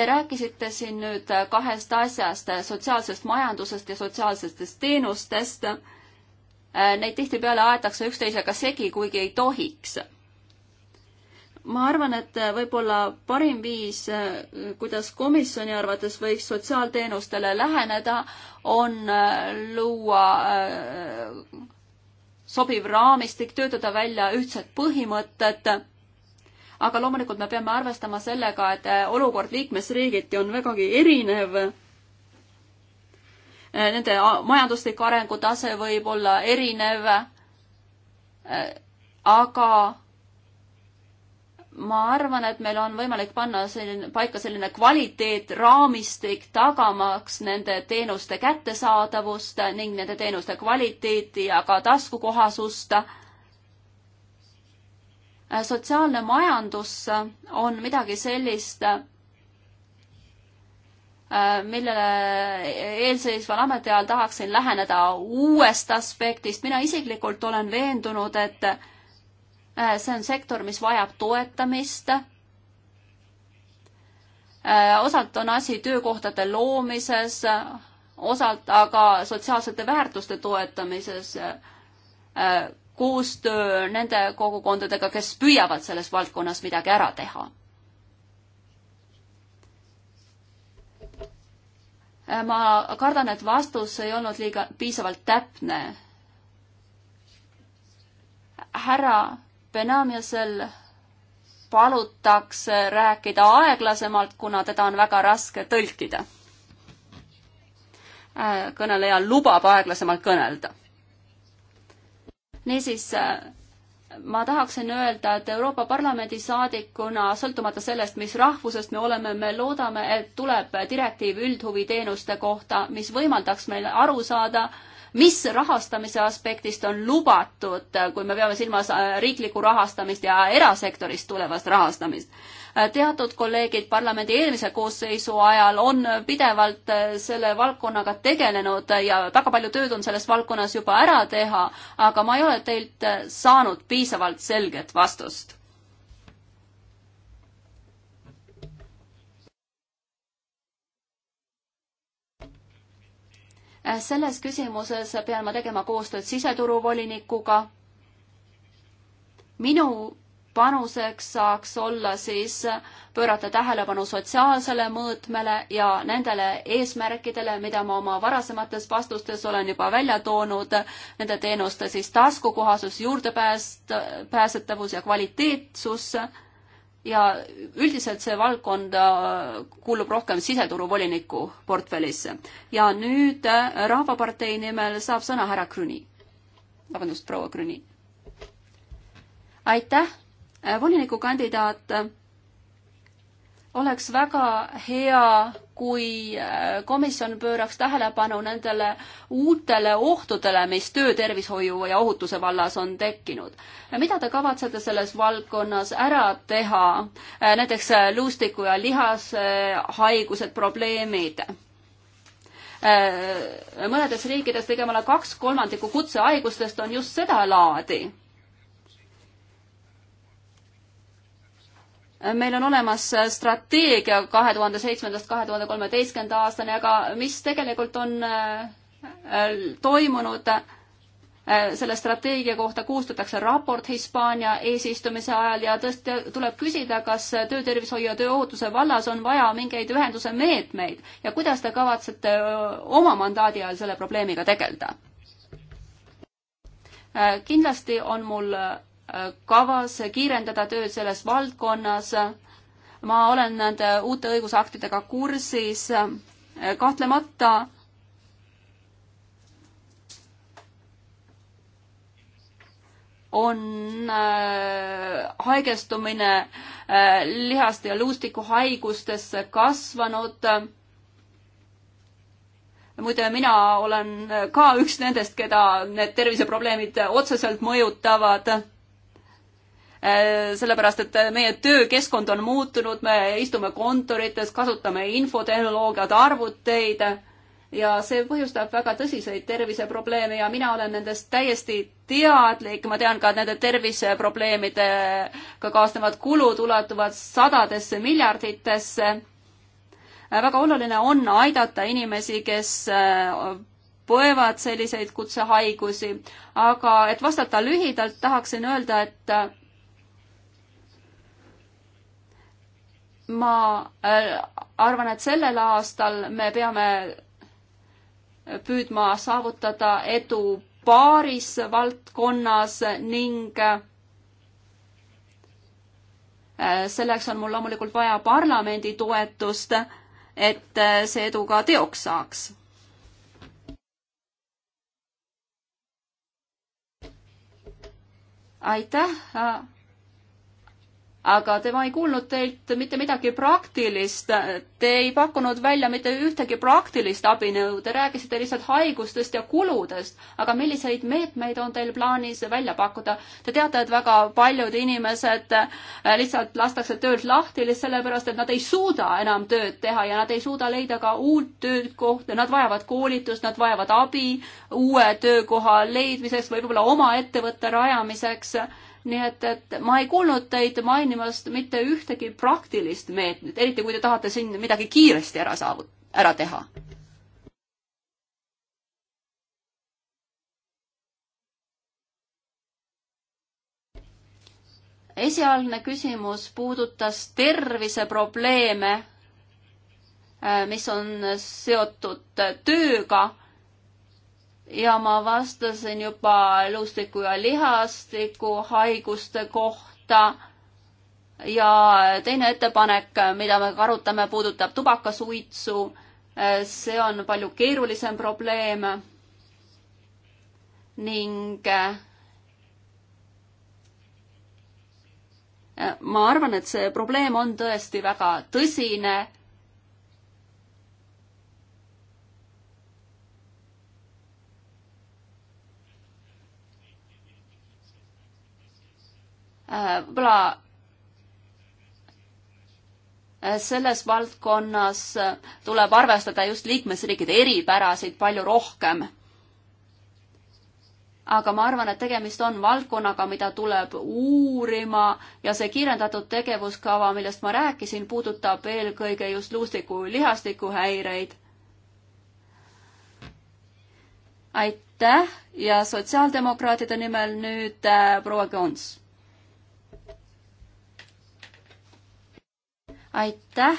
Te rääkisite siin nüüd kahest asjast, sotsiaalsest majandusest ja sotsiaalsetest teenustest. Äh, neid tihtipeale aetakse üksteisega segi, kuigi ei tohiks ma arvan, et äh, võib-olla parim viis, äh, kuidas komisjoni arvates võiks sotsiaalteenustele läheneda, on äh, luua sobiv raamistik, töötada välja ühtsed põhimõtted. aga loomulikult me peame arvestama sellega, et olukord liikmesriigiti on vägagi erinev. Nende majanduslik arengutase võib olla erinev. aga ma arvan, et meil on võimalik panna selline, paika selline kvaliteetraamistik, tagamaks nende teenuste kättesaadavust ning nende teenuste kvaliteeti ja ka taskukohasust. sotsiaalne majandus on midagi sellist, millele eelseisval ametiajal tahaksin läheneda uuest aspektist. mina isiklikult olen veendunud, et Äh, see on sektor, mis vajab toetamist. Äh, osalt on asi töökohtade loomises, osalt aga sotsiaalsete väärtuste toetamises, äh, koostöö nende kogukondadega, kes püüavad selles valdkonnas midagi ära teha. ma kardan, et vastus ei olnud liiga piisavalt täpne. härra Benamiasel palutakse rääkida aeglasemalt, kuna teda on väga raske tõlkida. Äh, kõneleja lubab aeglasemalt kõnelda. niisiis, äh, ma tahaksin öelda, et Euroopa Parlamendi saadikuna, sõltumata sellest, mis rahvusest me oleme, me loodame, et tuleb direktiiv üldhuviteenuste kohta, mis võimaldaks meil aru saada, mis rahastamise aspektist on lubatud, kui me peame silmas äh, riiklikku rahastamist ja erasektorist tulevast rahastamist. Äh, teatud kolleegid parlamendi eelmise koosseisu ajal on pidevalt äh, selle valdkonnaga tegelenud ja väga palju tööd on selles valdkonnas juba ära teha, aga ma ei ole teilt saanud piisavalt selget vastust Äh, selles küsimuses pean ma tegema koostööd siseturuvolinikuga. minu panuseks saaks olla siis pöörata tähelepanu sotsiaalsele mõõtmele ja nendele eesmärkidele, mida ma oma varasemates vastustes olen juba välja toonud, nende teenuste siis taskukohasus, juurdepääs, pääsetavus ja kvaliteetsus ja üldiselt see valdkond äh, kuulub rohkem siseturu voliniku portfellisse. ja nüüd äh, Rahvapartei nimel saab sõna härra Krüni. vabandust, proua Krüni. aitäh, äh, volinikukandidaat. oleks väga hea kui äh, komisjon pööraks tähelepanu nendele uutele ohtudele, mis töötervishoiu ja ohutuse vallas on tekkinud. mida te kavatsete selles valdkonnas ära teha, äh, näiteks äh, luustiku ja lihashaigused, probleemid? mõnedes riikides ligemale kaks kolmandikku kutsehaigustest on just seda laadi meil on olemas strateegia kahe tuhande seitsmendast kahe tuhande kolmeteistkümnenda aastani, aga mis tegelikult on äh, toimunud äh, selle strateegia kohta koostatakse raport Hispaania eesistumise ajal ja tõesti tuleb küsida, kas töötervishoiu ja tööohutuse vallas on vaja mingeid ühenduse meetmeid ja kuidas te kavatsete oma mandaadi ajal selle probleemiga tegeleda? Äh, kindlasti on mul kavas kiirendada tööd selles valdkonnas. ma olen nende uute õigusaktidega kursis. kahtlemata on äh, haigestumine äh, lihaste ja luustikuhaigustesse kasvanud muide, mina olen ka üks nendest, keda need terviseprobleemid otseselt mõjutavad. Äh, sellepärast et meie töökeskkond on muutunud, me istume kontorites, kasutame infotehnoloogiat, arvuteid ja see põhjustab väga tõsiseid terviseprobleeme ja mina olen nendest täiesti teadlik, ma tean ka, et nende terviseprobleemidega ka kaasnevad kulud ulatuvad sadadesse miljarditesse. Äh, väga oluline on aidata inimesi, kes äh, põevad selliseid kutsehaigusi, aga et vastata lühidalt, tahaksin öelda, et ma äh, arvan, et sellel aastal me peame püüdma saavutada edu paaris valdkonnas ning äh, selleks on mul loomulikult vaja parlamendi toetust, et äh, see edu ka teoks saaks. aitäh aga tema ei kuulnud teilt mitte midagi praktilist. Te ei pakkunud välja mitte ühtegi praktilist abinõu, te rääkisite lihtsalt haigustest ja kuludest. aga milliseid meetmeid on teil plaanis välja pakkuda? Te teate, et väga paljud inimesed äh, lihtsalt lastakse töölt lahti lihtsalt sellepärast, et nad ei suuda enam tööd teha ja nad ei suuda leida ka uut töökohta, nad vajavad koolitust, nad vajavad abi uue töökoha leidmiseks, võib-olla oma ettevõtte rajamiseks nii et, et ma ei kuulnud teid mainimast mitte ühtegi praktilist meetmet, eriti kui te tahate siin midagi kiiresti ära saavut-, ära teha. esialgne küsimus puudutas terviseprobleeme, äh, mis on seotud tööga ja ma vastasin juba elustiku ja lihastiku haiguste kohta. ja teine ettepanek, mida me ka arutame, puudutab tubakasuitsu. see on palju keerulisem probleem. ning ma arvan, et see probleem on tõesti väga tõsine Äh, võib-olla äh, selles valdkonnas äh, tuleb arvestada just liikmesriikide eripärasid palju rohkem. aga ma arvan, et tegemist on valdkonnaga, mida tuleb uurima ja see kiirendatud tegevuskava, millest ma rääkisin, puudutab eelkõige just luustiku lihastikuhäireid. aitäh ja sotsiaaldemokraatide nimel nüüd äh, proua Kons aitäh.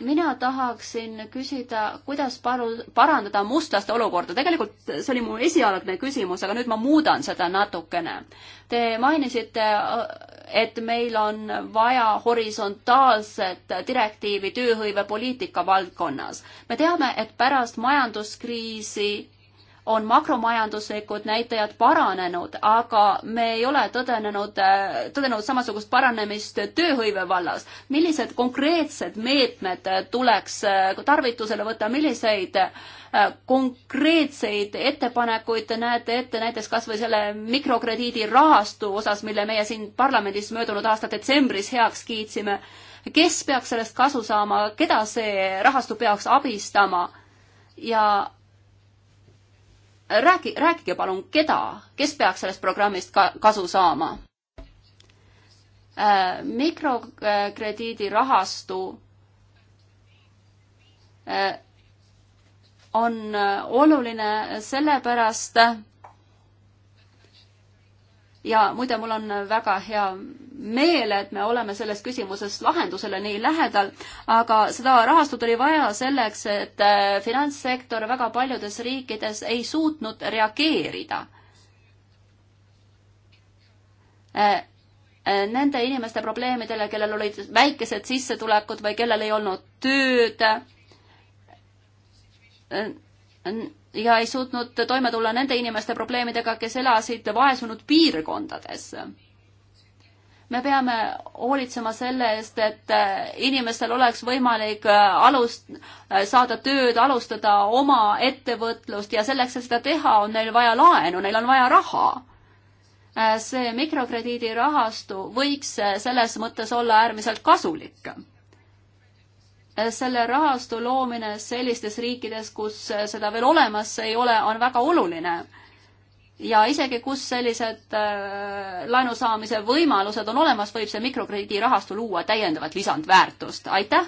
mina tahaksin küsida, kuidas paru-, parandada mustlaste olukorda. tegelikult see oli mu esialgne küsimus, aga nüüd ma muudan seda natukene. Te mainisite, et meil on vaja horisontaalset direktiivi tööhõivepoliitika valdkonnas. me teame, et pärast majanduskriisi on makromajanduslikud näitajad paranenud, aga me ei ole tõdenenud, tõdenenud samasugust paranemist tööhõive vallas. millised konkreetsed meetmed tuleks äh, tarvitusele võtta, milliseid äh, konkreetseid ettepanekuid te näete ette näiteks kas või selle mikrokrediidi rahastu osas, mille meie siin parlamendis möödunud aasta detsembris heaks kiitsime, kes peaks sellest kasu saama, keda see rahastu peaks abistama ja räägi, rääkige palun, keda, kes peaks sellest programmist ka, kasu saama? Äh, mikrokrediidirahastu äh, on äh, oluline sellepärast, ja muide, mul on väga hea meel, et me oleme selles küsimuses lahendusele nii lähedal, aga seda rahastut oli vaja selleks, et äh, finantssektor väga paljudes riikides ei suutnud reageerida. Äh, äh, nende inimeste probleemidele, kellel olid väikesed sissetulekud või kellel ei olnud tööd ja ei suutnud toime tulla nende inimeste probleemidega, kes elasid vaesunud piirkondades. me peame hoolitsema selle eest, et inimestel oleks võimalik alust, saada tööd, alustada oma ettevõtlust ja selleks, et seda teha, on neil vaja laenu, neil on vaja raha see mikrokrediidirahastu võiks selles mõttes olla äärmiselt kasulik selle rahastu loomine sellistes riikides, kus seda veel olemas ei ole, on väga oluline. ja isegi, kus sellised äh, laenu saamise võimalused on olemas, võib see mikrokrediidirahastu luua täiendavat lisandväärtust. aitäh!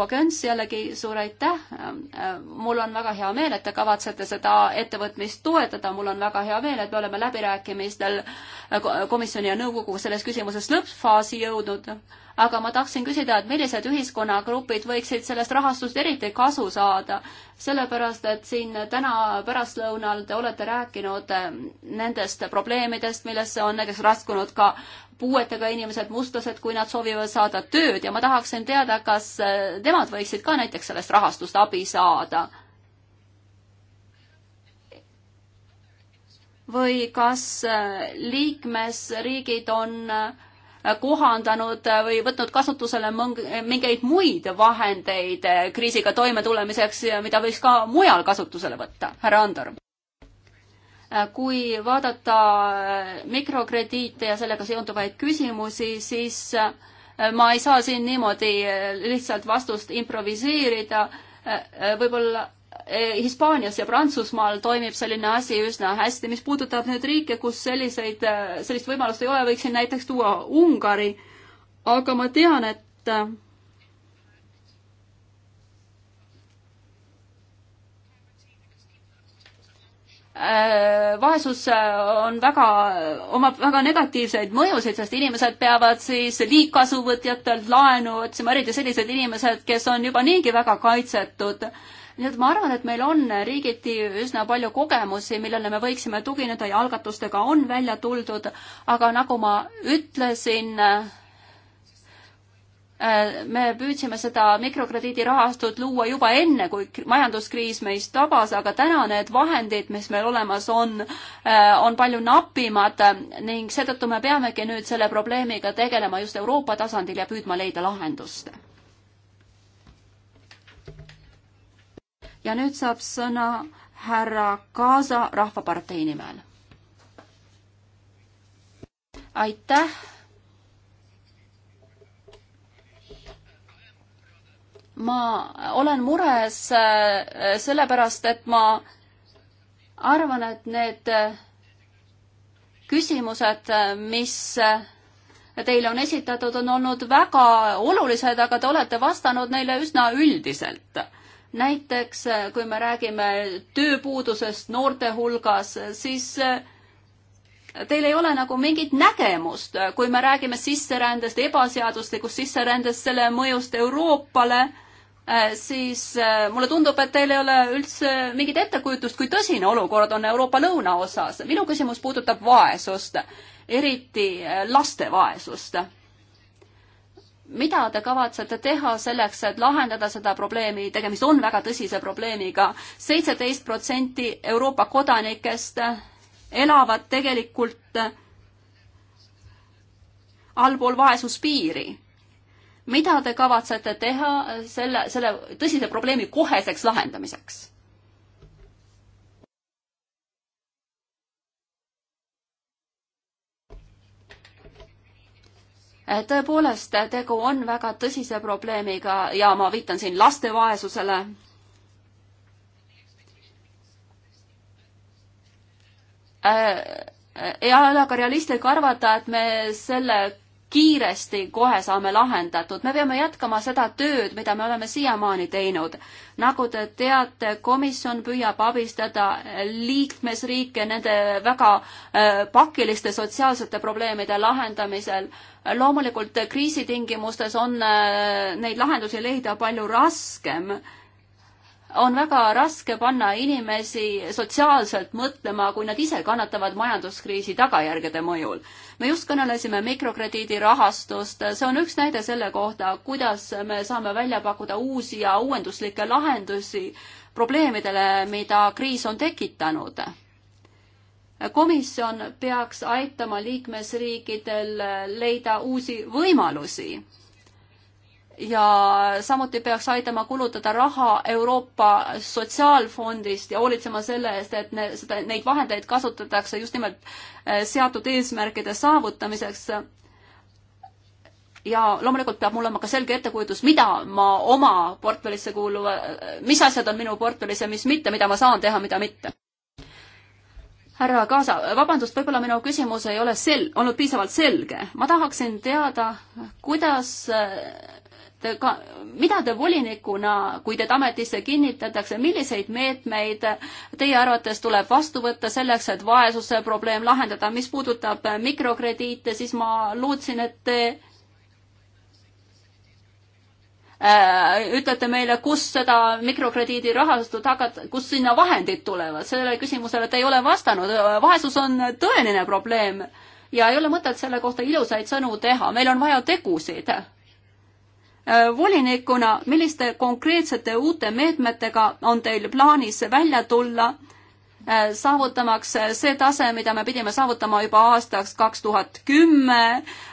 Kogents, jällegi suur aitäh. Äh, mul on väga hea meel, et te kavatsete seda ettevõtmist toetada, mul on väga hea meel, et me oleme läbirääkimistel äh, komisjoni ja nõukoguga selles küsimuses lõppfaasi jõudnud aga ma tahtsin küsida, et millised ühiskonnagrupid võiksid sellest rahastust eriti kasu saada, sellepärast et siin täna pärastlõunal te olete rääkinud ähm, nendest probleemidest, millesse on näiteks raskunud ka puuetega inimesed, mustlased, kui nad soovivad saada tööd ja ma tahaksin teada, kas äh, nemad võiksid ka näiteks sellest rahastust abi saada või kas äh, liikmesriigid on äh, kohandanud või võtnud kasutusele mingeid muid vahendeid kriisiga toimetulemiseks, mida võiks ka mujal kasutusele võtta, härra Andor? kui vaadata äh, mikrokrediite ja sellega seonduvaid küsimusi, siis äh, ma ei saa siin niimoodi äh, lihtsalt vastust improviseerida võib-olla Eh, Hispaanias ja Prantsusmaal toimib selline asi üsna hästi. mis puudutab nüüd riike, kus selliseid, eh, sellist võimalust ei ole, võiksin näiteks tuua Ungari, aga ma tean, et eh, vaesus on väga, omab väga negatiivseid mõjusid, sest inimesed peavad siis liigkasuvõtjatelt laenu otsima, eriti sellised inimesed, kes on juba niigi väga kaitsetud äh, nii et ma arvan, et meil on riigiti üsna palju kogemusi, millele me võiksime tugineda ja algatustega on välja tuldud, aga nagu ma ütlesin, äh, me püüdsime seda mikrokrediidirahastut luua juba enne, kui majanduskriis meist tabas, aga täna need vahendid, mis meil olemas on, äh, on palju napimad ning seetõttu me peamegi nüüd selle probleemiga tegelema just Euroopa tasandil ja püüdma leida lahendust ja nüüd saab sõna härra Kaasa Rahvapartei nimel. aitäh. ma olen mures äh, sellepärast, et ma arvan, et need äh, küsimused, äh, mis teile on esitatud, on olnud väga olulised, aga te olete vastanud neile üsna üldiselt näiteks äh, kui me räägime tööpuudusest noorte hulgas, äh, siis äh, teil ei ole nagu mingit nägemust, kui me räägime sisserändest, ebaseaduslikust sisserändest, selle mõjust Euroopale, siis mulle tundub, et teil ei ole üldse mingit ettekujutust, kui tõsine olukord on Euroopa lõunaosas. minu küsimus puudutab vaesust, eriti laste vaesust mida te kavatsete teha selleks, et lahendada seda probleemi, tegemist on väga tõsise probleemiga. seitseteist protsenti Euroopa kodanikest elavad tegelikult allpool vaesuspiiri. mida te kavatsete teha selle, selle tõsise probleemi koheseks lahendamiseks? Äh, tõepoolest, tegu on väga tõsise probleemiga ja ma viitan siin laste vaesusele. Äh, äh, ei ole aga realistlik arvata, et me selle kiiresti kohe saame lahendatud. me peame jätkama seda tööd, mida me oleme siiamaani teinud. nagu te teate, komisjon püüab abistada liikmesriike nende väga äh, pakiliste sotsiaalsete probleemide lahendamisel. loomulikult kriisitingimustes on äh, neid lahendusi leida palju raskem on väga raske panna inimesi sotsiaalselt mõtlema, kui nad ise kannatavad majanduskriisi tagajärgede mõjul. me just kõnelesime mikrokrediidirahastust, see on üks näide selle kohta, kuidas me saame välja pakkuda uusi ja uuenduslikke lahendusi probleemidele, mida kriis on tekitanud komisjon peaks aitama liikmesriikidel leida uusi võimalusi ja samuti peaks aitama kulutada raha Euroopa Sotsiaalfondist ja hoolitsema selle eest, et ne, seda, neid vahendeid kasutatakse just nimelt eh, seatud eesmärkide saavutamiseks. ja loomulikult peab mul olema ka selge ettekujutus, mida ma oma portfellisse kuuluva, eh, mis asjad on minu portfellis ja mis mitte, mida ma saan teha, mida mitte härra Kaasa, vabandust, võib-olla minu küsimus ei ole sel-, olnud piisavalt selge. ma tahaksin teada, kuidas eh, et ka, mida te volinikuna, kui teid ametisse kinnitatakse, milliseid meetmeid teie arvates tuleb vastu võtta selleks, et vaesuse probleem lahendada, mis puudutab mikrokrediite, siis ma lootsin, et te äh, ütlete meile, kus seda mikrokrediidi rahastut hakata, kust sinna vahendid tulevad, sellele küsimusele te ei ole vastanud. vaesus on tõeline probleem ja ei ole mõtet selle kohta ilusaid sõnu teha, meil on vaja tegusid Äh, volinikuna, milliste konkreetsete uute meetmetega on teil plaanis välja tulla, äh, saavutamaks see tase, mida me pidime saavutama juba aastaks kaks tuhat kümme.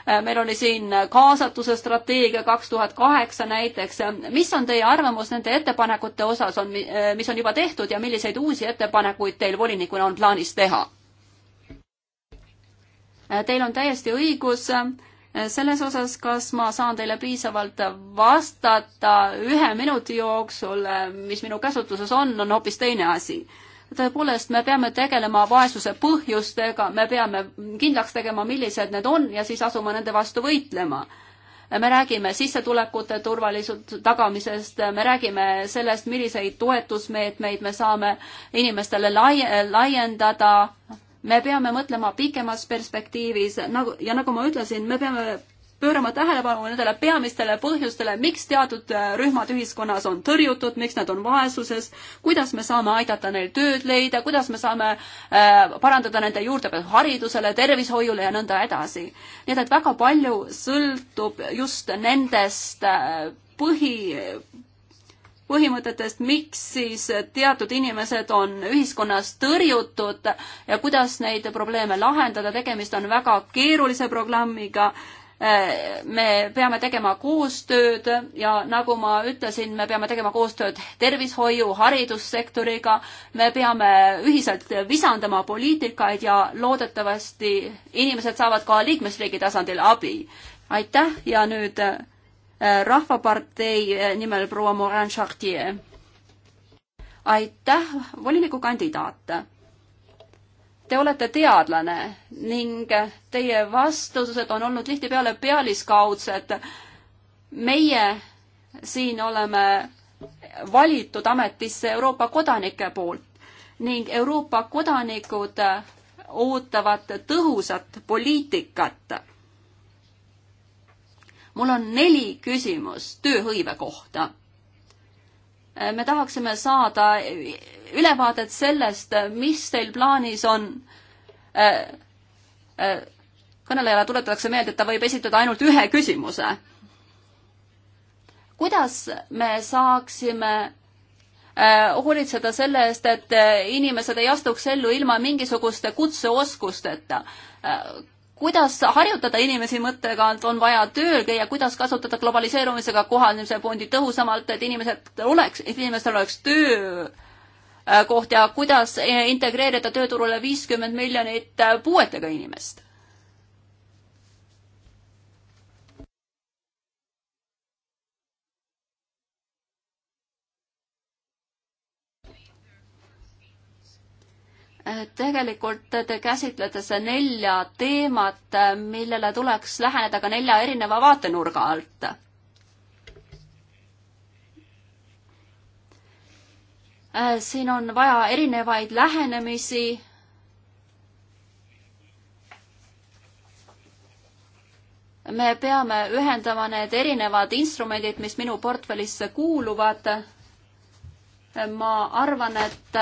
Äh, meil oli siin kaasatuse strateegia kaks tuhat kaheksa näiteks. mis on teie arvamus nende ettepanekute osas, on, mis on juba tehtud ja milliseid uusi ettepanekuid teil volinikuna on plaanis teha? Teil on täiesti õigus selles osas, kas ma saan teile piisavalt vastata ühe minuti jooksul, mis minu käsutuses on, on hoopis teine asi. tõepoolest, me peame tegelema vaesuse põhjustega, me peame kindlaks tegema, millised need on ja siis asuma nende vastu võitlema me räägime sissetulekute turvalisuse tagamisest, me räägime sellest, milliseid toetusmeetmeid me saame inimestele lai-, laiendada, me peame mõtlema pikemas perspektiivis, nagu, ja nagu ma ütlesin, me peame pöörama tähelepanu nendele peamistele põhjustele, miks teatud äh, rühmad ühiskonnas on tõrjutud, miks nad on vaesuses, kuidas me saame aidata neil tööd leida, kuidas me saame äh, parandada nende juurdepääsu haridusele, tervishoiule ja nõnda edasi. nii et, et väga palju sõltub just nendest äh, põhi, põhimõtetest, miks siis teatud inimesed on ühiskonnas tõrjutud ja kuidas neid probleeme lahendada, tegemist on väga keerulise programmiga, me peame tegema koostööd ja nagu ma ütlesin, me peame tegema koostööd tervishoiu, haridussektoriga, me peame ühiselt visandama poliitikaid ja loodetavasti inimesed saavad ka liikmesriigi tasandil abi. aitäh ja nüüd Äh, Rahvapartei äh, nimel proua Morin Chartier. aitäh, volinikukandidaat. Te olete teadlane ning teie vastused on olnud tihtipeale pealiskaudsed. meie siin oleme valitud ametisse Euroopa kodanike poolt ning Euroopa kodanikud ootavad tõhusat poliitikat mul on neli küsimust tööhõive kohta. Äh, me tahaksime saada ülevaadet sellest, mis teil plaanis on. Äh, äh, kõnelejale tuletatakse meelde, et ta võib esitada ainult ühe küsimuse. kuidas me saaksime hoolitseda selle eest, et inimesed ei astuks ellu ilma mingisuguste kutseoskusteta kuidas harjutada inimesi mõttega, et on vaja tööl käia, kuidas kasutada globaliseerumisega kohanemise fondi tõhusamalt, et inimesed oleks, inimestel oleks töökoht ja kuidas integreerida tööturule viiskümmend miljonit puuetega inimest? tegelikult te käsitlete see nelja teemat, millele tuleks läheneda ka nelja erineva vaatenurga alt. siin on vaja erinevaid lähenemisi. me peame ühendama need erinevad instrumendid, mis minu portfellisse kuuluvad. ma arvan, et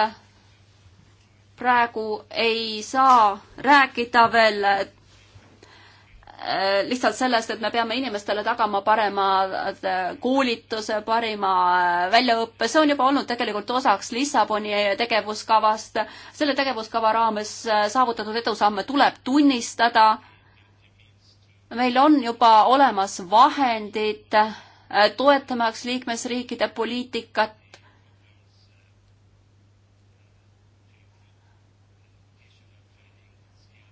praegu ei saa rääkida veel äh, lihtsalt sellest, et me peame inimestele tagama parema äh, koolituse, parima äh, väljaõppe, see on juba olnud tegelikult osaks Lissaboni tegevuskavast. selle tegevuskava raames saavutatud edusamme tuleb tunnistada. meil on juba olemas vahendid toetamaks liikmesriikide poliitikat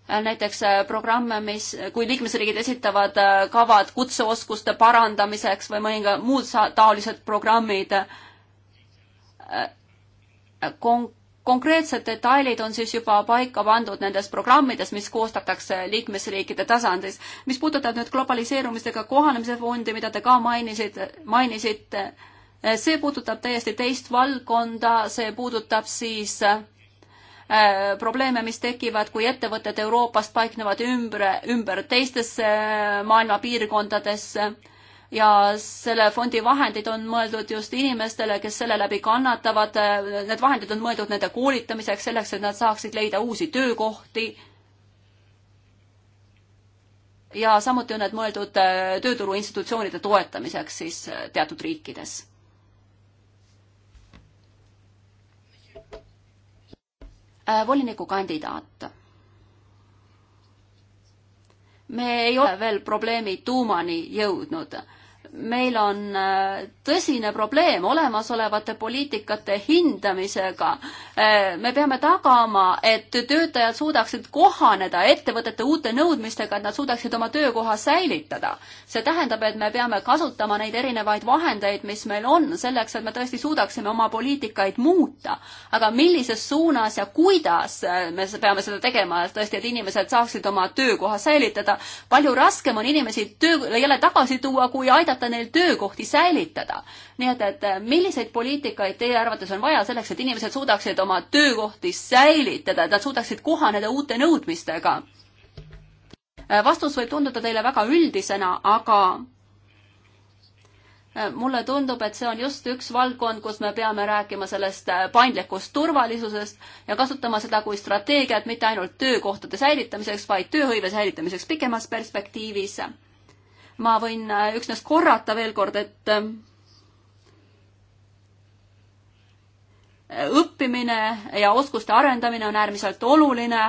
Äh, näiteks äh, programme, mis, kui liikmesriigid esitavad äh, kavad kutseoskuste parandamiseks või mõninga muud taolised programmid Kon, konkreetsed detailid on siis juba paika pandud nendes programmides, mis koostatakse liikmesriikide tasandis. mis puudutab nüüd globaliseerumisega kohanemise fondi, mida te ka mainisite, mainisite, see puudutab täiesti teist valdkonda, see puudutab siis äh, Äh, probleeme, mis tekivad, kui ettevõtted Euroopast paiknevad ümber, ümber teistesse äh, maailma piirkondadesse ja selle fondi vahendid on mõeldud just inimestele, kes selle läbi kannatavad, äh, need vahendid on mõeldud nende koolitamiseks, selleks, et nad saaksid leida uusi töökohti ja samuti on need mõeldud tööturuinstitutsioonide toetamiseks siis teatud riikides Äh, volinikukandidaat. me ei ole veel probleemi tuumani jõudnud meil on äh, tõsine probleem olemasolevate poliitikate hindamisega. Äh, me peame tagama, et töötajad suudaksid kohaneda ettevõtete uute nõudmistega, et nad suudaksid oma töökoha säilitada. see tähendab, et me peame kasutama neid erinevaid vahendeid, mis meil on, selleks, et me tõesti suudaksime oma poliitikaid muuta. aga millises suunas ja kuidas äh, me peame seda tegema, et tõesti, et inimesed saaksid oma töökoha säilitada. palju raskem on inimesi tööle jälle tagasi tuua, kui aidata aidata neil töökohti säilitada. nii et, et milliseid poliitikaid teie arvates on vaja selleks, et inimesed suudaksid oma töökohti säilitada, et nad suudaksid kohaneda uute nõudmistega? Äh, vastus võib tunduda teile väga üldisena, aga äh, mulle tundub, et see on just üks valdkond, kus me peame rääkima sellest äh, paindlikust turvalisusest ja kasutama seda kui strateegiat mitte ainult töökohtade säilitamiseks, vaid tööhõive säilitamiseks pikemas perspektiivis ma võin äh, üksnes korrata veel kord, et äh, õppimine ja oskuste arendamine on äärmiselt oluline.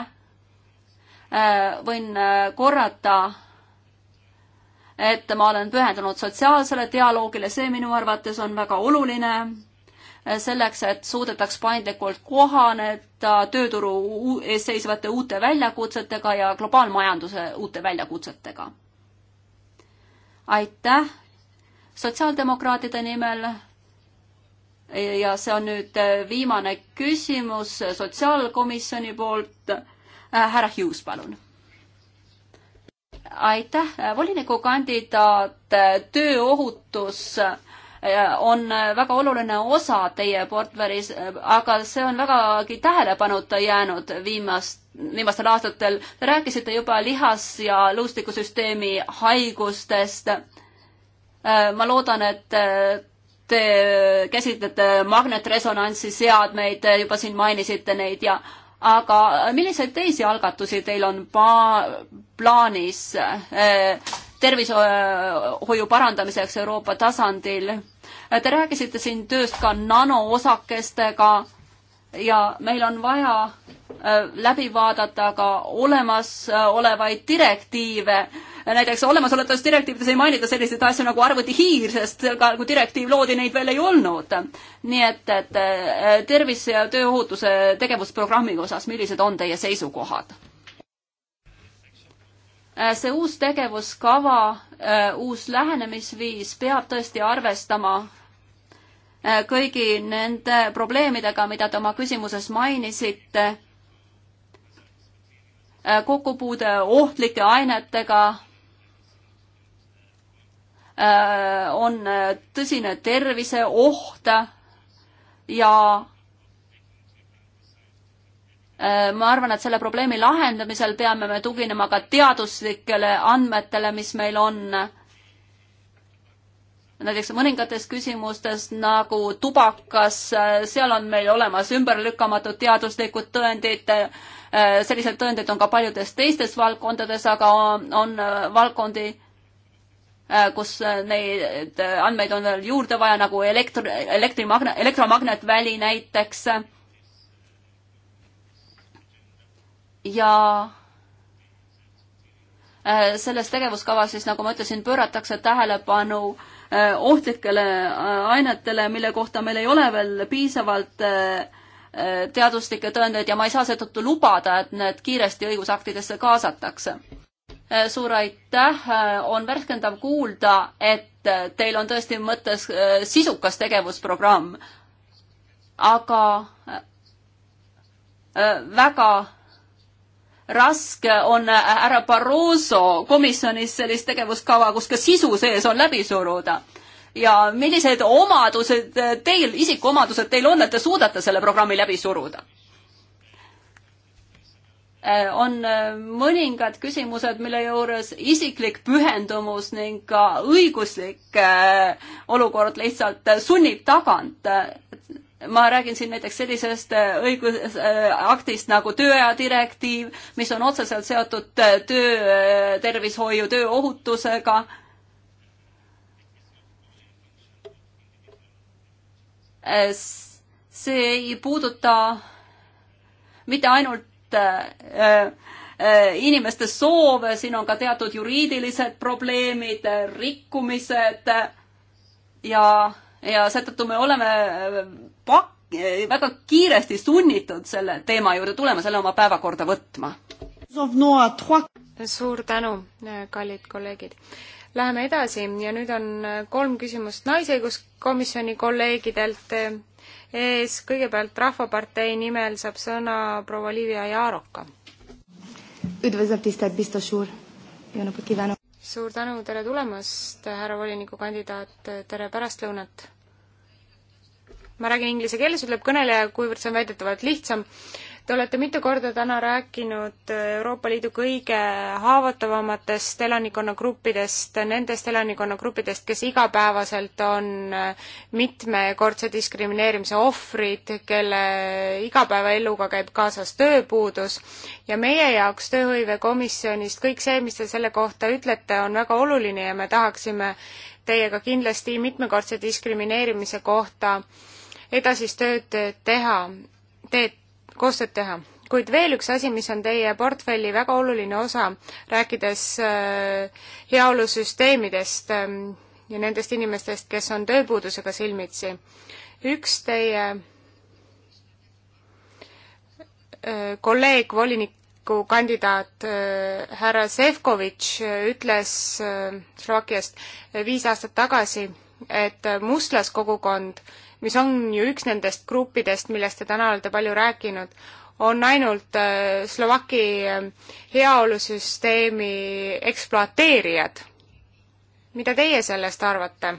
Äh, võin korrata et ma olen pühendunud sotsiaalsele dialoogile, see minu arvates on väga oluline selleks, et suudetaks paindlikult kohaneda tööturu ees seisvate uute väljakutsetega ja globaalmajanduse uute väljakutsetega aitäh sotsiaaldemokraatide nimel. ja see on nüüd äh, viimane küsimus sotsiaalkomisjoni poolt. Äh, härra Hughes, palun aitäh, äh, volinikukandidaat, tööohutus on väga oluline osa teie portfellis, aga see on vägagi tähelepanuta jäänud viimast viimastel aastatel. Te rääkisite juba lihas- ja luustikusüsteemi haigustest. Äh, ma loodan, et äh, te käsitlete magnetresonantsi seadmeid, juba siin mainisite neid ja aga äh, milliseid teisi algatusi teil on pa-, plaanis tervishoiu parandamiseks Euroopa tasandil? Te rääkisite siin tööst ka nanoosakestega ja meil on vaja Äh, läbi vaadata ka olemasolevaid äh, direktiive. näiteks olemasolevates direktiivides ei mainita selliseid asju nagu arvutihiir, sest kui direktiiv loodi, neid veel ei olnud. nii et, et äh, tervise ja tööohutuse tegevusprogrammi osas, millised on teie seisukohad? see uus tegevuskava, uus lähenemisviis peab tõesti arvestama kõigi nende probleemidega, mida te oma küsimuses mainisite kokkupuude ohtlike ainetega äh, on tõsine terviseoht ja äh, ma arvan, et selle probleemi lahendamisel peame me tuginema ka teaduslikele andmetele, mis meil on näiteks mõningates küsimustes nagu tubakas, äh, seal on meil olemas ümberlükkamatud teaduslikud tõendid, Äh, selliseid tõendeid on ka paljudes teistes valdkondades, aga on, on äh, valdkondi, äh, kus neid andmeid on veel juurde vaja, nagu elektri, elektrimagne, elektromagnetväli näiteks. ja selles tegevuskavas siis, nagu ma ütlesin, pööratakse tähelepanu ohtlikele ainetele, mille kohta meil ei ole veel piisavalt äh, teaduslikke tõendeid ja ma ei saa seetõttu lubada, et need kiiresti õigusaktidesse kaasatakse. suur aitäh, on värskendav kuulda, et teil on tõesti mõttes äh, sisukas tegevusprogramm, aga äh, väga raske on äh, härra Barroso komisjonis sellist tegevuskava, kus ka sisu sees on läbi suruda ja millised omadused äh, teil, isikuomadused teil on, et te suudate selle programmi läbi suruda? Äh, on äh, mõningad küsimused, mille juures isiklik pühendumus ning ka õiguslik olukord lihtsalt sunnib tagant ma räägin siin näiteks sellisest õigusaktist nagu tööaja direktiiv, mis on otseselt seotud töö, tervishoiu, tööohutusega. see ei puuduta mitte ainult äh, äh, inimeste soove, siin on ka teatud juriidilised probleemid, rikkumised ja, ja seetõttu me oleme äh, pak-, väga kiiresti sunnitud selle teema juurde tulema, selle oma päevakorda võtma. suur tänu, kallid kolleegid Läheme edasi ja nüüd on kolm küsimust Naisõiguskomisjoni kolleegidelt ees. kõigepealt Rahvapartei nimel saab sõna proua Livia Jaaroka. suur tänu, tere tulemast, härra volinikukandidaat, tere pärastlõunat! ma räägin inglise keeles, ütleb kõneleja, kuivõrd see on väidetavalt lihtsam Te olete mitu korda täna rääkinud äh, Euroopa Liidu kõige haavatavamatest elanikkonnagruppidest, nendest elanikkonnagruppidest, kes igapäevaselt on äh, mitmekordse diskrimineerimise ohvrid, kelle igapäevaeluga käib kaasas tööpuudus ja meie jaoks Tööhõivekomisjonist kõik see, mis te selle kohta ütlete, on väga oluline ja me tahaksime teiega kindlasti mitmekordse diskrimineerimise kohta edasist tööd äh, teha, teed koostööd teha. kuid veel üks asi, mis on teie portfelli väga oluline osa, rääkides äh, heaolusüsteemidest ähm, ja nendest inimestest, kes on tööpuudusega silmitsi. üks teie äh, kolleeg, volinikukandidaat äh, härra Sefkovitš ütles Slovakkiast viis aastat tagasi, et mustlaskogukond mis on ju üks nendest gruppidest, millest te täna olete palju rääkinud, on ainult äh, Slovaki äh, heaolusüsteemi ekspluateerijad. mida teie sellest arvate?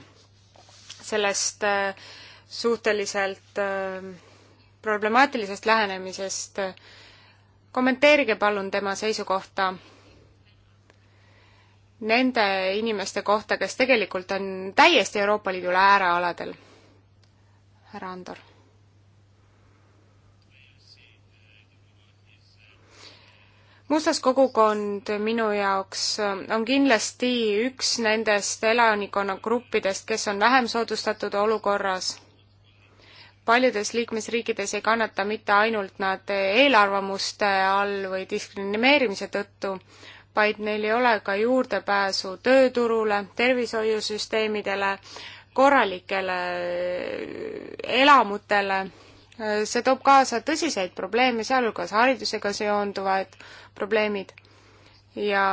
sellest äh, suhteliselt problemaatilisest lähenemisest. kommenteerige palun tema seisukohta nende inimeste kohta, kes tegelikult on täiesti Euroopa Liidu äärealadel härra Andor. mustas kogukond minu jaoks äh, on kindlasti üks nendest elanikkonnagruppidest, kes on vähem soodustatud olukorras. paljudes liikmesriikides ei kannata mitte ainult nad eelarvamuste all või diskrimineerimise tõttu, vaid neil ei ole ka juurdepääsu tööturule, tervishoiusüsteemidele, korralikele elamutele, see toob kaasa tõsiseid probleeme, sealhulgas haridusega seonduvad probleemid ja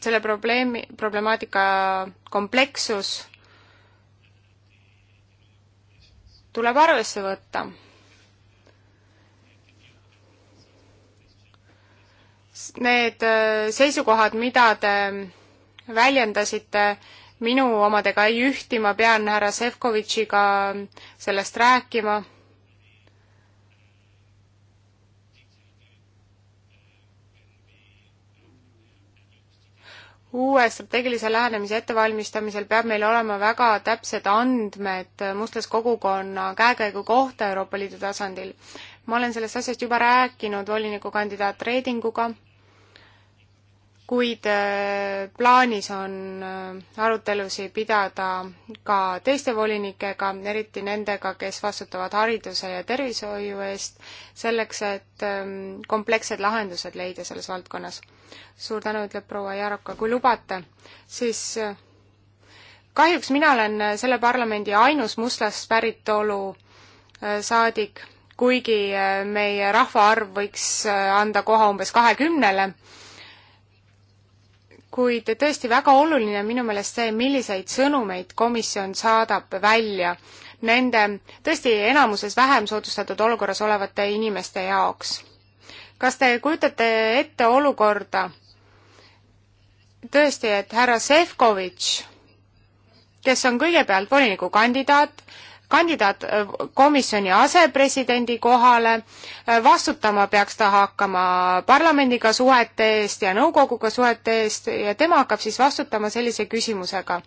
selle probleemi, problemaatika komplekssus tuleb arvesse võtta. Need seisukohad, mida te väljendasite minu omadega ei ühti, ma pean härra Sefkovitšiga sellest rääkima. uue strateegilise lähenemise ettevalmistamisel peab meil olema väga täpsed andmed mustlaskogukonna käekäigu kohta Euroopa Liidu tasandil. ma olen sellest asjast juba rääkinud volinikukandidaat Redinguga kuid äh, plaanis on äh, arutelusid pidada ka teiste volinikega, eriti nendega, kes vastutavad hariduse ja tervishoiu eest, selleks et ähm, komplekssed lahendused leida selles valdkonnas. suur tänu, ütleb proua Jaroka, kui lubate, siis äh, kahjuks mina olen selle parlamendi ainus mustlast päritolu saadik, kuigi meie rahvaarv võiks anda koha umbes kahekümnele kuid tõesti väga oluline on minu meelest see, milliseid sõnumeid komisjon saadab välja nende tõesti enamuses vähem soodustatud olukorras olevate inimeste jaoks. kas te kujutate ette olukorda tõesti, et härra Sefkovitš, kes on kõigepealt volinikukandidaat, kandidaat äh, komisjoni asepresidendi kohale, äh, vastutama peaks ta hakkama parlamendiga suhete eest ja nõukoguga suhete eest ja tema hakkab siis vastutama sellise küsimusega.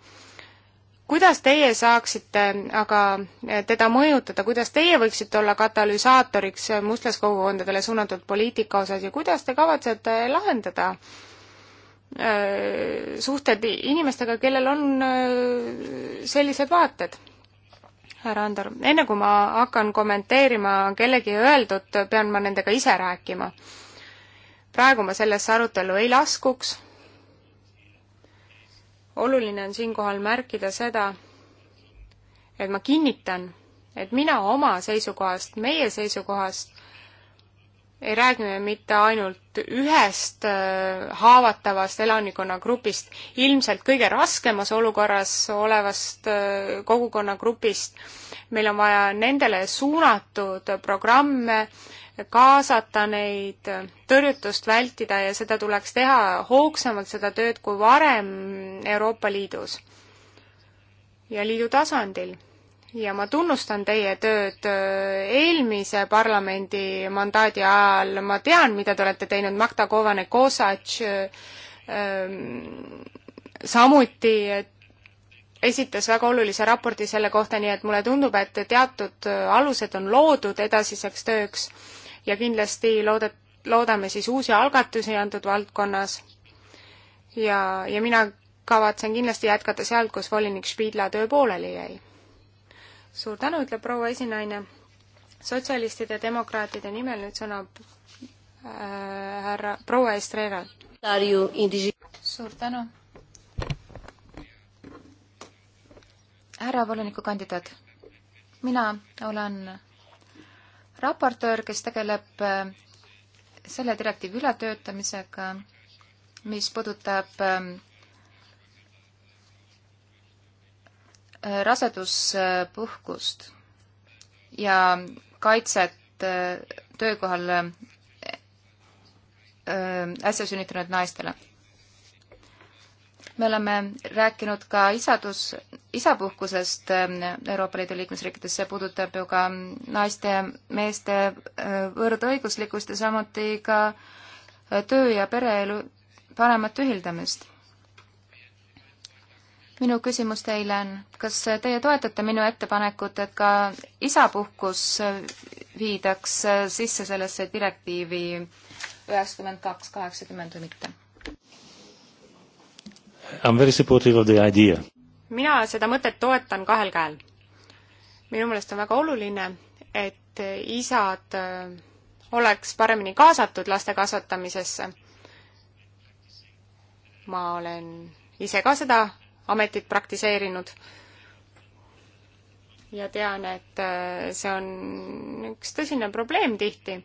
kuidas teie saaksite aga äh, teda mõjutada, kuidas teie võiksite olla katalüsaatoriks mustlaskogukondadele suunatud poliitika osas ja kuidas te kavatsete lahendada suhted inimestega, kellel on sellised vaated? härra Andor, enne kui ma hakkan kommenteerima kellegi öeldut, pean ma nendega ise rääkima. praegu ma sellesse arutellu ei laskuks. oluline on siinkohal märkida seda, et ma kinnitan, et mina oma seisukohast, meie seisukohast ei räägi me mitte ainult ühest äh, haavatavast elanikkonnagrupist, ilmselt kõige raskemas olukorras olevast äh, kogukonnagrupist. meil on vaja nendele suunatud programme, kaasata neid, tõrjutust vältida ja seda tuleks teha hoogsamalt, seda tööd, kui varem Euroopa Liidus ja liidu tasandil ja ma tunnustan teie tööd äh, eelmise parlamendi mandaadi ajal, ma tean, mida te olete teinud, Magda Kovane-Kosac äh, ähm, samuti äh, esitas väga olulise raporti selle kohta, nii et mulle tundub, et teatud alused on loodud edasiseks tööks ja kindlasti loodet-, loodame siis uusi algatusi antud valdkonnas. ja, ja mina kavatsen kindlasti jätkata sealt, kus volinik Spiidla töö pooleli jäi suur tänu, ütleb proua esinaine. sotsialistide ja demokraatide nimel nüüd sõna äh, härra proua Estrela. suur tänu. härra volinikukandidaat, mina olen raportöör, kes tegeleb äh, selle direktiivi ületöötamisega, mis puudutab ähm, Äh, raseduspuhkust ja kaitset äh, töökohal äh, äsja sünnitanud naistele. me oleme rääkinud ka isadus, isapuhkusest Euroopa Liidu liikmesriikides, see puudutab ju ka naiste ja meeste võrdõiguslikkust ja samuti ka töö ja pereelu paremat ühildamist minu küsimus teile on, kas teie toetate minu ettepanekut, et ka isapuhkus viidaks sisse sellesse direktiivi üheksakümmend kaks kaheksakümmend või mitte? I am very supportive of the idea. mina seda mõtet toetan kahel käel. minu meelest on väga oluline, et isad äh, oleks paremini kaasatud laste kasvatamisesse. ma olen ise ka seda ametit praktiseerinud. ja tean, et äh, see on üks tõsine probleem tihti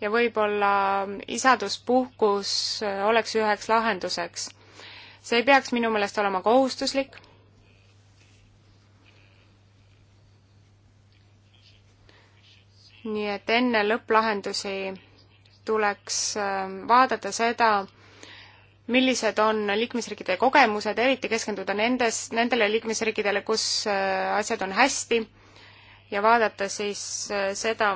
ja võib-olla isaduspuhkus äh, oleks üheks lahenduseks. see ei peaks minu meelest olema kohustuslik nii et enne lõpplahendusi tuleks äh, vaadata seda, millised on liikmesriikide kogemused, eriti keskenduda nendes, nendele liikmesriikidele, kus äh, asjad on hästi ja vaadata siis äh, seda,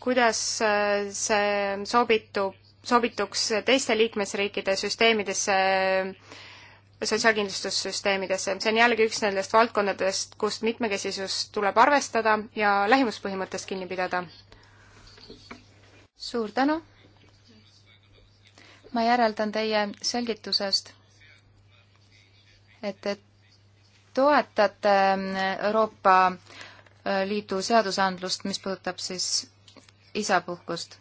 kuidas äh, see sobitub, sobituks teiste liikmesriikide süsteemidesse, sotsiaalkindlustussüsteemidesse. see on jällegi üks nendest valdkondadest, kust mitmekesisust tuleb arvestada ja lähimuspõhimõttest kinni pidada. suur tänu! ma järeldan teie selgitusest, et te toetate Euroopa äh, Liidu seadusandlust, mis puudutab siis isapuhkust.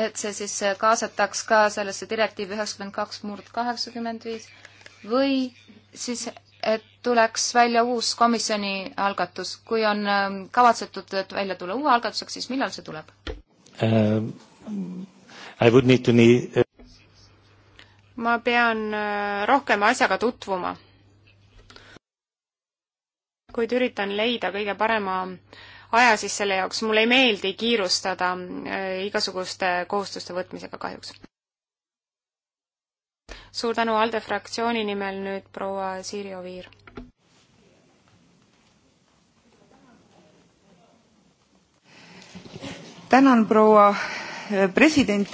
et see siis äh, kaasataks ka sellesse direktiivi üheksakümmend kaks murd kaheksakümmend viis või siis, et tuleks välja uus komisjoni algatus, kui on äh, kavatsetud välja tulla uue algatuseks, siis millal see tuleb ähm.? I would need to need uh, ma pean äh, rohkem asjaga tutvuma. kuid üritan leida kõige parema aja siis selle jaoks, mulle ei meeldi kiirustada äh, igasuguste kohustuste võtmisega kahjuks. suur tänu ALDE fraktsiooni nimel nüüd proua Siiri Oviir. tänan, proua Eh, president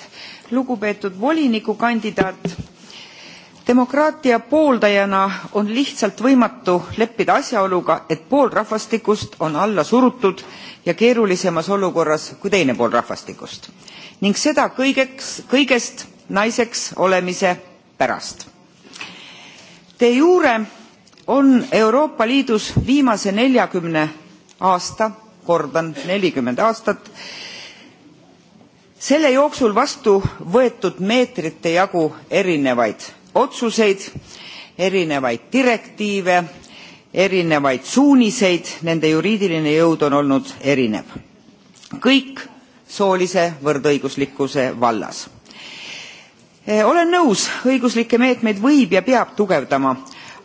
lugupeetud volinikukandidaat demokraatia pooldajana on lihtsalt võimatu leppida asjaoluga et pool rahvastikust on alla surutud ja keerulisemas olukorras kui teine pool rahvastikust ning seda kõigeks kõigest naiseks olemise pärast. de jure on euroopa liidus viimase neljakümne aasta kordan nelikümmend aastat selle jooksul vastu võetud meetrite jagu erinevaid otsuseid erinevaid direktiive erinevaid suuniseid nende juriidiline jõud on olnud erinev kõik soolise võrdõiguslikkuse vallas eh, olen nõus õiguslikke meetmeid võib ja peab tugevdama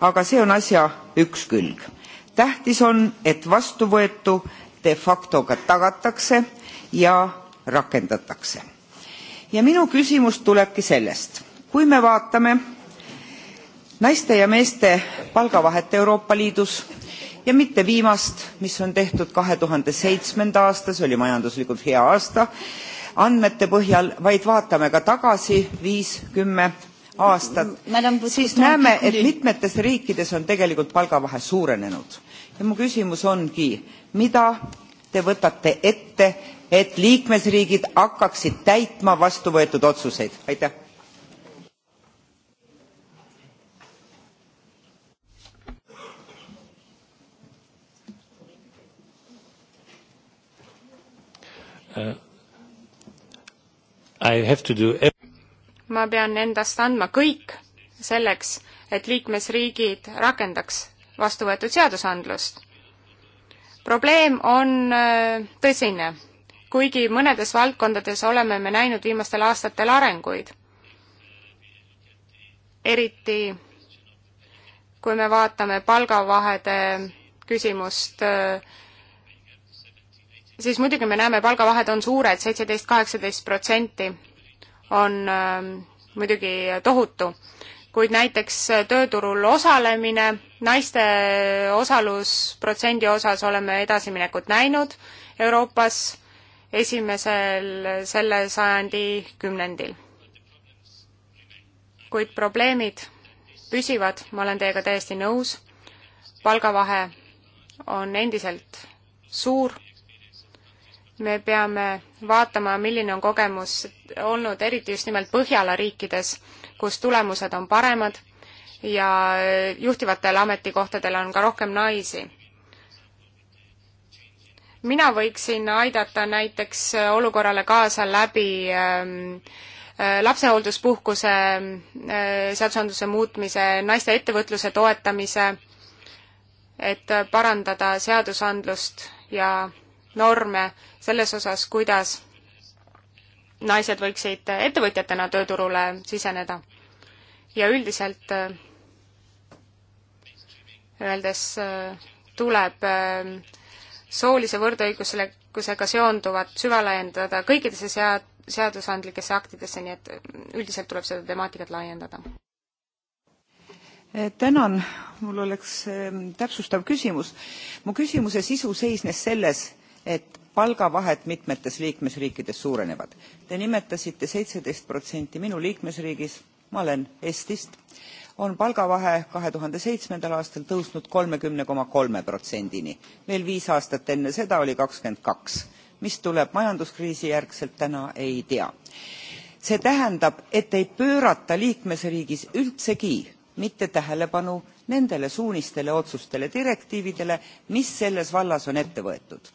aga see on asja üks külg tähtis on et vastuvõetu de facto ka tagatakse ja rakendatakse. ja minu küsimus tulebki sellest kui me vaatame naiste ja meeste palgavahet euroopa liidus ja mitte viimast mis on tehtud 2007. aasta see oli majanduslikult hea aasta andmete põhjal vaid vaatame ka tagasi viis kümme aastat siis näeme et mitmetes riikides on tegelikult palgavahe suurenenud ja mu küsimus ongi mida te võtate ette et liikmesriigid hakkaksid täitma vastu võetud otsuseid. aitäh! Uh, ma pean endast andma kõik selleks, et liikmesriigid rakendaks vastu võetud seadusandlust. probleem on uh, tõsine kuigi mõnedes valdkondades oleme me näinud viimastel aastatel arenguid. eriti kui me vaatame palgavahede küsimust, siis muidugi me näeme, palgavahed on suured, seitseteist, kaheksateist protsenti on ähm, muidugi tohutu, kuid näiteks tööturul osalemine, naiste osalusprotsendi osas oleme edasiminekut näinud Euroopas esimesel selle sajandi kümnendil. kuid probleemid püsivad, ma olen teiega täiesti nõus, palgavahe on endiselt suur, me peame vaatama, milline on kogemus olnud eriti just nimelt Põhjala riikides, kus tulemused on paremad ja juhtivatel ametikohtadel on ka rohkem naisi mina võiksin aidata näiteks olukorrale kaasa läbi ähm, äh, lapsehoolduspuhkuse äh, seadusandluse muutmise, naiste ettevõtluse toetamise, et parandada seadusandlust ja norme selles osas, kuidas naised võiksid ettevõtjatena tööturule siseneda. ja üldiselt äh, öeldes tuleb ähm, soolise võrdõiguslikkusega seonduvat süvalaiendada kõikidesse sead-, seadusandlikesse aktidesse, nii et üldiselt tuleb seda temaatikat laiendada. Eh, tänan, mul oleks ehm, täpsustav küsimus. mu küsimuse sisu seisnes selles, et palgavahed mitmetes liikmesriikides suurenevad. Te nimetasite seitseteist protsenti minu liikmesriigis, ma olen Eestist on palgavahe 2007. aastal tõusnud 30,3%-ni veel viis aastat enne seda oli 22 mis tuleb majanduskriisi järgselt täna ei tea see tähendab et ei pöörata liikmesriigis üldsegi mitte tähelepanu nendele suunistele otsustele direktiividele mis selles vallas on ette võetud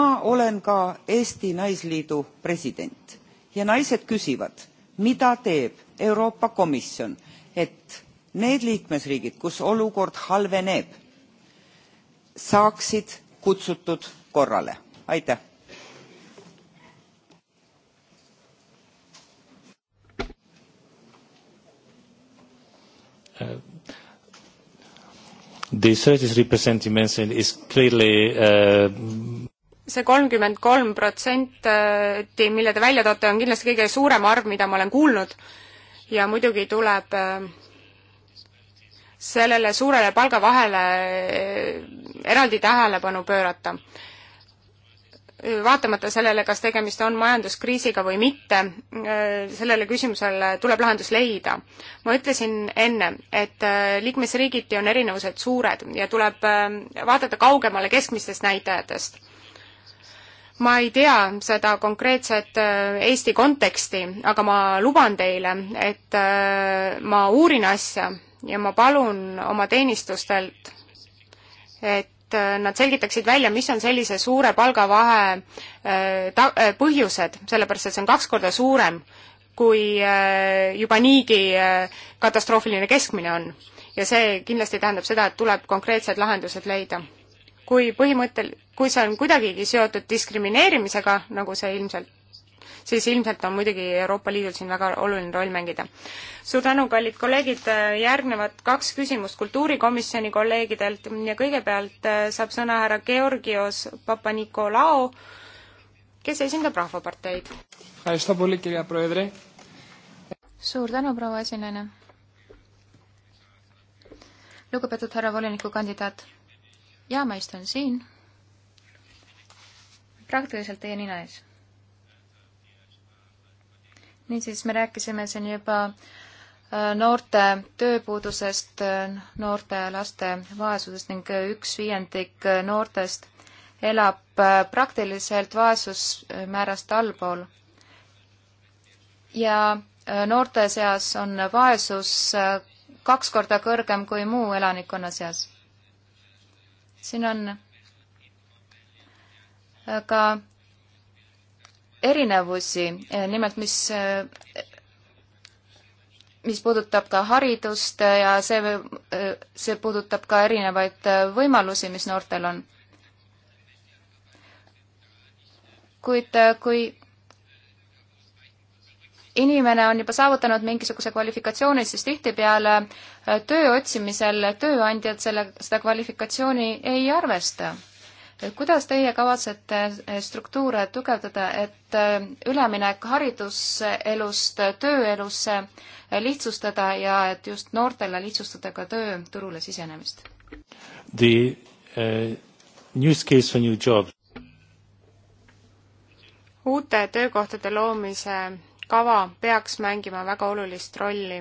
ma olen ka eesti naisliidu president ja naised küsivad mida teeb euroopa komisjon et need liikmesriigid kus olukord halveneb saaksid kutsutud korrale aitäh uh, The 33% you mentioned is clearly uh, see kolmkümmend kolm protsenti, mille te välja toote, on kindlasti kõige suurem arv, mida ma olen kuulnud ja muidugi tuleb uh, sellele suurele palgavahele eh, eraldi tähelepanu pöörata. vaatamata sellele, kas tegemist on majanduskriisiga või mitte, eh, sellele küsimusele tuleb lahendus leida. ma ütlesin enne, et eh, liikmesriigiti on erinevused suured ja tuleb vaadata kaugemale keskmistest näitajatest ma ei tea seda konkreetset Eesti konteksti, aga ma luban teile, et ma uurin asja ja ma palun oma teenistustelt, et äh, nad selgitaksid välja, mis on sellise suure palgavahe äh, ta-, äh, põhjused, sellepärast et see on kaks korda suurem, kui juba niigi katastroofiline keskmine on. ja see kindlasti tähendab seda, et tuleb konkreetsed lahendused leida. kui põhimõttel, kui see on kuidagigi seotud diskrimineerimisega, nagu see ilmselt siis ilmselt on muidugi Euroopa Liidul siin väga oluline roll mängida. suur tänu, kallid kolleegid, järgnevad kaks küsimust kultuurikomisjoni kolleegidelt ja kõigepealt äh, saab sõna härra Georgios Papanikolaou, kes esindab Rahvaparteid. suur tänu, proua esinaine. lugupeetud härra volinikukandidaat, jaa, ma istun siin praktiliselt teie nina ees niisiis, me rääkisime siin juba äh, noorte tööpuudusest, äh, noorte ja laste vaesusest ning äh, üks viiendik noortest elab praktiliselt vaesusmäärast allpool. ja noorte seas on vaesus kaks korda kõrgem kui muu elanikkonna seas. siin on ka erinevusi, nimelt mis mis puudutab ka haridust ja see, see puudutab ka erinevaid võimalusi, mis noortel on. kuid kui inimene on juba saavutanud mingisuguse kvalifikatsiooni, siis tihtipeale töö otsimisel tööandjad selle, seda kvalifikatsiooni ei arvesta kuidas teie kavatsete eh, struktuure tugevdada, et eh, üleminek hariduselust tööelusse eh, lihtsustada ja et just noortele lihtsustada ka tööturule sisenemist? The uh, new skills for new jobs. uute töökohtade loomise kava peaks mängima väga olulist rolli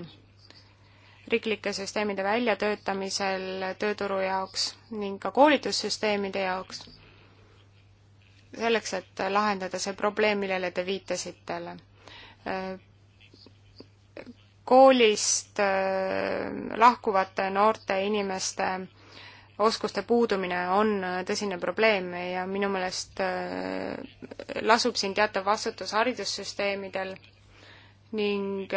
riiklike süsteemide väljatöötamisel tööturu jaoks ning ka koolitussüsteemide jaoks, selleks, et lahendada see probleem, millele te viitasite. koolist äh, lahkuvate noorte inimeste oskuste puudumine on äh, tõsine probleem ja minu meelest äh, lasub siin teatav vastutus haridussüsteemidel ning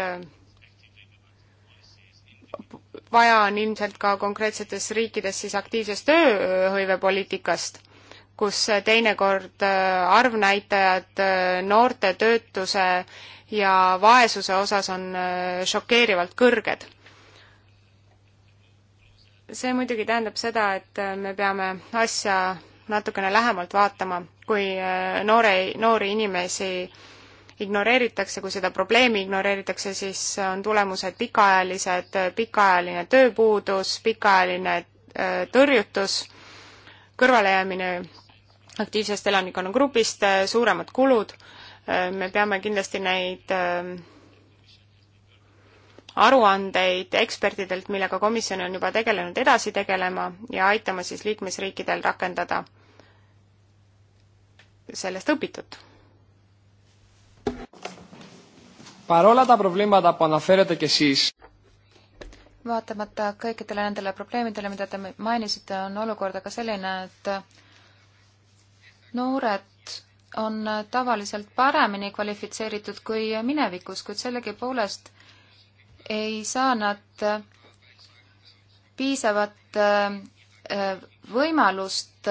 vaja on ilmselt ka konkreetsetes riikides siis aktiivsest tööhõivepoliitikast, kus teinekord äh, arvnäitajad äh, noorte töötuse ja vaesuse osas on äh, šokeerivalt kõrged. see muidugi tähendab seda, et me peame asja natukene lähemalt vaatama, kui noore, noori inimesi ignoreeritakse, kui seda probleemi ignoreeritakse, siis on tulemused pikaajalised, pikaajaline tööpuudus, pikaajaline äh, tõrjutus, kõrvalejäämine aktiivsest elanikkonnagrupist, äh, suuremad kulud, äh, me peame kindlasti neid aruandeid ekspertidelt, millega komisjon on juba tegelenud, edasi tegelema ja aitama siis liikmesriikidel rakendada sellest õpitut Παρόλα τα προβλήματα που αναφέρετε κι εσείς, Vaatamata kõikidele nendele probleemidele, mida te mainisite, on olukord aga selline, et noored on tavaliselt paremini kvalifitseeritud kui minevikus, kuid sellegipoolest ei saa nad piisavat võimalust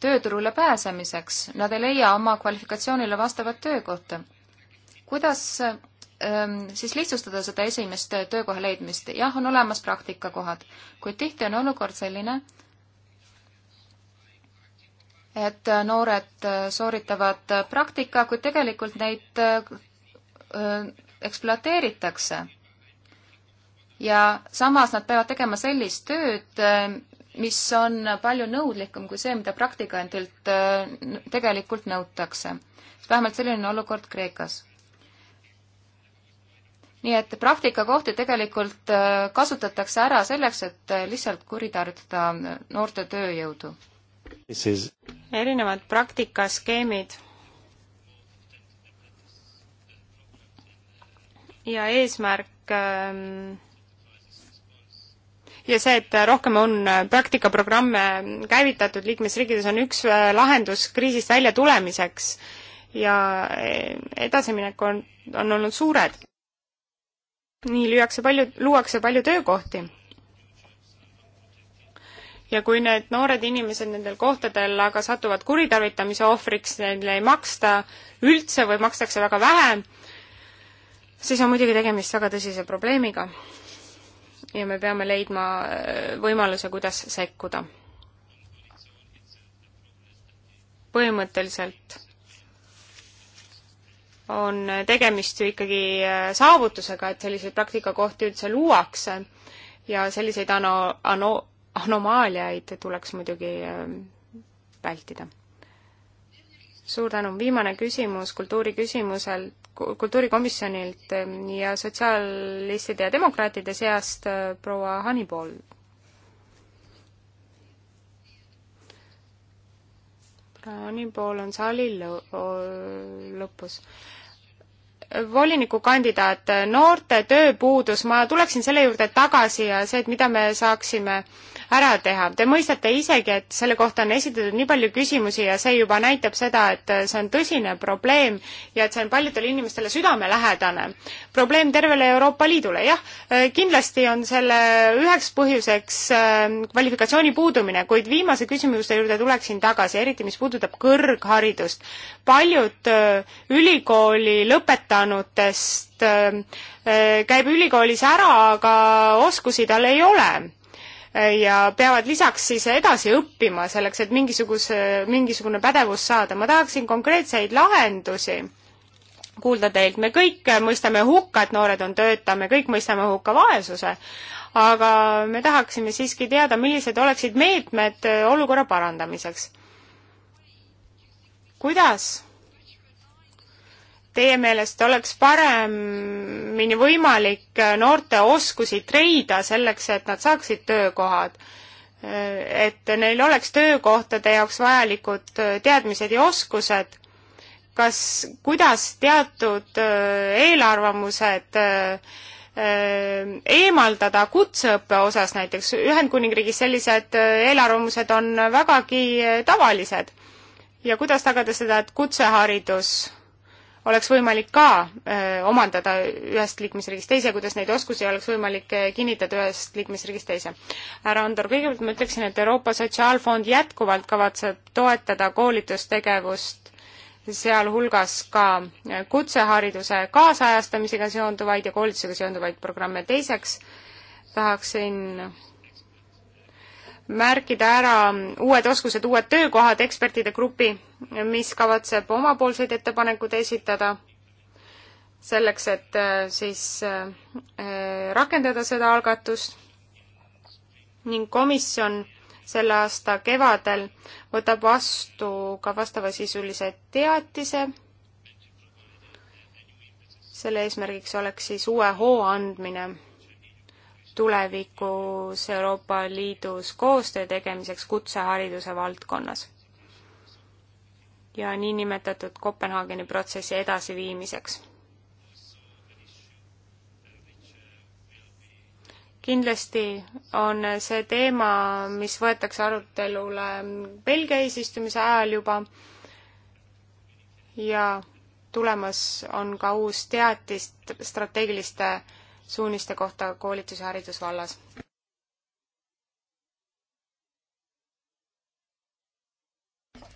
tööturule pääsemiseks, nad ei leia oma kvalifikatsioonile vastavat töökohta. kuidas siis lihtsustada seda esimest töökoha leidmist. jah, on olemas praktikakohad, kuid tihti on olukord selline, et noored sooritavad praktika, kuid tegelikult neid ekspluateeritakse. ja samas nad peavad tegema sellist tööd, mis on palju nõudlikum kui see, mida praktikandilt tegelikult nõutakse. vähemalt selline olukord Kreekas nii et praktikakohti tegelikult äh, kasutatakse ära selleks, et äh, lihtsalt kuritarvitada äh, noorte tööjõudu. Is... erinevad praktikaskeemid ja eesmärk ähm, ja see, et rohkem on praktikaprogramme käivitatud liikmesriikides, on üks lahendus kriisist välja tulemiseks ja edasiminek on, on olnud suured nii lüüakse palju, luuakse palju töökohti. ja kui need noored inimesed nendel kohtadel aga satuvad kuritarvitamise ohvriks, neile ei maksta üldse või makstakse väga vähe, siis on muidugi tegemist väga tõsise probleemiga. ja me peame leidma äh, võimaluse, kuidas sekkuda. põhimõtteliselt on tegemist ju ikkagi äh, saavutusega, et selliseid praktikakohti üldse luuakse ja selliseid ano-, ano-, anomaaliaid tuleks muidugi äh, vältida. suur tänu, viimane küsimus kultuuriküsimusel, kultuurikomisjonilt ähm, ja sotsialistide ja demokraatide seast äh, proua Hanipool ekraani pool on saali lõpus volinikukandidaat, noorte tööpuudus, ma tuleksin selle juurde tagasi ja see, et mida me saaksime äh, ära teha. Te mõistate isegi, et selle kohta on esitatud nii palju küsimusi ja see juba näitab seda, et see on tõsine probleem ja et see on paljudele inimestele südamelähedane. probleem tervele Euroopa Liidule, jah, kindlasti on selle üheks põhjuseks äh, kvalifikatsiooni puudumine, kuid viimase küsimuse juurde tuleksin tagasi, eriti mis puudutab kõrgharidust. paljud äh, ülikooli lõpetanutest äh, käib ülikoolis ära, aga oskusi tal ei ole ja peavad lisaks siis edasi õppima selleks, et mingisuguse, mingisugune pädevus saada. ma tahaksin konkreetseid lahendusi kuulda teilt, me kõik mõistame hukka, et noored on tööta, me kõik mõistame hukka vaesuse, aga me tahaksime siiski teada, millised oleksid meetmed olukorra parandamiseks. kuidas teie meelest oleks paremini võimalik noorte oskusi treida selleks, et nad saaksid töökohad? et neil oleks töökohtade jaoks vajalikud teadmised ja oskused, kas, kuidas teatud äh, eelarvamused äh, eemaldada kutseõppe osas näiteks, Ühendkuningriigis sellised äh, eelarvamused on vägagi tavalised ja kuidas tagada seda, et kutseharidus oleks võimalik ka öö, äh, omandada ühest liikmesriigist teise, kuidas neid oskusi oleks võimalik äh, kinnitada ühest liikmesriigist teise. härra Andor, kõigepealt ma ütleksin, et Euroopa Sotsiaalfond jätkuvalt kavatseb toetada koolitustegevust sealhulgas ka äh, kutsehariduse kaasajastamisega seonduvaid ja koolitusega seonduvaid programme. teiseks tahaksin märkida ära uued oskused, uued töökohad ekspertide grupi, mis kavatseb omapoolseid ettepanekuid esitada selleks, et äh, siis äh, rakendada seda algatust ning komisjon selle aasta kevadel võtab vastu ka vastavasisulise teatise. selle eesmärgiks oleks siis uue hoo andmine tulevikus Euroopa Liidus koostöö tegemiseks kutsehariduse valdkonnas ja niinimetatud Kopenhaageni protsessi edasiviimiseks. kindlasti on see teema, mis võetakse arutelule Belgia eesistumise ajal juba ja tulemas on ka uus teatis strateegiliste suuniste kohta koolitus- ja haridusvallas.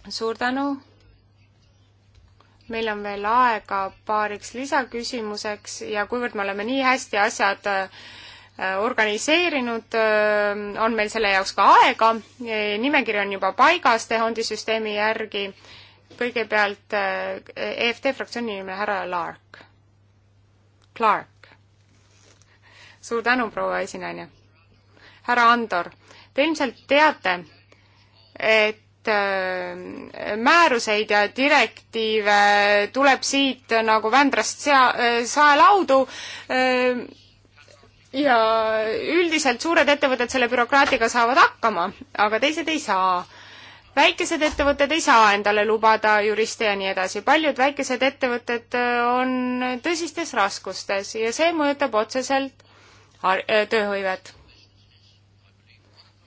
suur tänu! meil on veel aega paariks lisaküsimuseks ja kuivõrd me oleme nii hästi asjad äh, organiseerinud, äh, on meil selle jaoks ka aega. E, nimekiri on juba paigas Tehondi süsteemi järgi. kõigepealt äh, EFT fraktsiooni nimel härra Lark, Clark suur tänu, proua esinaine. härra Andor, te ilmselt teate, et äh, määruseid ja direktiive tuleb siit nagu Vändrast sea-, äh, saelaudu äh, ja üldiselt suured ettevõtted selle bürokraatiaga saavad hakkama, aga teised ei saa väikesed ettevõtted ei saa endale lubada juriste ja nii edasi. paljud väikesed ettevõtted on tõsistes raskustes ja see mõjutab otseselt tööhõivet.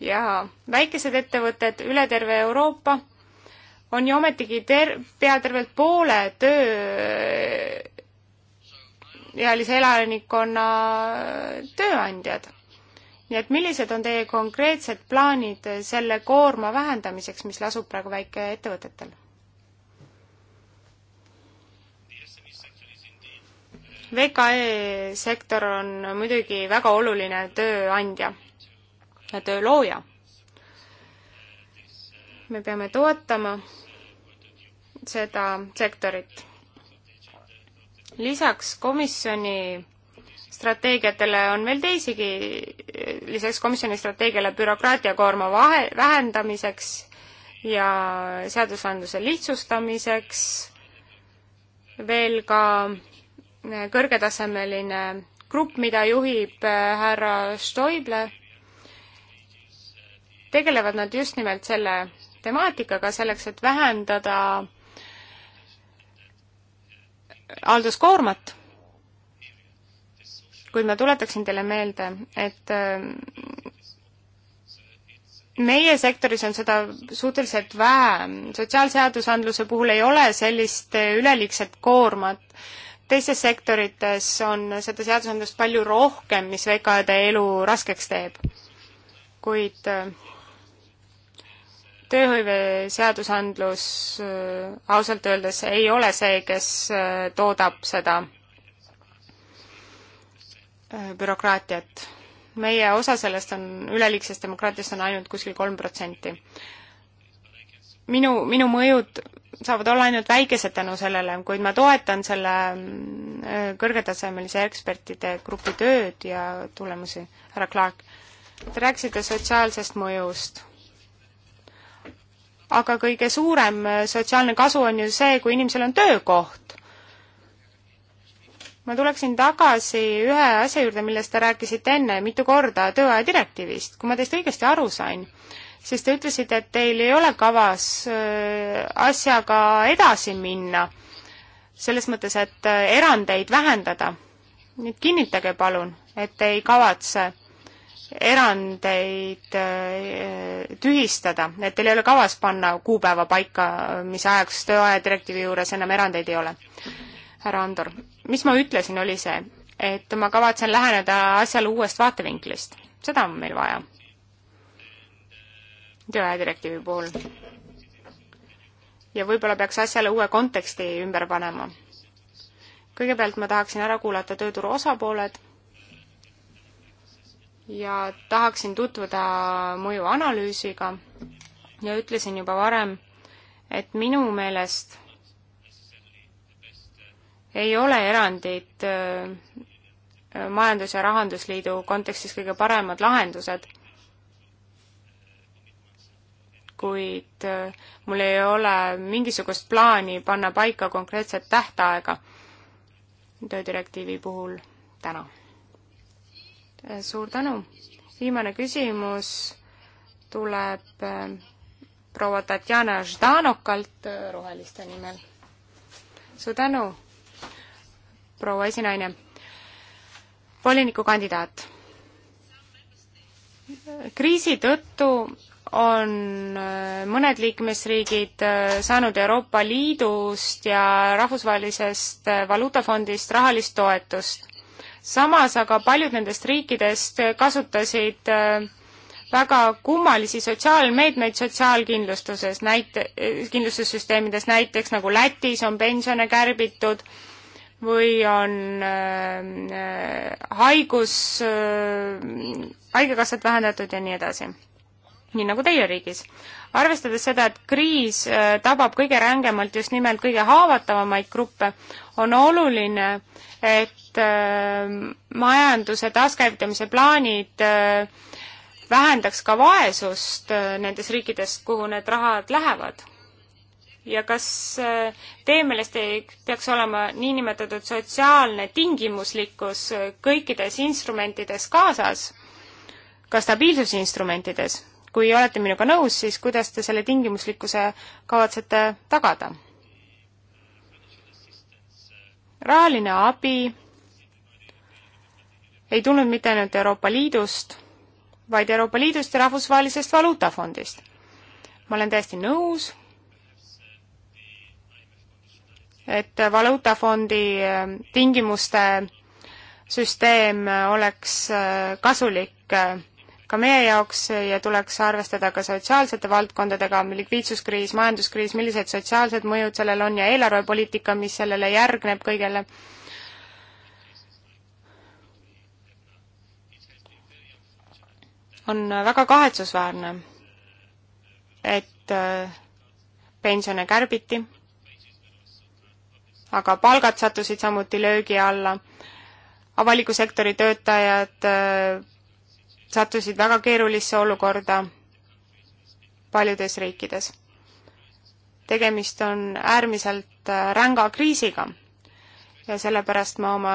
ja väikesed ettevõtted üle terve Euroopa on ju ometigi ter-, pea tervelt poole tööealise elanikkonna tööandjad. nii et millised on teie konkreetsed plaanid selle koorma vähendamiseks, mis lasub praegu väikeettevõtetel? VKE sektor on muidugi väga oluline tööandja ja töölooja. me peame toetama seda sektorit. lisaks komisjoni strateegiatele on veel teisigi, lisaks komisjoni strateegiale bürokraatiakoorma vahe, vähendamiseks ja seadusandluse lihtsustamiseks, veel ka kõrgetasemeline grupp, mida juhib äh, härra Stoible, tegelevad nad just nimelt selle temaatikaga selleks, et vähendada halduskoormat. kuid ma tuletaksin teile meelde, et äh, meie sektoris on seda suhteliselt vähe. sotsiaalseadusandluse puhul ei ole sellist äh, üleliigset koormat teistes sektorites on seda seadusandlust palju rohkem, mis VKD elu raskeks teeb. kuid äh, tööhõive seadusandlus äh, ausalt öeldes ei ole see, kes äh, toodab seda bürokraatiat. meie osa sellest on, üleliigsest demokraatiast on ainult kuskil kolm protsenti minu, minu mõjud saavad olla ainult väikesed tänu sellele, kuid ma toetan selle mm, kõrgetasemelise ekspertide grupi tööd ja tulemusi. härra Clark, te rääkisite sotsiaalsest mõjust. aga kõige suurem äh, sotsiaalne kasu on ju see, kui inimesel on töökoht. ma tuleksin tagasi ühe asja juurde, millest te rääkisite enne mitu korda, tööaja direktiivist, kui ma teist õigesti aru sain siis te ütlesite, et teil ei ole kavas äh, asjaga edasi minna, selles mõttes, et äh, erandeid vähendada. nüüd kinnitage palun, et te ei kavatse erandeid äh, tühistada, et teil ei ole kavas panna kuupäeva paika, mis ajaks tööaja direktiivi juures enam erandeid ei ole. härra Andor, mis ma ütlesin, oli see, et ma kavatsen läheneda asjale uuest vaatevinklist, seda on meil vaja tööaja direktiivi puhul. ja võib-olla peaks asjale uue konteksti ümber panema. kõigepealt ma tahaksin ära kuulata tööturu osapooled ja tahaksin tutvuda mõjuanalüüsiga ja ütlesin juba varem, et minu meelest ei ole erandid äh, majandus- ja rahandusliidu kontekstis kõige paremad lahendused kuid äh, mul ei ole mingisugust plaani panna paika konkreetset tähtaega töödirektiivi puhul täna. Äh, suur tänu. viimane küsimus tuleb äh, proua Tatjana Ždanokalt Roheliste nimel. suur tänu, proua esinaine. volinikukandidaat kriisi tõttu on äh, mõned liikmesriigid äh, saanud Euroopa Liidust ja Rahvusvahelisest äh, Valuutafondist rahalist toetust. samas aga paljud nendest riikidest kasutasid väga kummalisi sotsiaalmeetmeid sotsiaalkindlustuses, näite, kindlustussüsteemides, näiteks nagu Lätis on pensione kärbitud või on äh, haigus äh,, haigekassat vähendatud ja nii edasi nii nagu teie riigis. arvestades seda, et kriis äh, tabab kõige rängemalt just nimelt kõige haavatavamaid gruppe, on oluline, et äh, majanduse taaskäivitamise plaanid äh, vähendaks ka vaesust nendes riikides, kuhu need rahad lähevad. ja kas teie meelest ei peaks olema niinimetatud sotsiaalne tingimuslikkus kõikides instrumentides kaasas, ka stabiilsusinstrumentides? kui olete minuga nõus, siis kuidas te selle tingimuslikkuse kavatsete tagada? rahaline abi ei tulnud mitte ainult Euroopa Liidust, vaid Euroopa Liidust ja Rahvusvahelisest Valuutafondist. ma olen täiesti nõus, et Valuutafondi äh, tingimuste süsteem äh, oleks äh, kasulik ka meie jaoks ja tuleks arvestada ka sotsiaalsete valdkondadega, likviidsuskriis, majanduskriis, millised sotsiaalsed mõjud sellel on ja eelarvepoliitika, mis sellele järgneb kõigele. on väga kahetsusväärne, et äh, pensione kärbiti, aga palgad sattusid samuti löögi alla avaliku sektori töötajad äh, sattusid väga keerulisse olukorda paljudes riikides. tegemist on äärmiselt äh, ränga kriisiga ja sellepärast ma oma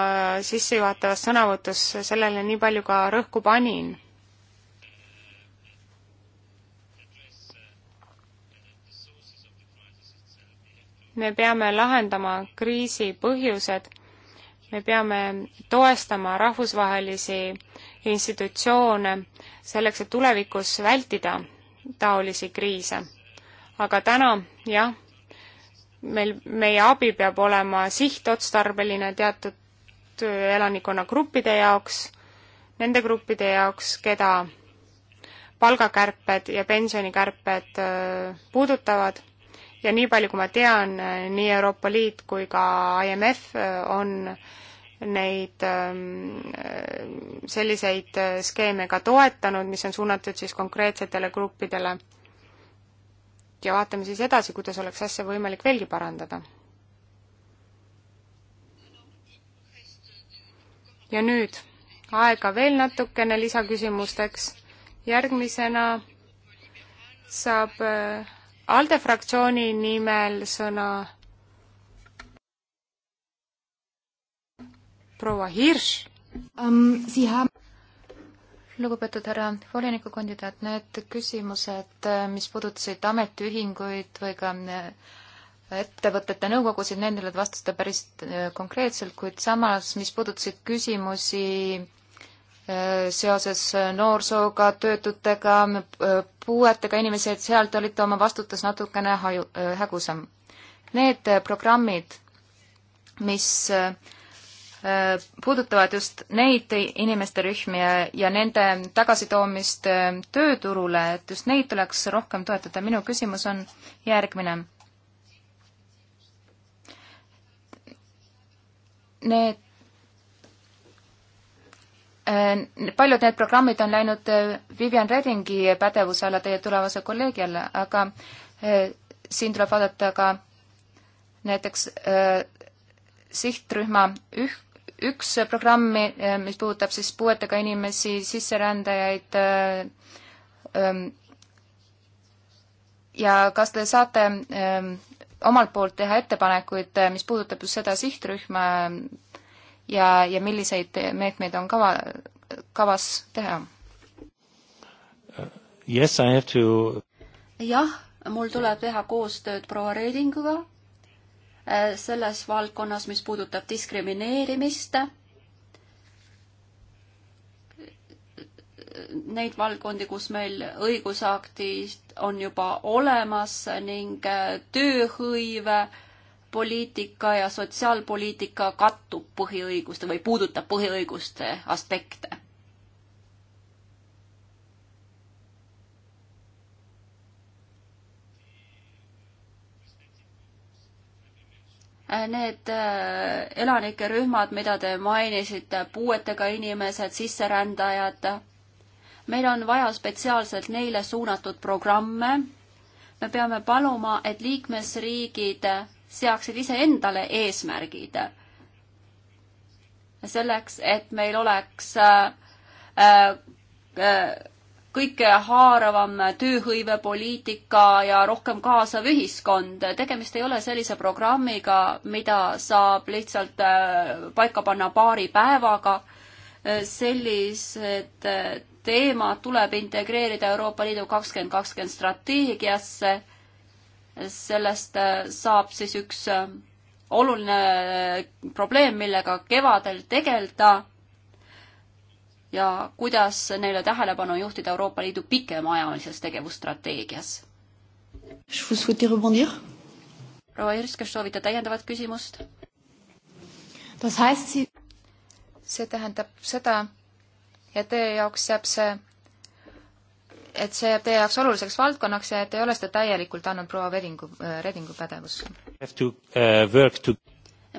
sissejuhatavas sõnavõtus sellele nii palju ka rõhku panin. me peame lahendama kriisi põhjused, me peame toestama rahvusvahelisi institutsioone selleks, et tulevikus vältida taolisi kriise. aga täna, jah, meil, meie abi peab olema sihtotstarbeline teatud elanikkonnagruppide jaoks, nende gruppide jaoks, keda palgakärped ja pensionikärped puudutavad ja nii palju, kui ma tean, nii Euroopa Liit kui ka IMF on neid ähm, selliseid äh, skeeme ka toetanud, mis on suunatud siis konkreetsetele gruppidele. ja vaatame siis edasi, kuidas oleks asja võimalik veelgi parandada. ja nüüd aega veel natukene lisaküsimusteks. järgmisena saab äh, ALDE fraktsiooni nimel sõna proua Hirš um,. lugupeetud härra volinikukandidaat, need küsimused, mis puudutasid ametiühinguid või ka äh, ettevõtete nõukogusid, nendele vastasite päris äh, konkreetselt, kuid samas, mis puudutasid küsimusi äh, seoses noorsooga, töötutega, puuetega inimesi, et seal te olite oma vastutes natukene haju, hägusam. Need programmid, mis äh, Äh, puudutavad just neid inimeste rühmi ja, ja nende tagasitoomist äh, tööturule, et just neid tuleks rohkem toetada. minu küsimus on järgmine. Need, äh, paljud need programmid on läinud Vivian Redingi pädevuse alla, teie tulevase kolleegi alla, aga siin tuleb vaadata ka näiteks sihtrühma üh-, üks programmi, eh, mis puudutab siis puuetega inimesi, sisserändajaid eh, ehm, ja kas te saate ehm, omalt poolt teha ettepanekuid, eh, mis puudutab just seda sihtrühma ehm, ja, ja milliseid meetmeid on kava, kavas teha? Yes, I have to jah, mul tuleb teha koostööd proua Reidinguga Äh, selles valdkonnas, mis puudutab diskrimineerimist. Neid valdkondi, kus meil õigusaktid on juba olemas ning äh, tööhõive, poliitika ja sotsiaalpoliitika kattub põhiõiguste või puudutab põhiõiguste aspekte Äh, need äh, elanikerühmad, mida te mainisite, puuetega inimesed, sisserändajad, meil on vaja spetsiaalselt neile suunatud programme. me peame paluma, et liikmesriigid seaksid iseendale eesmärgid selleks, et meil oleks äh, äh, kõikehaaravam tööhõivepoliitika ja rohkem kaasav ühiskond. tegemist ei ole sellise programmiga, mida saab lihtsalt äh, paika panna paari päevaga. sellised äh, teemad tuleb integreerida Euroopa Liidu kakskümmend kakskümmend strateegiasse. sellest äh, saab siis üks oluline probleem, millega kevadel tegeleda ja kuidas neile tähelepanu juhtida Euroopa Liidu pikemaajalises tegevusstrateegias? proua Irs, kas soovite täiendavat küsimust? see tähendab seda, et teie jaoks jääb see, et see jääb teie jaoks oluliseks valdkonnaks ja et ei ole seda täielikult andnud proua Redingu, äh, Redingu pädevusse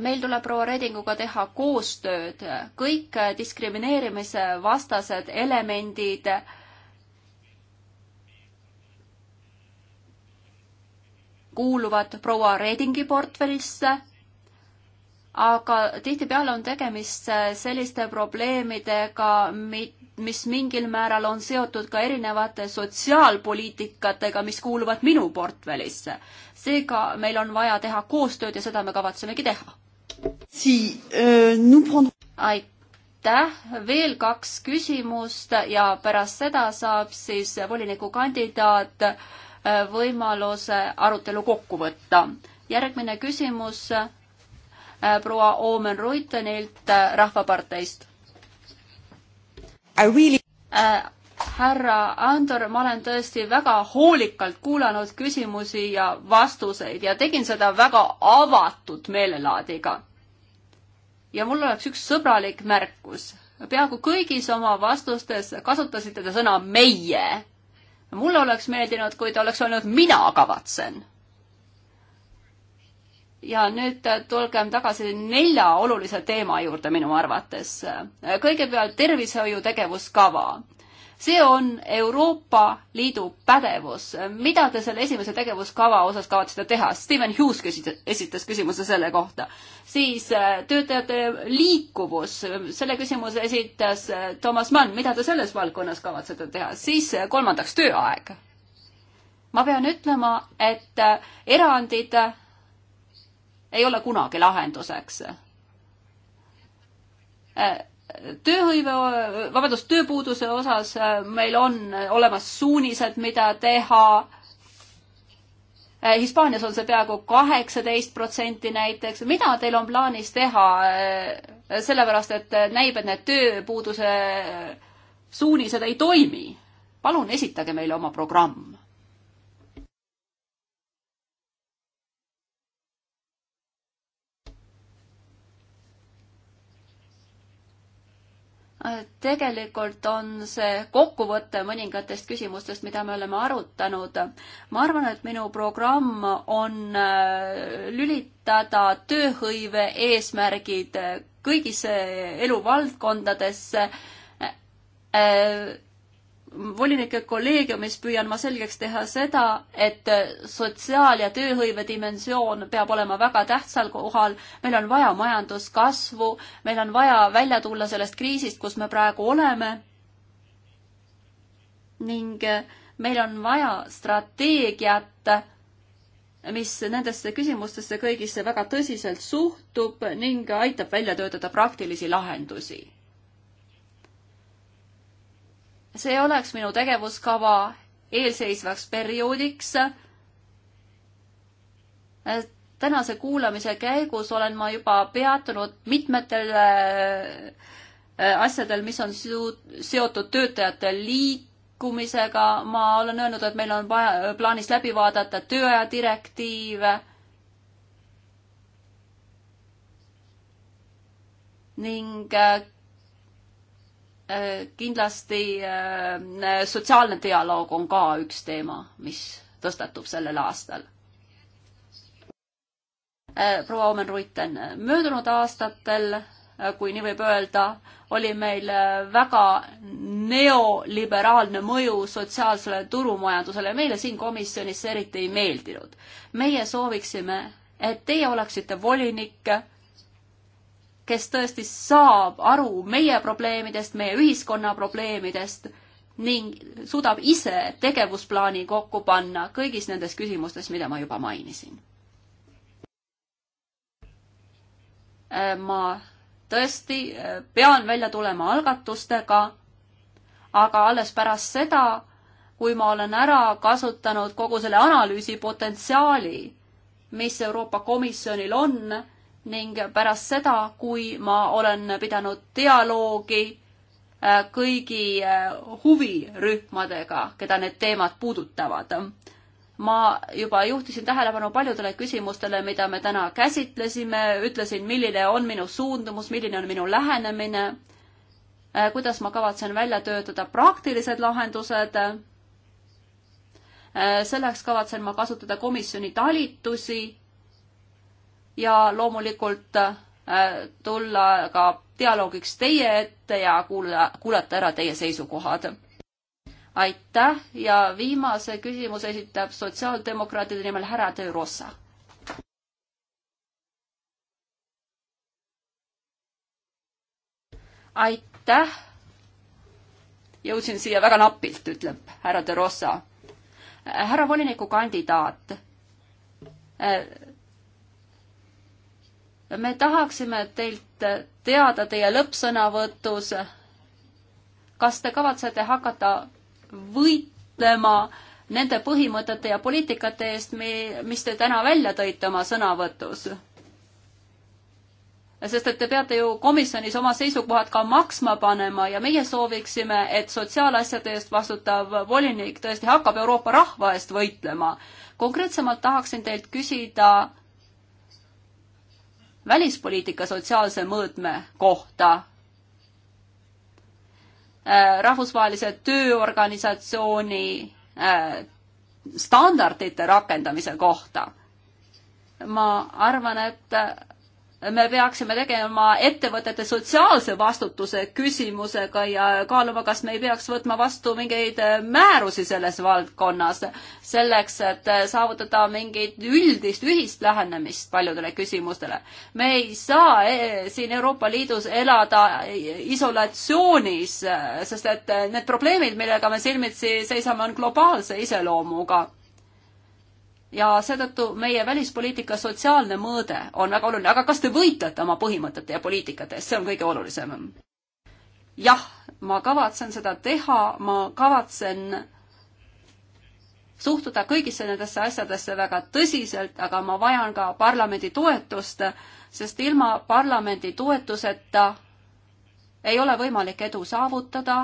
meil tuleb proua Redinguga teha koostööd, kõik diskrimineerimise vastased elemendid. kuuluvad proua Redingi portfellisse aga tihtipeale on tegemist äh, selliste probleemidega, mis mingil määral on seotud ka erinevate sotsiaalpoliitikatega, mis kuuluvad minu portfellisse. seega meil on vaja teha koostööd ja seda me kavatsemegi teha. Äh, aitäh, veel kaks küsimust ja pärast seda saab siis volinikukandidaat äh, võimaluse arutelu kokku võtta. järgmine küsimus Äh, proua Oomen Ruitenilt äh, Rahvaparteist. Really... Äh, härra Andor, ma olen tõesti väga hoolikalt kuulanud küsimusi ja vastuseid ja tegin seda väga avatud meelelaadiga. ja mul oleks üks sõbralik märkus. peaaegu kõigis oma vastustes kasutasite te sõna meie mulle oleks meeldinud, kui ta oleks olnud mina kavatsen ja nüüd äh, tulgem tagasi nelja olulise teema juurde minu arvates. Äh, kõigepealt tervishoiu tegevuskava. see on Euroopa Liidu pädevus. mida te selle esimese tegevuskava osas kavatsete teha? Steven Hughes küsis, esitas küsimuse selle kohta. siis äh, töötajate liikuvus, selle küsimuse esitas Toomas Mann. mida te selles valdkonnas kavatsete teha? siis kolmandaks tööaeg. ma pean ütlema, et erandid ei ole kunagi lahenduseks. tööhõive, vabandust, tööpuuduse osas meil on olemas suunised, mida teha. Hispaanias on see peaaegu kaheksateist protsenti näiteks, mida teil on plaanis teha, sellepärast et näib, et need tööpuuduse suunised ei toimi. palun esitage meile oma programm tegelikult on see kokkuvõte mõningatest küsimustest, mida me oleme arutanud. ma arvan, et minu programm on äh, lülitada tööhõive eesmärgid kõigisse eluvaldkondadesse äh, volinike kolleegiumis püüan ma selgeks teha seda, et sotsiaal- ja tööhõive dimensioon peab olema väga tähtsal kohal, meil on vaja majanduskasvu, meil on vaja välja tulla sellest kriisist, kus me praegu oleme ning meil on vaja strateegiat, mis nendesse küsimustesse kõigisse väga tõsiselt suhtub ning aitab välja töötada praktilisi lahendusi see oleks minu tegevuskava eelseisvaks perioodiks. tänase kuulamise käigus olen ma juba peatunud mitmetel äh, asjadel, mis on seotud töötajate liikumisega. ma olen öelnud, et meil on vaja, plaanis läbi vaadata tööaja direktiive ning äh, Äh, kindlasti äh, sotsiaalne dialoog on ka üks teema, mis tõstatub sellel aastal. Äh, proua Omen-Ruiten, möödunud aastatel, kui nii võib öelda, oli meil väga neoliberaalne mõju sotsiaalsele turumajandusele, meile siin komisjonis see eriti ei meeldinud. meie sooviksime, et teie oleksite volinik kes tõesti saab aru meie probleemidest, meie ühiskonna probleemidest ning suudab ise tegevusplaani kokku panna kõigis nendes küsimustes, mida ma juba mainisin. Äh, ma tõesti äh, pean välja tulema algatustega, aga alles pärast seda, kui ma olen ära kasutanud kogu selle analüüsi potentsiaali, mis Euroopa Komisjonil on ning pärast seda, kui ma olen pidanud dialoogi äh, kõigi äh, huvirühmadega, keda need teemad puudutavad. ma juba juhtisin tähelepanu paljudele küsimustele, mida me täna käsitlesime, ütlesin, milline on minu suundumus, milline on minu lähenemine, äh, kuidas ma kavatsen välja töötada praktilised lahendused, selleks kavatsen ma kasutada komisjoni talitusi ja loomulikult äh, tulla ka dialoogiks teie ette ja kuula, kuulata ära teie seisukohad. aitäh ja viimase küsimuse esitab sotsiaaldemokraatide nimel härra De Rosa. aitäh. jõudsin siia väga napilt, ütleb härra De Rosa. Äh, härra volinikukandidaat äh, me tahaksime teilt teada teie lõppsõnavõtus, kas te kavatsete hakata võitlema nende põhimõtete ja poliitikate eest, mis te täna välja tõite oma sõnavõtus? sest et te peate ju komisjonis oma seisukohad ka maksma panema ja meie sooviksime, et sotsiaalasjade eest vastutav volinik tõesti hakkab Euroopa rahva eest võitlema. konkreetsemalt tahaksin teilt küsida välispoliitika sotsiaalse mõõtme kohta. Äh, rahvusvahelise tööorganisatsiooni äh, standardite rakendamise kohta. ma arvan, et me peaksime tegema ettevõtete sotsiaalse vastutuse küsimusega ja kaaluma, kas me ei peaks võtma vastu mingeid määrusi selles valdkonnas, selleks et saavutada mingit üldist ühist lähenemist paljudele küsimustele. me ei saa e, siin Euroopa Liidus elada isolatsioonis, sest et need probleemid, millega me silmitsi seisame, on globaalse iseloomuga ja seetõttu meie välispoliitika sotsiaalne mõõde on väga oluline, aga kas te võitlete oma põhimõtete ja poliitikate eest, see on kõige olulisem. jah, ma kavatsen seda teha, ma kavatsen suhtuda kõigisse nendesse asjadesse väga tõsiselt, aga ma vajan ka parlamendi toetust, sest ilma parlamendi toetuseta ei ole võimalik edu saavutada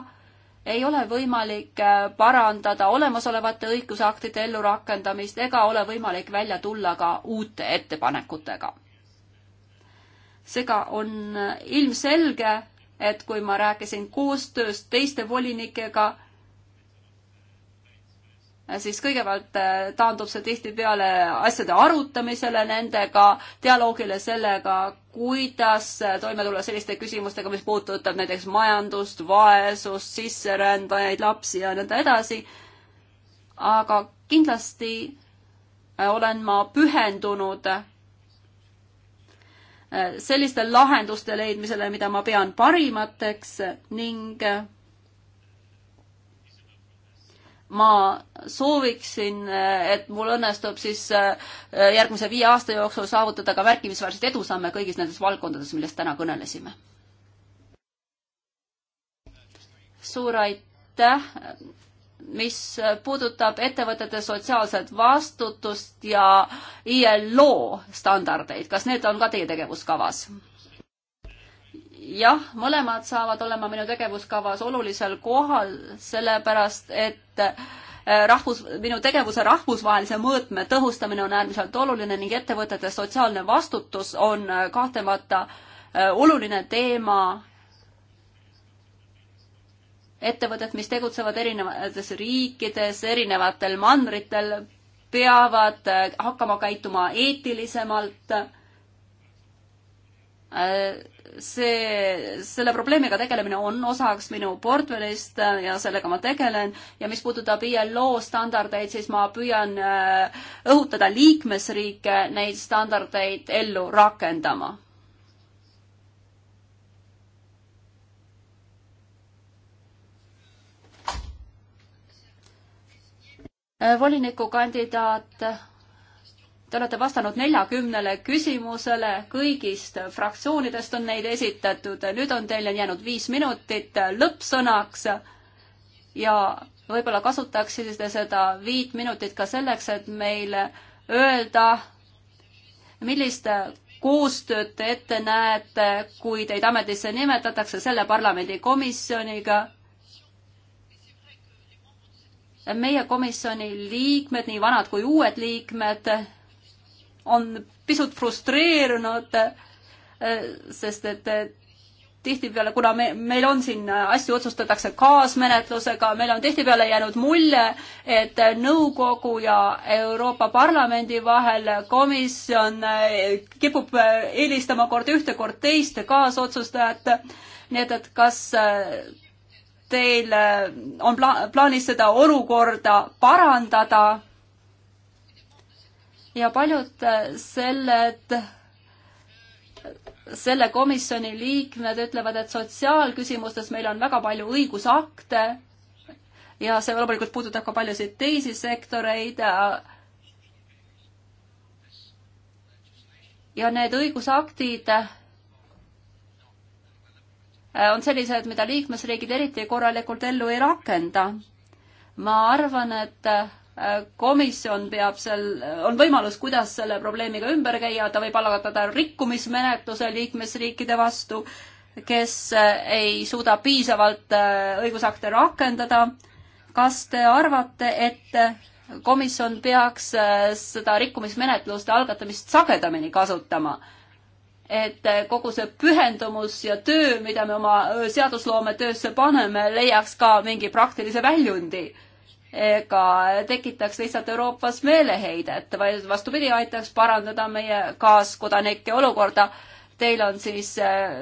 ei ole võimalik äh, parandada olemasolevate õigusaktide ellurakendamist ega ole võimalik välja tulla ka uute ettepanekutega. seega on äh, ilmselge, et kui ma rääkisin koostööst teiste volinikega, siis kõigepealt äh, taandub see tihtipeale asjade arutamisele nendega, dialoogile sellega, kuidas äh, toime tulla selliste küsimustega, mis puudutab näiteks majandust, vaesust, sisserändajaid, lapsi ja nõnda edasi. aga kindlasti äh, olen ma pühendunud selliste lahenduste leidmisele, mida ma pean parimateks ning ma sooviksin, et mul õnnestub siis äh, järgmise viie aasta jooksul saavutada ka märkimisväärseid edusamme kõigis nendes valdkondades, millest täna kõnelesime. suur aitäh! mis puudutab ettevõtete sotsiaalset vastutust ja ILO standardeid, kas need on ka teie tegevuskavas? jah, mõlemad saavad olema minu tegevuskavas olulisel kohal, sellepärast et äh, rahvus, minu tegevuse rahvusvahelise mõõtme tõhustamine on äärmiselt oluline ning ettevõtete sotsiaalne vastutus on äh, kahtlemata äh, oluline teema. ettevõtted, mis tegutsevad erinevates riikides, erinevatel mandritel, peavad hakkama käituma eetilisemalt see, selle probleemiga tegelemine on osaks minu portfellist äh, ja sellega ma tegelen ja mis puudutab ILO standardeid, siis ma püüan äh, õhutada liikmesriike neid standardeid ellu rakendama. Äh, volinikukandidaat Te olete vastanud neljakümnele küsimusele, kõigist fraktsioonidest on neid esitatud, nüüd on teil jäänud viis minutit lõppsõnaks ja võib-olla kasutaksite seda viit minutit ka selleks, et meile öelda, millist koostööd te ette näete, kui teid ametisse nimetatakse selle parlamendikomisjoniga meie komisjoni liikmed, nii vanad kui uued liikmed, on pisut frustreerunud, sest et tihtipeale, kuna me, meil on siin asju otsustatakse kaasmenetlusega, meil on tihtipeale jäänud mulje, et nõukogu ja Euroopa Parlamendi vahel komisjon kipub eelistama kord ühte, kord teist kaasotsustajat. nii et, et kas teil on pla plaanis seda olukorda parandada? ja paljud äh, selled selle komisjoni liikmed ütlevad, et sotsiaalküsimustes meil on väga palju õigusakte ja see loomulikult puudutab ka paljusid teisi sektoreid. Äh, ja need õigusaktid äh, on sellised, mida liikmesriigid eriti korralikult ellu ei rakenda. ma arvan, et komisjon peab seal, on võimalus, kuidas selle probleemiga ümber käia, ta võib algatada rikkumismenetluse liikmesriikide vastu, kes ei suuda piisavalt äh, õigusakte rakendada. kas te arvate, et komisjon peaks äh, seda rikkumismenetluste algatamist sagedamini kasutama? et äh, kogu see pühendumus ja töö, mida me oma seadusloometöösse paneme, leiaks ka mingi praktilise väljundi ega tekitaks lihtsalt Euroopas meeleheidet, vaid vastupidi, aitaks parandada meie kaaskodanike olukorda. Teil on siis äh,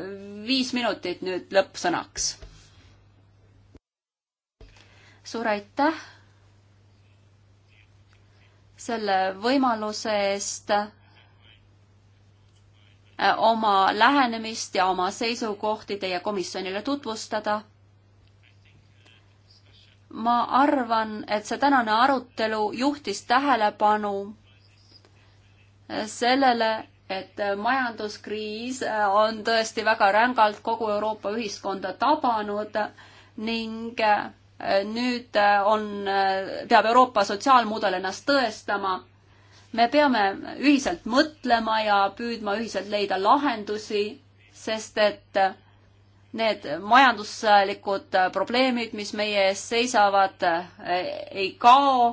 viis minutit nüüd lõppsõnaks. suur aitäh selle võimaluse eest äh, oma lähenemist ja oma seisukohti teie komisjonile tutvustada ma arvan, et see tänane arutelu juhtis tähelepanu sellele, et majanduskriis on tõesti väga rängalt kogu Euroopa ühiskonda tabanud ning nüüd on, peab Euroopa sotsiaalmudel ennast tõestama. me peame ühiselt mõtlema ja püüdma ühiselt leida lahendusi, sest et need majanduslikud äh, probleemid, mis meie ees seisavad, äh, ei kao.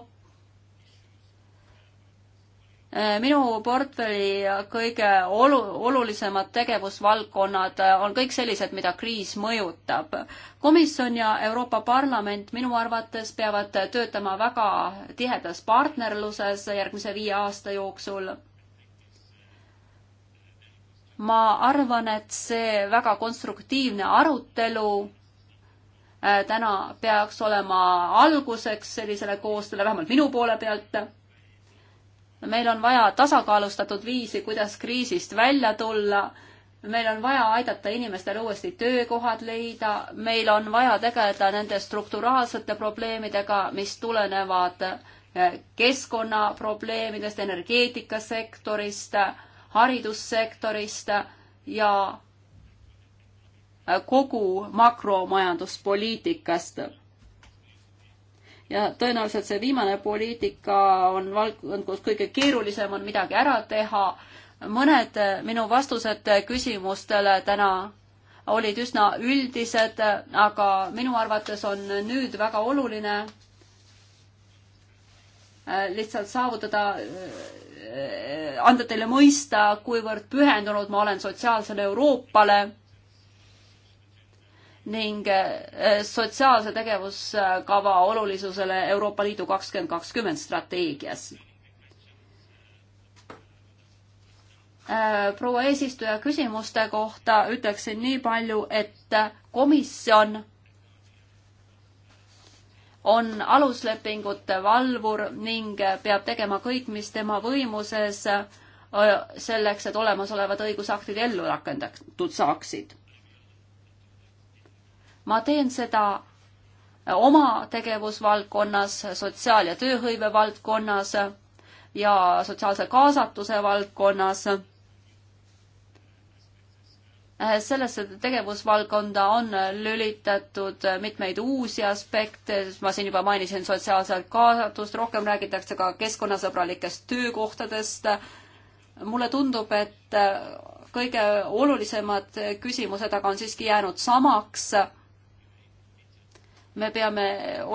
Äh, minu portfelli kõige olu-, olulisemad tegevusvaldkonnad on kõik sellised, mida kriis mõjutab. komisjon ja Euroopa Parlament minu arvates peavad töötama väga tihedas partnerluses järgmise viie aasta jooksul ma arvan, et see väga konstruktiivne arutelu äh, täna peaks olema alguseks sellisele koostööle, vähemalt minu poole pealt. meil on vaja tasakaalustatud viisi, kuidas kriisist välja tulla. meil on vaja aidata inimestel uuesti töökohad leida, meil on vaja tegeleda nende strukturaalsete probleemidega, mis tulenevad äh, keskkonnaprobleemidest, energeetikasektorist haridussektorist ja kogu makromajanduspoliitikast. ja tõenäoliselt see viimane poliitika on valdkond, kus kõige keerulisem on midagi ära teha. mõned minu vastused küsimustele täna olid üsna üldised, aga minu arvates on nüüd väga oluline lihtsalt saavutada Äh, anda teile mõista, kuivõrd pühendunud ma olen sotsiaalsele Euroopale ning äh, sotsiaalse tegevuskava olulisusele Euroopa Liidu kakskümmend kakskümmend strateegias. Äh, proua eesistuja küsimuste kohta ütleksin nii palju, et komisjon on aluslepingute valvur ning peab tegema kõik, mis tema võimuses selleks, et olemasolevad õigusaktid ellu rakendatud saaksid. ma teen seda oma tegevusvaldkonnas, sotsiaal- ja tööhõive valdkonnas ja sotsiaalse kaasatuse valdkonnas Äh, sellesse tegevusvaldkonda on lülitatud mitmeid uusi aspekte, ma siin juba mainisin sotsiaalset kaasatust, rohkem räägitakse ka keskkonnasõbralikest töökohtadest. mulle tundub, et äh, kõige olulisemad küsimused aga on siiski jäänud samaks. me peame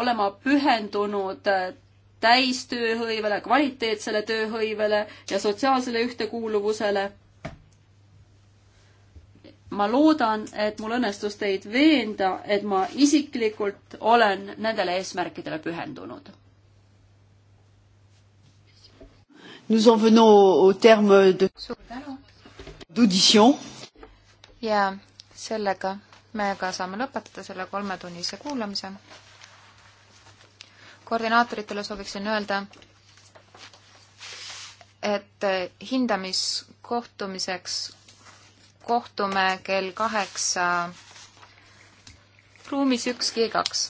olema pühendunud äh, täistööhõivele, kvaliteetsele tööhõivele ja sotsiaalsele ühtekuuluvusele ma loodan, et mul õnnestus teid veenda, et ma isiklikult olen nendele eesmärkidele pühendunud. Nous en venons au terme de d'audition. ja sellega me ka saame lõpetada selle kolmetunnise kuulamise. koordinaatoritele sooviksin öelda, et hindamiskohtumiseks kohtume kell kaheksa ruumis üks G kaks.